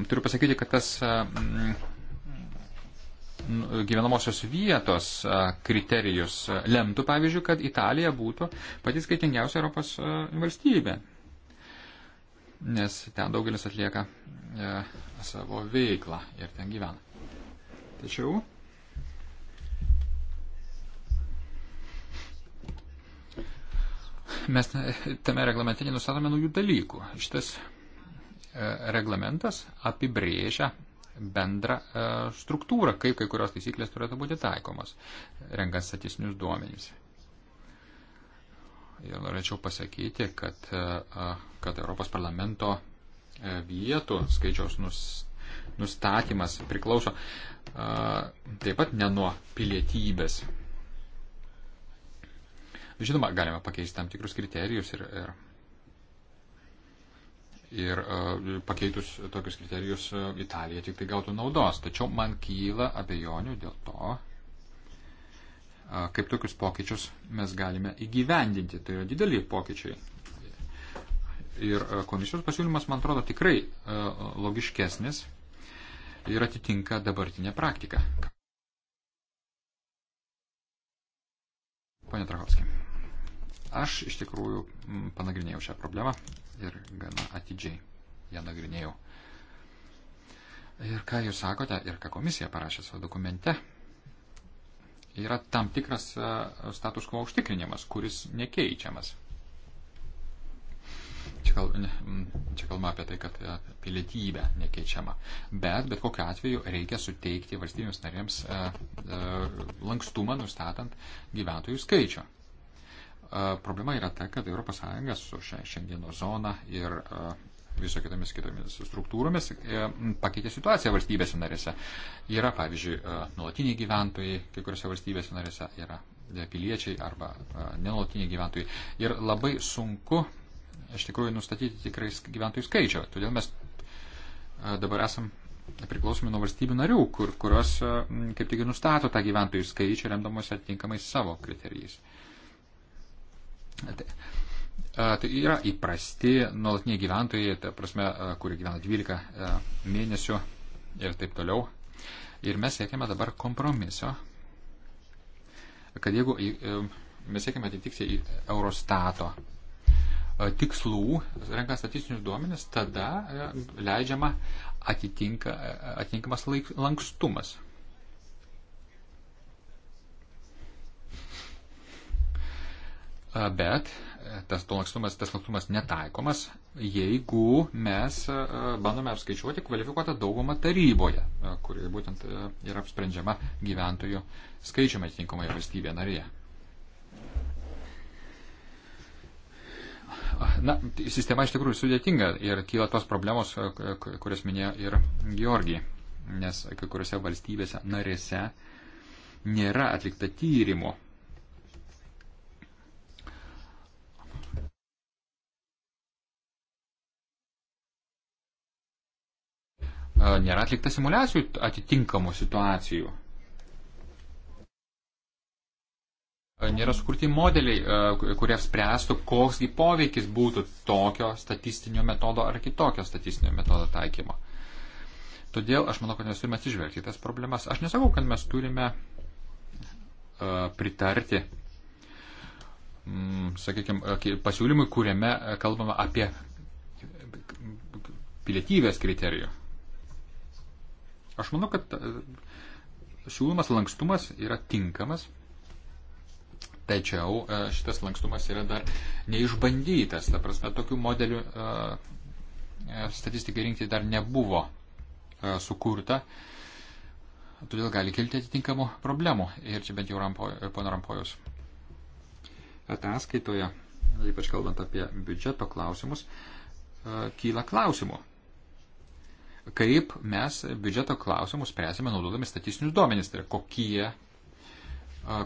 Turiu pasakyti, kad tas nu, gyvenamosios vietos kriterijus lemtų, pavyzdžiui, kad Italija būtų pati skaitingiausia Europos valstybė, nes ten daugelis atlieka savo veiklą ir ten gyvena. Tačiau mes tame reglamente nenustatome naujų dalykų. Šitas E, reglamentas apibrėžia bendrą e, struktūrą, kaip kai kurios taisyklės turėtų būti taikomos, renkant statistinius duomenys. Ir norėčiau pasakyti, kad, e, kad Europos parlamento vietų skaičiaus nus, nustatymas priklauso taip pat ne nuo pilietybės. Žinoma, galima pakeisti tam tikrus kriterijus ir, ir Ir e, pakeitus tokius kriterijus e, Italija tik tai gautų naudos. Tačiau man kyla abejonių dėl to, e, kaip tokius pokyčius mes galime įgyvendinti. Tai yra dideliai pokyčiai. Ir komisijos pasiūlymas, man atrodo, tikrai logiškesnis ir atitinka dabartinę praktiką. Pane Trakovskai, aš iš tikrųjų panagrinėjau šią problemą ir gana atidžiai ją nagrinėjau. Ir ką jūs sakote, ir ką komisija parašė savo dokumente, yra tam tikras e, status quo užtikrinimas, kuris nekeičiamas. Čia, kal, čia kalba apie tai, kad e, pilietybė nekeičiama. Bet bet kokiu atveju reikia suteikti valstybėms narėms e, lankstumą nustatant gyventojų skaičių. Problema yra ta, kad ES su šiandieno zona ir viso kitomis kitomis struktūromis e, pakeitė situaciją valstybėse narėse. Yra, pavyzdžiui, nuolatiniai gyventojai, kai kuriuose valstybėse narėse yra e, piliečiai arba nenuolatiniai gyventojai. Ir labai sunku, iš tikrųjų, nustatyti tikrai gyventojų skaičių. Todėl mes dabar esam priklausomi nuo valstybių narių, kur, kurios kaip tik nustato tą gyventojų skaičių, remdamosi atitinkamais savo kriterijais. Tai yra įprasti nuolatiniai gyventojai, ta prasme, kurie gyvena 12 mėnesių ir taip toliau. Ir mes siekiame dabar kompromiso, kad jeigu e, mes siekiame atitikti Eurostato tikslų, renkant statistinius duomenis, tada e, leidžiama atitinka, atitinkamas laik, lankstumas. bet e, tas lankstumas, tas lankstumas netaikomas, jeigu mes e, bandome apskaičiuoti kvalifikuotą daugumą taryboje, e, kuri būtent yra apsprendžiama gyventojų skaičiumi atitinkamoje valstybėje narėje. Na, tai sistema iš tikrųjų sudėtinga ir kyla tos problemos, kurias minėjo ir Georgija, nes kai kuriuose valstybėse narėse nėra atlikta tyrimo E, nėra atlikta simulacijų atitinkamų situacijų. E, nėra sukurti modeliai, e, kurie spręstų, koksgi poveikis būtų tokio statistinio metodo ar kitokio statistinio metodo taikymo. Todėl aš manau, kad mes turime atsižvelgti tas problemas. Aš nesakau, kad mes turime pritarti, mm, sakykime, pasiūlymui, kuriame kalbama apie pilietybės kriterijų. Aš manau, kad e, siūlomas lankstumas yra tinkamas, tačiau e, šitas lankstumas yra dar neišbandytas. Ta prasme, tokių modelių e, statistikai rinkti dar nebuvo sukurta, todėl gali kilti atitinkamų problemų. Ir čia bent jau rampo, pono Rampojus ataskaitoje, ypač kalbant apie biudžeto klausimus, kyla klausimų kaip mes biudžeto klausimus spręsime naudodami statistinius duomenys, tai yra kokie,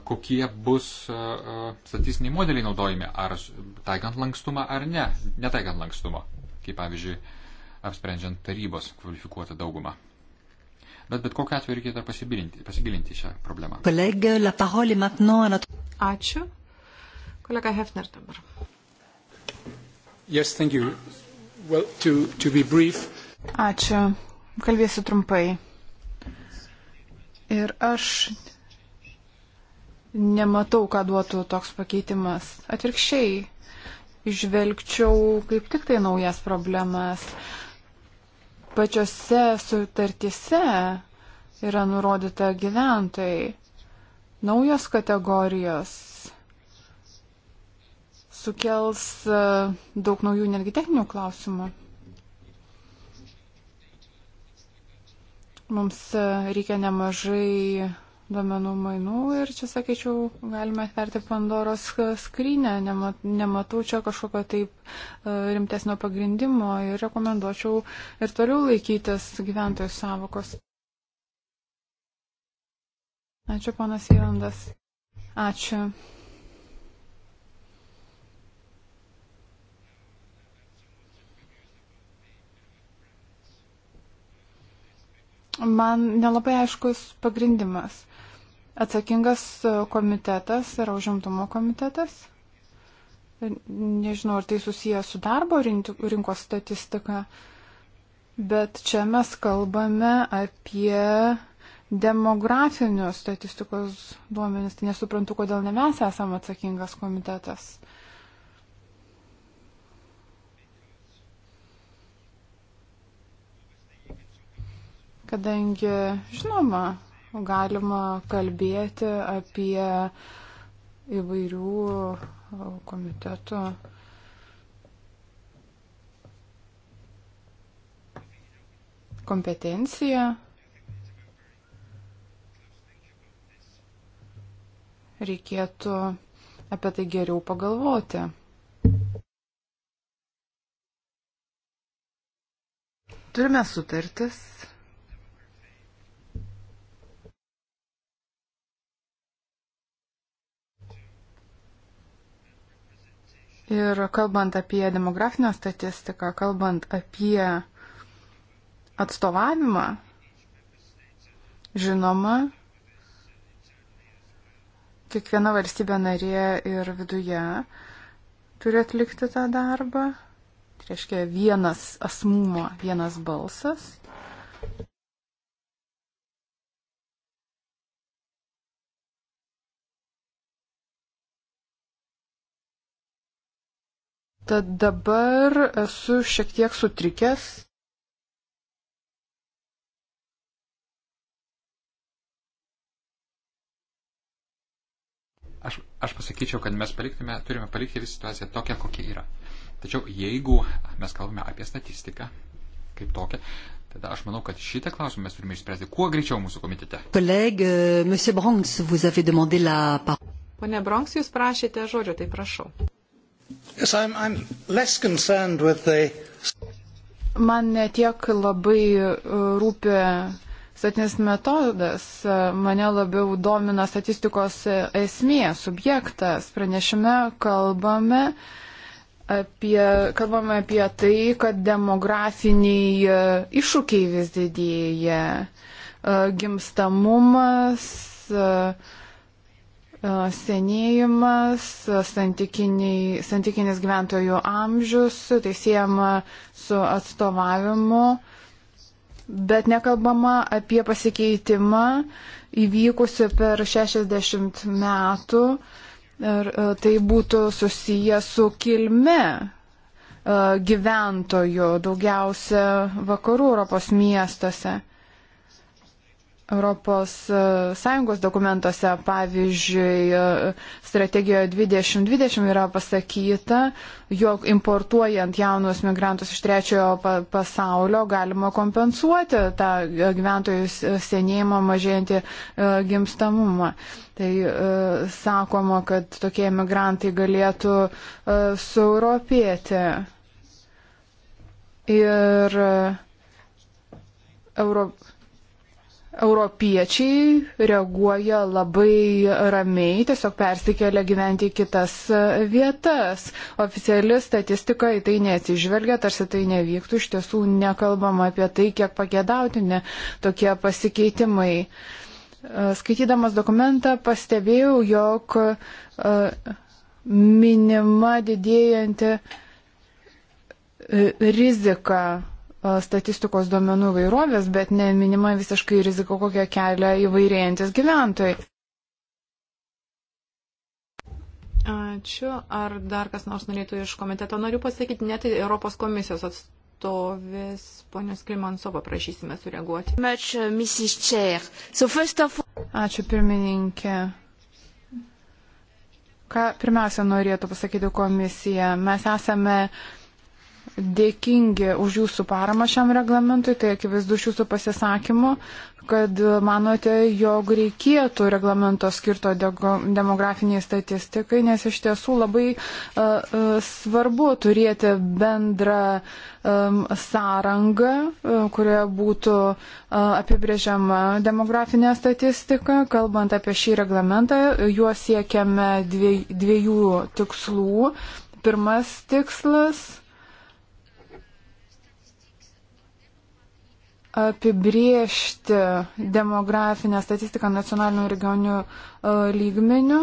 kokie bus statistiniai modeliai naudojami, ar taikant lankstumą ar ne, netaikant lankstumą, kaip pavyzdžiui, apsprendžiant tarybos kvalifikuotą daugumą. Bet bet kokiu atveju reikia dar pasigilinti šią problemą. Kolegė, la parole maintenant. Ačiū. Kolega Hefner dabar. Yes, thank you. Well, to, to be brief, Ačiū. Kalbėsiu trumpai. Ir aš nematau, ką duotų toks pakeitimas. Atvirkščiai, žvelgčiau kaip tik tai naujas problemas. Pačiose sutartyse yra nurodyta gyventojai. Naujos kategorijos sukels e, daug naujų netgi techninių klausimų. Mums e, reikia nemažai duomenų mainų ir čia, sakyčiau, galime atverti Pandoros skrynę. Nematau čia kažkokio taip e, rimtesnio pagrindimo ir rekomenduočiau ir toliau laikytis gyventojų savokos. Ačiū, panas Įlandas. Ačiū. man nelabai aiškus pagrindimas. Atsakingas komitetas yra užimtumo komitetas. Nežinau, ar tai susijęs su darbo rinkos statistika, bet čia mes kalbame apie demografinius statistikos duomenis. Tai nesuprantu, kodėl ne mes esame atsakingas komitetas. kadangi, žinoma, galima kalbėti apie įvairių uh, komitetų kompetenciją. Reikėtų apie tai geriau pagalvoti. Turime sutartis Ir kalbant apie demografinę statistiką, kalbant apie atstovavimą, žinoma, kiekviena valstybė narė ir viduje turi atlikti tą darbą. Tai reiškia vienas asmuo, vienas balsas. Tad dabar esu šiek tiek sutrikęs. Aš, aš pasakyčiau, kad mes paliktume, turime palikti visą situaciją tokią, kokia yra. Tačiau jeigu mes kalbame apie statistiką kaip tokią, tada aš manau, kad šitą klausimą mes turime išspręsti kuo greičiau mūsų komitete. Kolegė, monsieur Bronx, vous avez demandé la parole. Pone Bronks, jūs prašėte žodžio, tai prašau. Yes, I'm, I'm less concerned with the... Man netiek labai e, rūpi statinis metodas, e, mane labiau domina statistikos e, esmė, subjektas. Pranešime kalbame apie, kalbame apie tai, kad demografiniai iššūkiai vis didėja, gimstamumas, senėjimas, santykinis gyventojų amžius, tai siejama su atstovavimu, bet nekalbama apie pasikeitimą įvykusi per 60 metų ir e, tai būtų susiję su kilme e, gyventojų daugiausia vakarų Europos miestuose. ES e, dokumentuose, pavyzdžiui, e, strategijoje 2020 yra pasakyta, jog importuojant jaunus migrantus iš trečiojo pasaulio galima kompensuoti tą e, gyventojų senėjimą mažėjantį gimstamumą. Tai sakoma, kad tokie migrantai galėtų sueuropėti. Ir Europos europiečiai reaguoja labai ramiai, tiesiog persikelia gyventi į kitas vietas. Oficiali statistika į tai neatsižvelgia, tarsi tai nevyktų, iš tiesų nekalbama apie tai, kiek pagėdautini tokie pasikeitimai. Skaitydamas dokumentą pastebėjau, jog e, minima didėjanti e, rizika statistikos duomenų vairovės, bet neminima visiškai rizika, kokią kelia įvairėjantis gyventojai. Ačiū. Ar dar kas nors norėtų iš komiteto? Noriu pasakyti, net Europos komisijos atstovės ponios Klimansovo prašysime sureaguoti. Uh, Ačiū pirmininkė. Ką pirmiausia norėtų pasakyti komisija? Mes esame uh, dėkingi už jūsų paramą šiam reglamentui, tai akivaizdu iš jūsų pasisakymų, kad manote, jog reikėtų reglamento skirto demografiniai statistikai, nes iš tiesų labai uh, uh, svarbu turėti bendrą um, sąrangą, uh, kurioje būtų uh, apibrėžiama demografinė statistika. Kalbant apie šį reglamentą, juo siekiame dviejų tikslų. Pirmas tikslas apibriežti demografinę statistiką nacionalinių regionių e, lygmenių.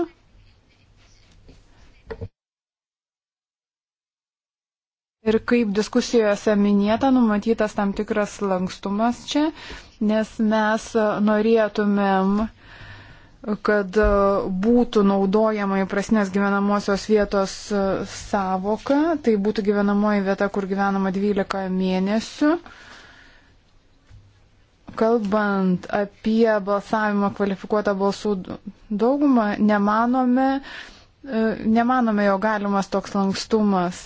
Ir kaip diskusijose minėta, numatytas tam tikras lankstumas čia, nes mes norėtumėm, kad būtų naudojama įprasnės gyvenamosios vietos savoka, tai būtų gyvenamoji vieta, kur gyvenama 12 mėnesių. Uh, kalbant apie balsavimą kvalifikuotą balsų daugumą, nemanome, e, nemanome jo galimas toks lankstumas.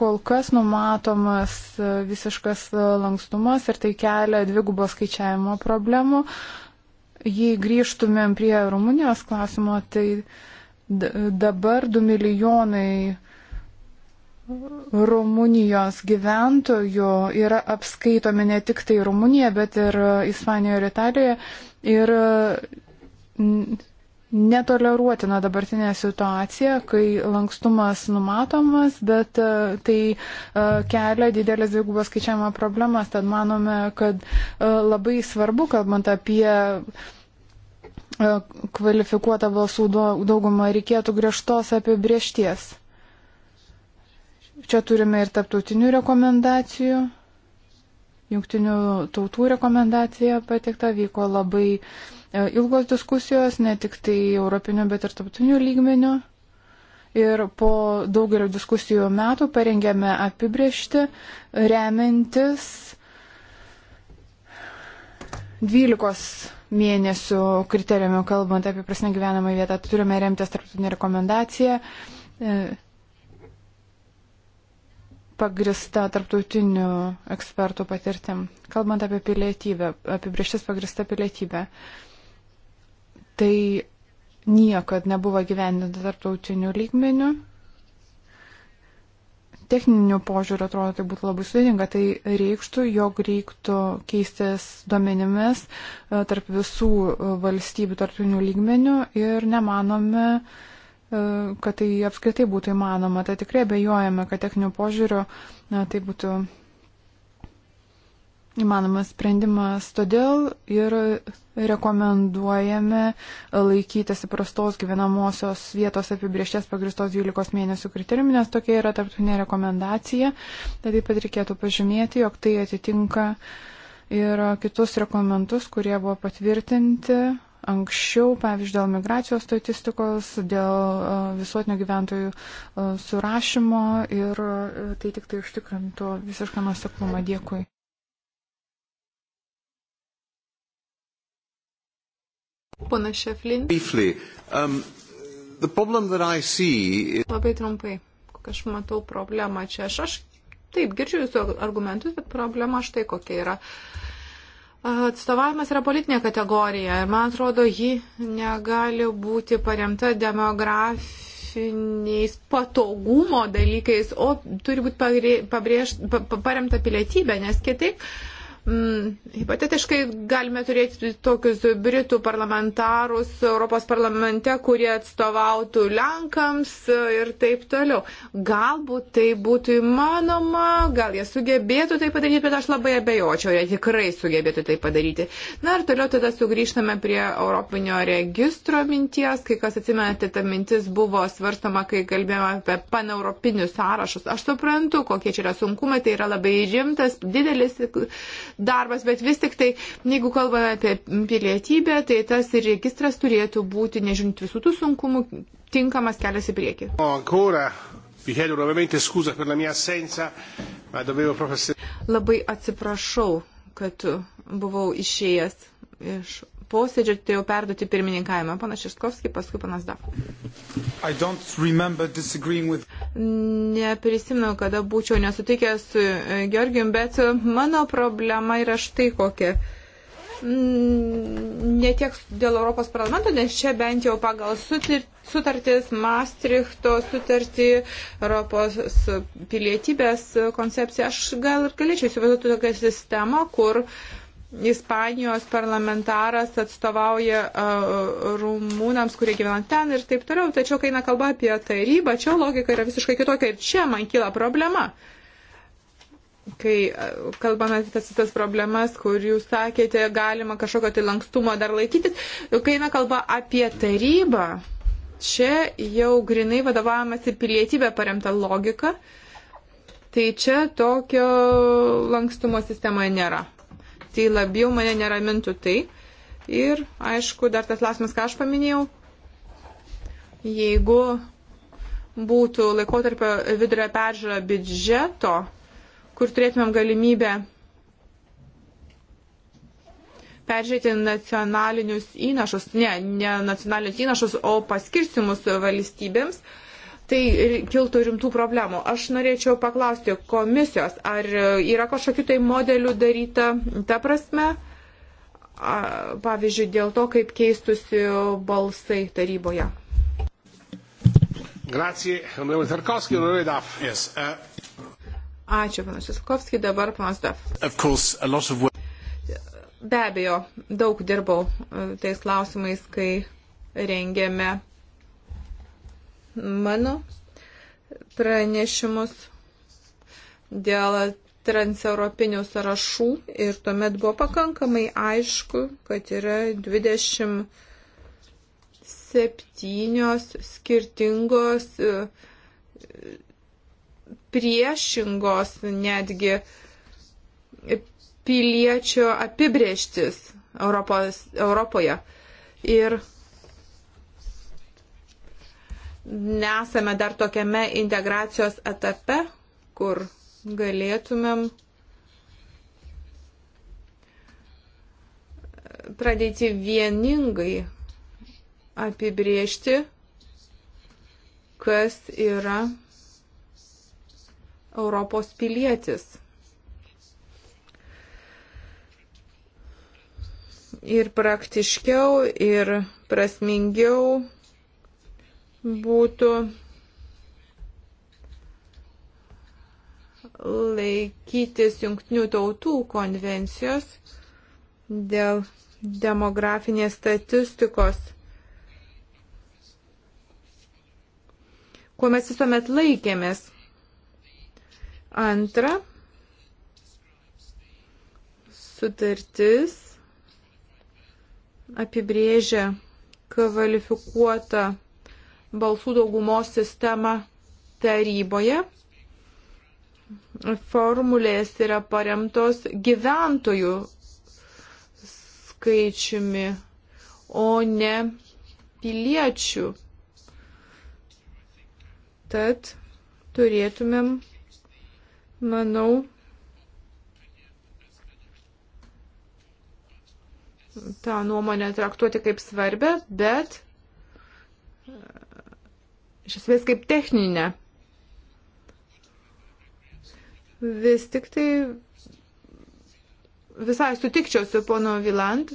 Kol kas numatomas e, visiškas e, lankstumas ir tai kelia dvigubo skaičiavimo problemų. Jei grįžtumėm prie Rumunijos klausimo, tai dabar 2 milijonai Rumunijos gyventojų yra apskaitomi ne tik tai Rumunija, bet ir Ispanijoje ir Italijoje. Ir netoleruotina dabartinė situacija, kai lankstumas numatomas, bet e, tai e, kelia didelės dvigubos skaičiavimo problemas. Tad manome, kad e, labai svarbu, kalbant apie kvalifikuotą balsų daugumą, reikėtų griežtos apibriešties. Čia turime ir taptautinių rekomendacijų. Jungtinių tautų rekomendacija patikta vyko labai e, ilgos diskusijos, ne tik tai europinių, bet ir taptautinių lygmenių. Ir po daugelio diskusijų metų parengėme apibriešti, remiantis 12 mėnesių kriterijumi, kalbant apie prasme gyvenamą vietą, turime remtis tarptautinę rekomendaciją. E, pagrista tarptautinių ekspertų patirtim. Kalbant apie pilietybę, apibrieštis pagrista pilietybė, tai niekad nebuvo gyvendinta tarptautinių lygmenių. Techninių požiūrį atrodo tai būtų labai sudėtinga, tai reikštų, jog reiktų keistis duomenimis e, tarp visų e, valstybių tarptautinių lygmenių ir nemanome, uh, E, kad tai apskritai būtų įmanoma. Tai tikrai bejojame, kad techninio požiūrio na, tai būtų įmanomas sprendimas. Todėl ir rekomenduojame laikytis įprastos gyvenamosios vietos apibriešties pagristos 12 mėnesių kriterijumi, nes tokia yra tarptautinė rekomendacija. Tai taip pat reikėtų pažymėti, jog tai atitinka ir kitus rekomentus, kurie buvo patvirtinti anksčiau, pavyzdžiui, dėl migracijos statistikos, dėl e, visuotinio gyventojų e, surašymo ir e, tai tik tai užtikrintų visišką nuoseklumą. Dėkui. Pana Šeflin. Um, see... Labai trumpai, kokią aš matau problemą čia. Aš, aš taip girdžiu jūsų argumentus, bet problema štai kokia yra. Uh, Atstovavimas yra politinė kategorija. Man atrodo, ji negali būti paremta demografiniais patogumo dalykais, o turi būti pabrėž, paremta pilietybė, nes kitaip uh, Mm, hipotetiškai galime turėti tokius Britų parlamentarus Europos parlamente, kurie atstovautų Lenkams ir taip toliau. Galbūt tai būtų įmanoma, gal jie sugebėtų tai padaryti, bet aš labai abejočiau, jie tikrai sugebėtų tai padaryti. Na ir toliau tada sugrįžtame prie Europinio registro minties. Kai kas atsimenate, ta mintis buvo svarstama, kai kalbėjome apie paneuropinius sąrašus. Aš suprantu, kokie čia yra sunkumai, tai yra labai rimtas, didelis darbas, bet vis tik tai, jeigu kalbame apie pilietybę, tai tas ir registras turėtų būti, nežinant visų tų sunkumų, tinkamas kelias į priekį. O, ancora. Vi chiedo nuovamente scusa per la mia assenza, ma dovevo proprio... Labai atsiprašau, kad buvau išėjęs iš posėdžio tai jau perduoti pirmininkavimą. Pana Šiškovskis, paskui panas Daf. With... Neprisimenu, kada būčiau nesutikęs su e, Georgijum, bet mano problema yra štai kokia. Mm, ne tiek dėl Europos parlamento, nes čia bent jau pagal sutartis, Maastrichto sutartį, Europos pilietybės koncepciją, aš gal ir galėčiau įsivaizduoti tokią sistemą, kur uh, Ispanijos parlamentaras atstovauja uh, rumūnams, kurie gyvena ten ir taip toliau. Tačiau, kai eina kalba apie tarybą, čia logika yra visiškai kitokia ir čia man kyla problema. Kai kalbame apie tas, tas problemas, kur jūs sakėte, galima kažkokio tai lankstumo dar laikytis, kai eina kalba apie tarybą, čia jau grinai vadovavimasi pilietybė paremta logika, tai čia tokio lankstumo sistemoje nėra tai labiau mane neramintų tai. Ir, aišku, dar tas klausimas, ką aš paminėjau, jeigu būtų laikotarpio vidurio peržiūra biudžeto, kur turėtumėm galimybę peržiūrėti nacionalinius įnašus, ne, ne nacionalinius įnašus, o paskirstimus valstybėms, uh, tai kiltų rimtų problemų. Aš norėčiau paklausti komisijos, ar yra kažkokiu tai modeliu daryta ta prasme, pavyzdžiui, dėl to, kaip keistusi balsai taryboje. Grazie, onorevole Tarkovskis, onorevole Daf. Yes, uh... Ačiū, panas Tarkovskis, dabar panas Daf. Of... Be abejo, daug dirbau uh, tais klausimais, kai rengėme mano pranešimus dėl transeuropinių sąrašų ir tuomet buvo pakankamai aišku, kad yra 27 skirtingos e, priešingos netgi piliečio apibrieštis Europos, Europoje. Ir nesame dar tokiame integracijos etape, kur galėtumėm pradėti vieningai apibriežti, kas yra Europos pilietis. Ir praktiškiau, ir prasmingiau būtų laikytis jungtinių tautų konvencijos dėl demografinės statistikos, kuo mes visuomet laikėmės. Antra, sutartis apibrėžia kvalifikuotą balsų daugumos sistemą taryboje formulės yra paremtos gyventojų skaičiumi, o ne piliečių. Tad turėtumėm, manau, tą nuomonę traktuoti kaip svarbę, bet iš esmės kaip techninę. Vis tik tai visai sutikčiau su pono Viland,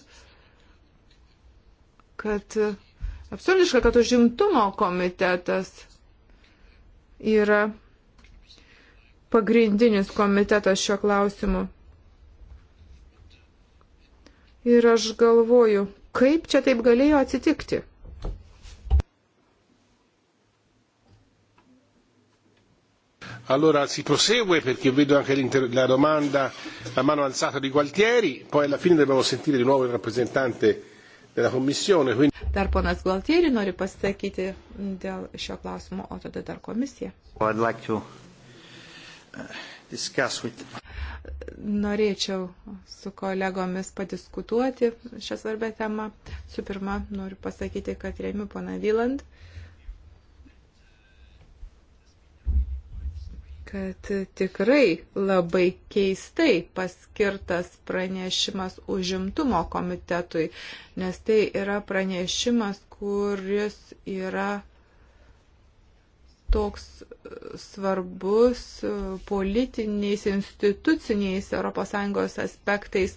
kad absurdiška, kad užimtumo komitetas yra pagrindinis komitetas šio klausimu. Ir aš galvoju, kaip čia taip galėjo atsitikti? Allora si prosegue perché vedo anche la domanda a mano alzata di Gualtieri, poi alla fine dobbiamo sentire di nuovo il rappresentante della Commissione. Quindi... Dar ponas Gualtieri nori pasakyti dėl šio klausimo, o tada dar komisija. I'd like to uh, discuss with... Norėčiau su kolegomis padiskutuoti šią svarbę temą. Su pirma, noriu pasakyti, kad remiu pana Vyland. Uh, kad tikrai labai keistai paskirtas pranešimas užimtumo komitetui, nes tai yra pranešimas, kuris yra toks svarbus politiniais, instituciniais ES aspektais.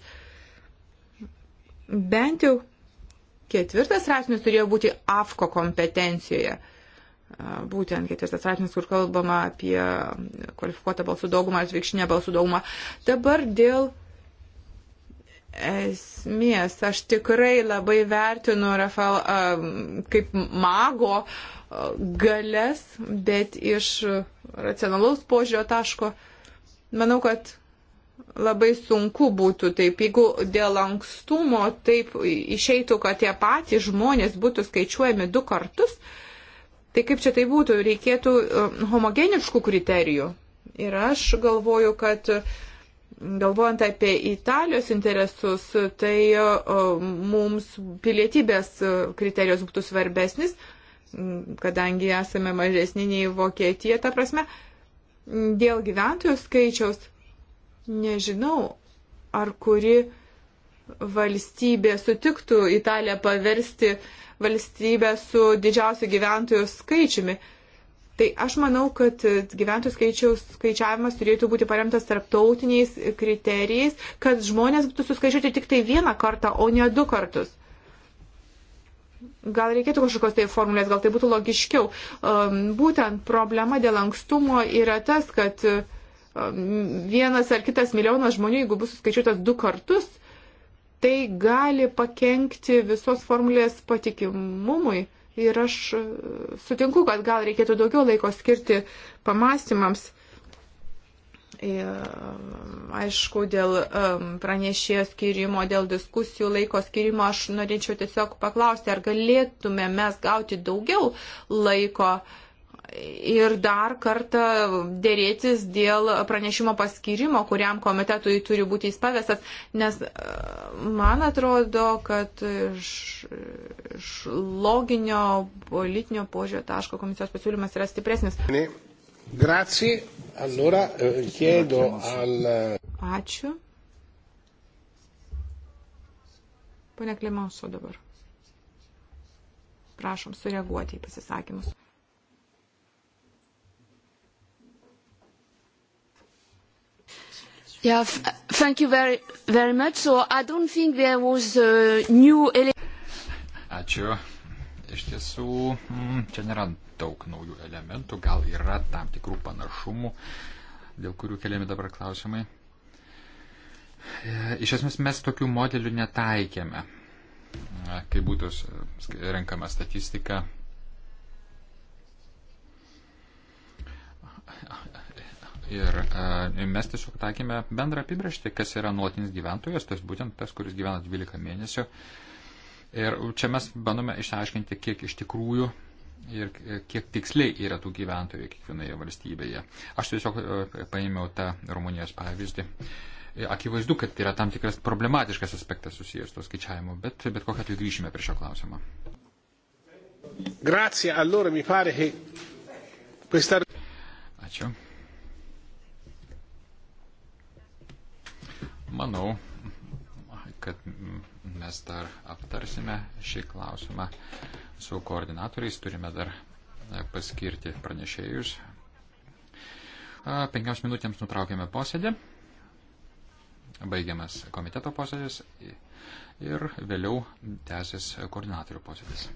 Bent jau ketvirtas rašinys turėjo būti AFKO kompetencijoje būtent ketvirtas straipsnis, kur kalbama apie kvalifikuotą balsų daugumą ar atvirkštinę balsų daugumą. Dabar dėl esmės aš tikrai labai vertinu Rafael kaip mago galės, bet iš racionalaus požiūrio taško manau, kad labai sunku būtų taip, jeigu dėl lankstumo taip išeitų, kad tie patys žmonės būtų skaičiuojami du kartus, uh, Tai kaip čia tai būtų? Reikėtų e, homogeniškų kriterijų. Ir aš galvoju, kad e, galvojant apie Italijos interesus, tai e, mums pilietybės kriterijos būtų svarbesnis, kadangi esame mažesni nei Vokietija, ta prasme, dėl gyventojų skaičiaus nežinau, ar kuri valstybė sutiktų Italiją paversti uh, valstybę su didžiausiu gyventojų skaičiumi. Tai aš manau, kad gyventojų skaičiaus skaičiavimas turėtų būti paremtas tarptautiniais kriterijais, kad žmonės būtų suskaičiuoti tik tai vieną kartą, o ne du kartus. Gal reikėtų kažkokios tai formulės, gal tai būtų logiškiau. Um, būtent problema dėl ankstumo yra tas, kad um, vienas ar kitas milijonas žmonių, jeigu bus suskaičiuotas du kartus, tai gali pakenkti visos formulės patikimumui. Ir aš e, sutinku, kad gal reikėtų daugiau laiko skirti pamastymams. Aišku, dėl pranešėjo skirimo, dėl diskusijų laiko skirimo aš norėčiau tiesiog paklausti, ar galėtume mes gauti daugiau laiko uh, ir dar kartą dėrėtis dėl pranešimo paskirimo, kuriam komitetui turi būti jis pavestas, nes e, man atrodo, kad iš, iš loginio politinio požiūrio taško komisijos pasiūlymas yra stipresnis. Grazie. Allora, eh, chiedo al... Ačiū. Pone Klimanso dabar. Prašom sureaguoti į pasisakymus. Yeah, f thank you very, very much. So I don't think there was a new Ačiū. Iš tiesų, mm, čia nėra daug naujų elementų, gal yra tam tikrų panašumų, dėl kurių keliami dabar klausimai. E, iš esmės mes tokių modelių netaikėme, e, kai būtų renkama statistika Ir e, mes tiesiog taikėme bendrą apibrėžtį, kas yra nuolatinis gyventojas, tas būtent tas, kuris gyvena 12 mėnesių. Ir čia mes bandome išsiaiškinti, kiek iš tikrųjų ir kiek tiksliai yra tų gyventojų kiekvienoje valstybėje. Aš tiesiog e, paėmiau tą Rumunijos pavyzdį. E, akivaizdu, kad yra tam tikras problematiškas aspektas susijęs su to skaičiavimu, bet bet kokiu atveju grįšime prie šio klausimo. Grazie, allora mi pare che questa... Ačiū. manau, kad mes dar aptarsime šį klausimą su koordinatoriais. Turime dar paskirti pranešėjus. Penkiams minutėms nutraukėme posėdį. Baigiamas komiteto posėdis ir vėliau tęsis koordinatorių posėdis.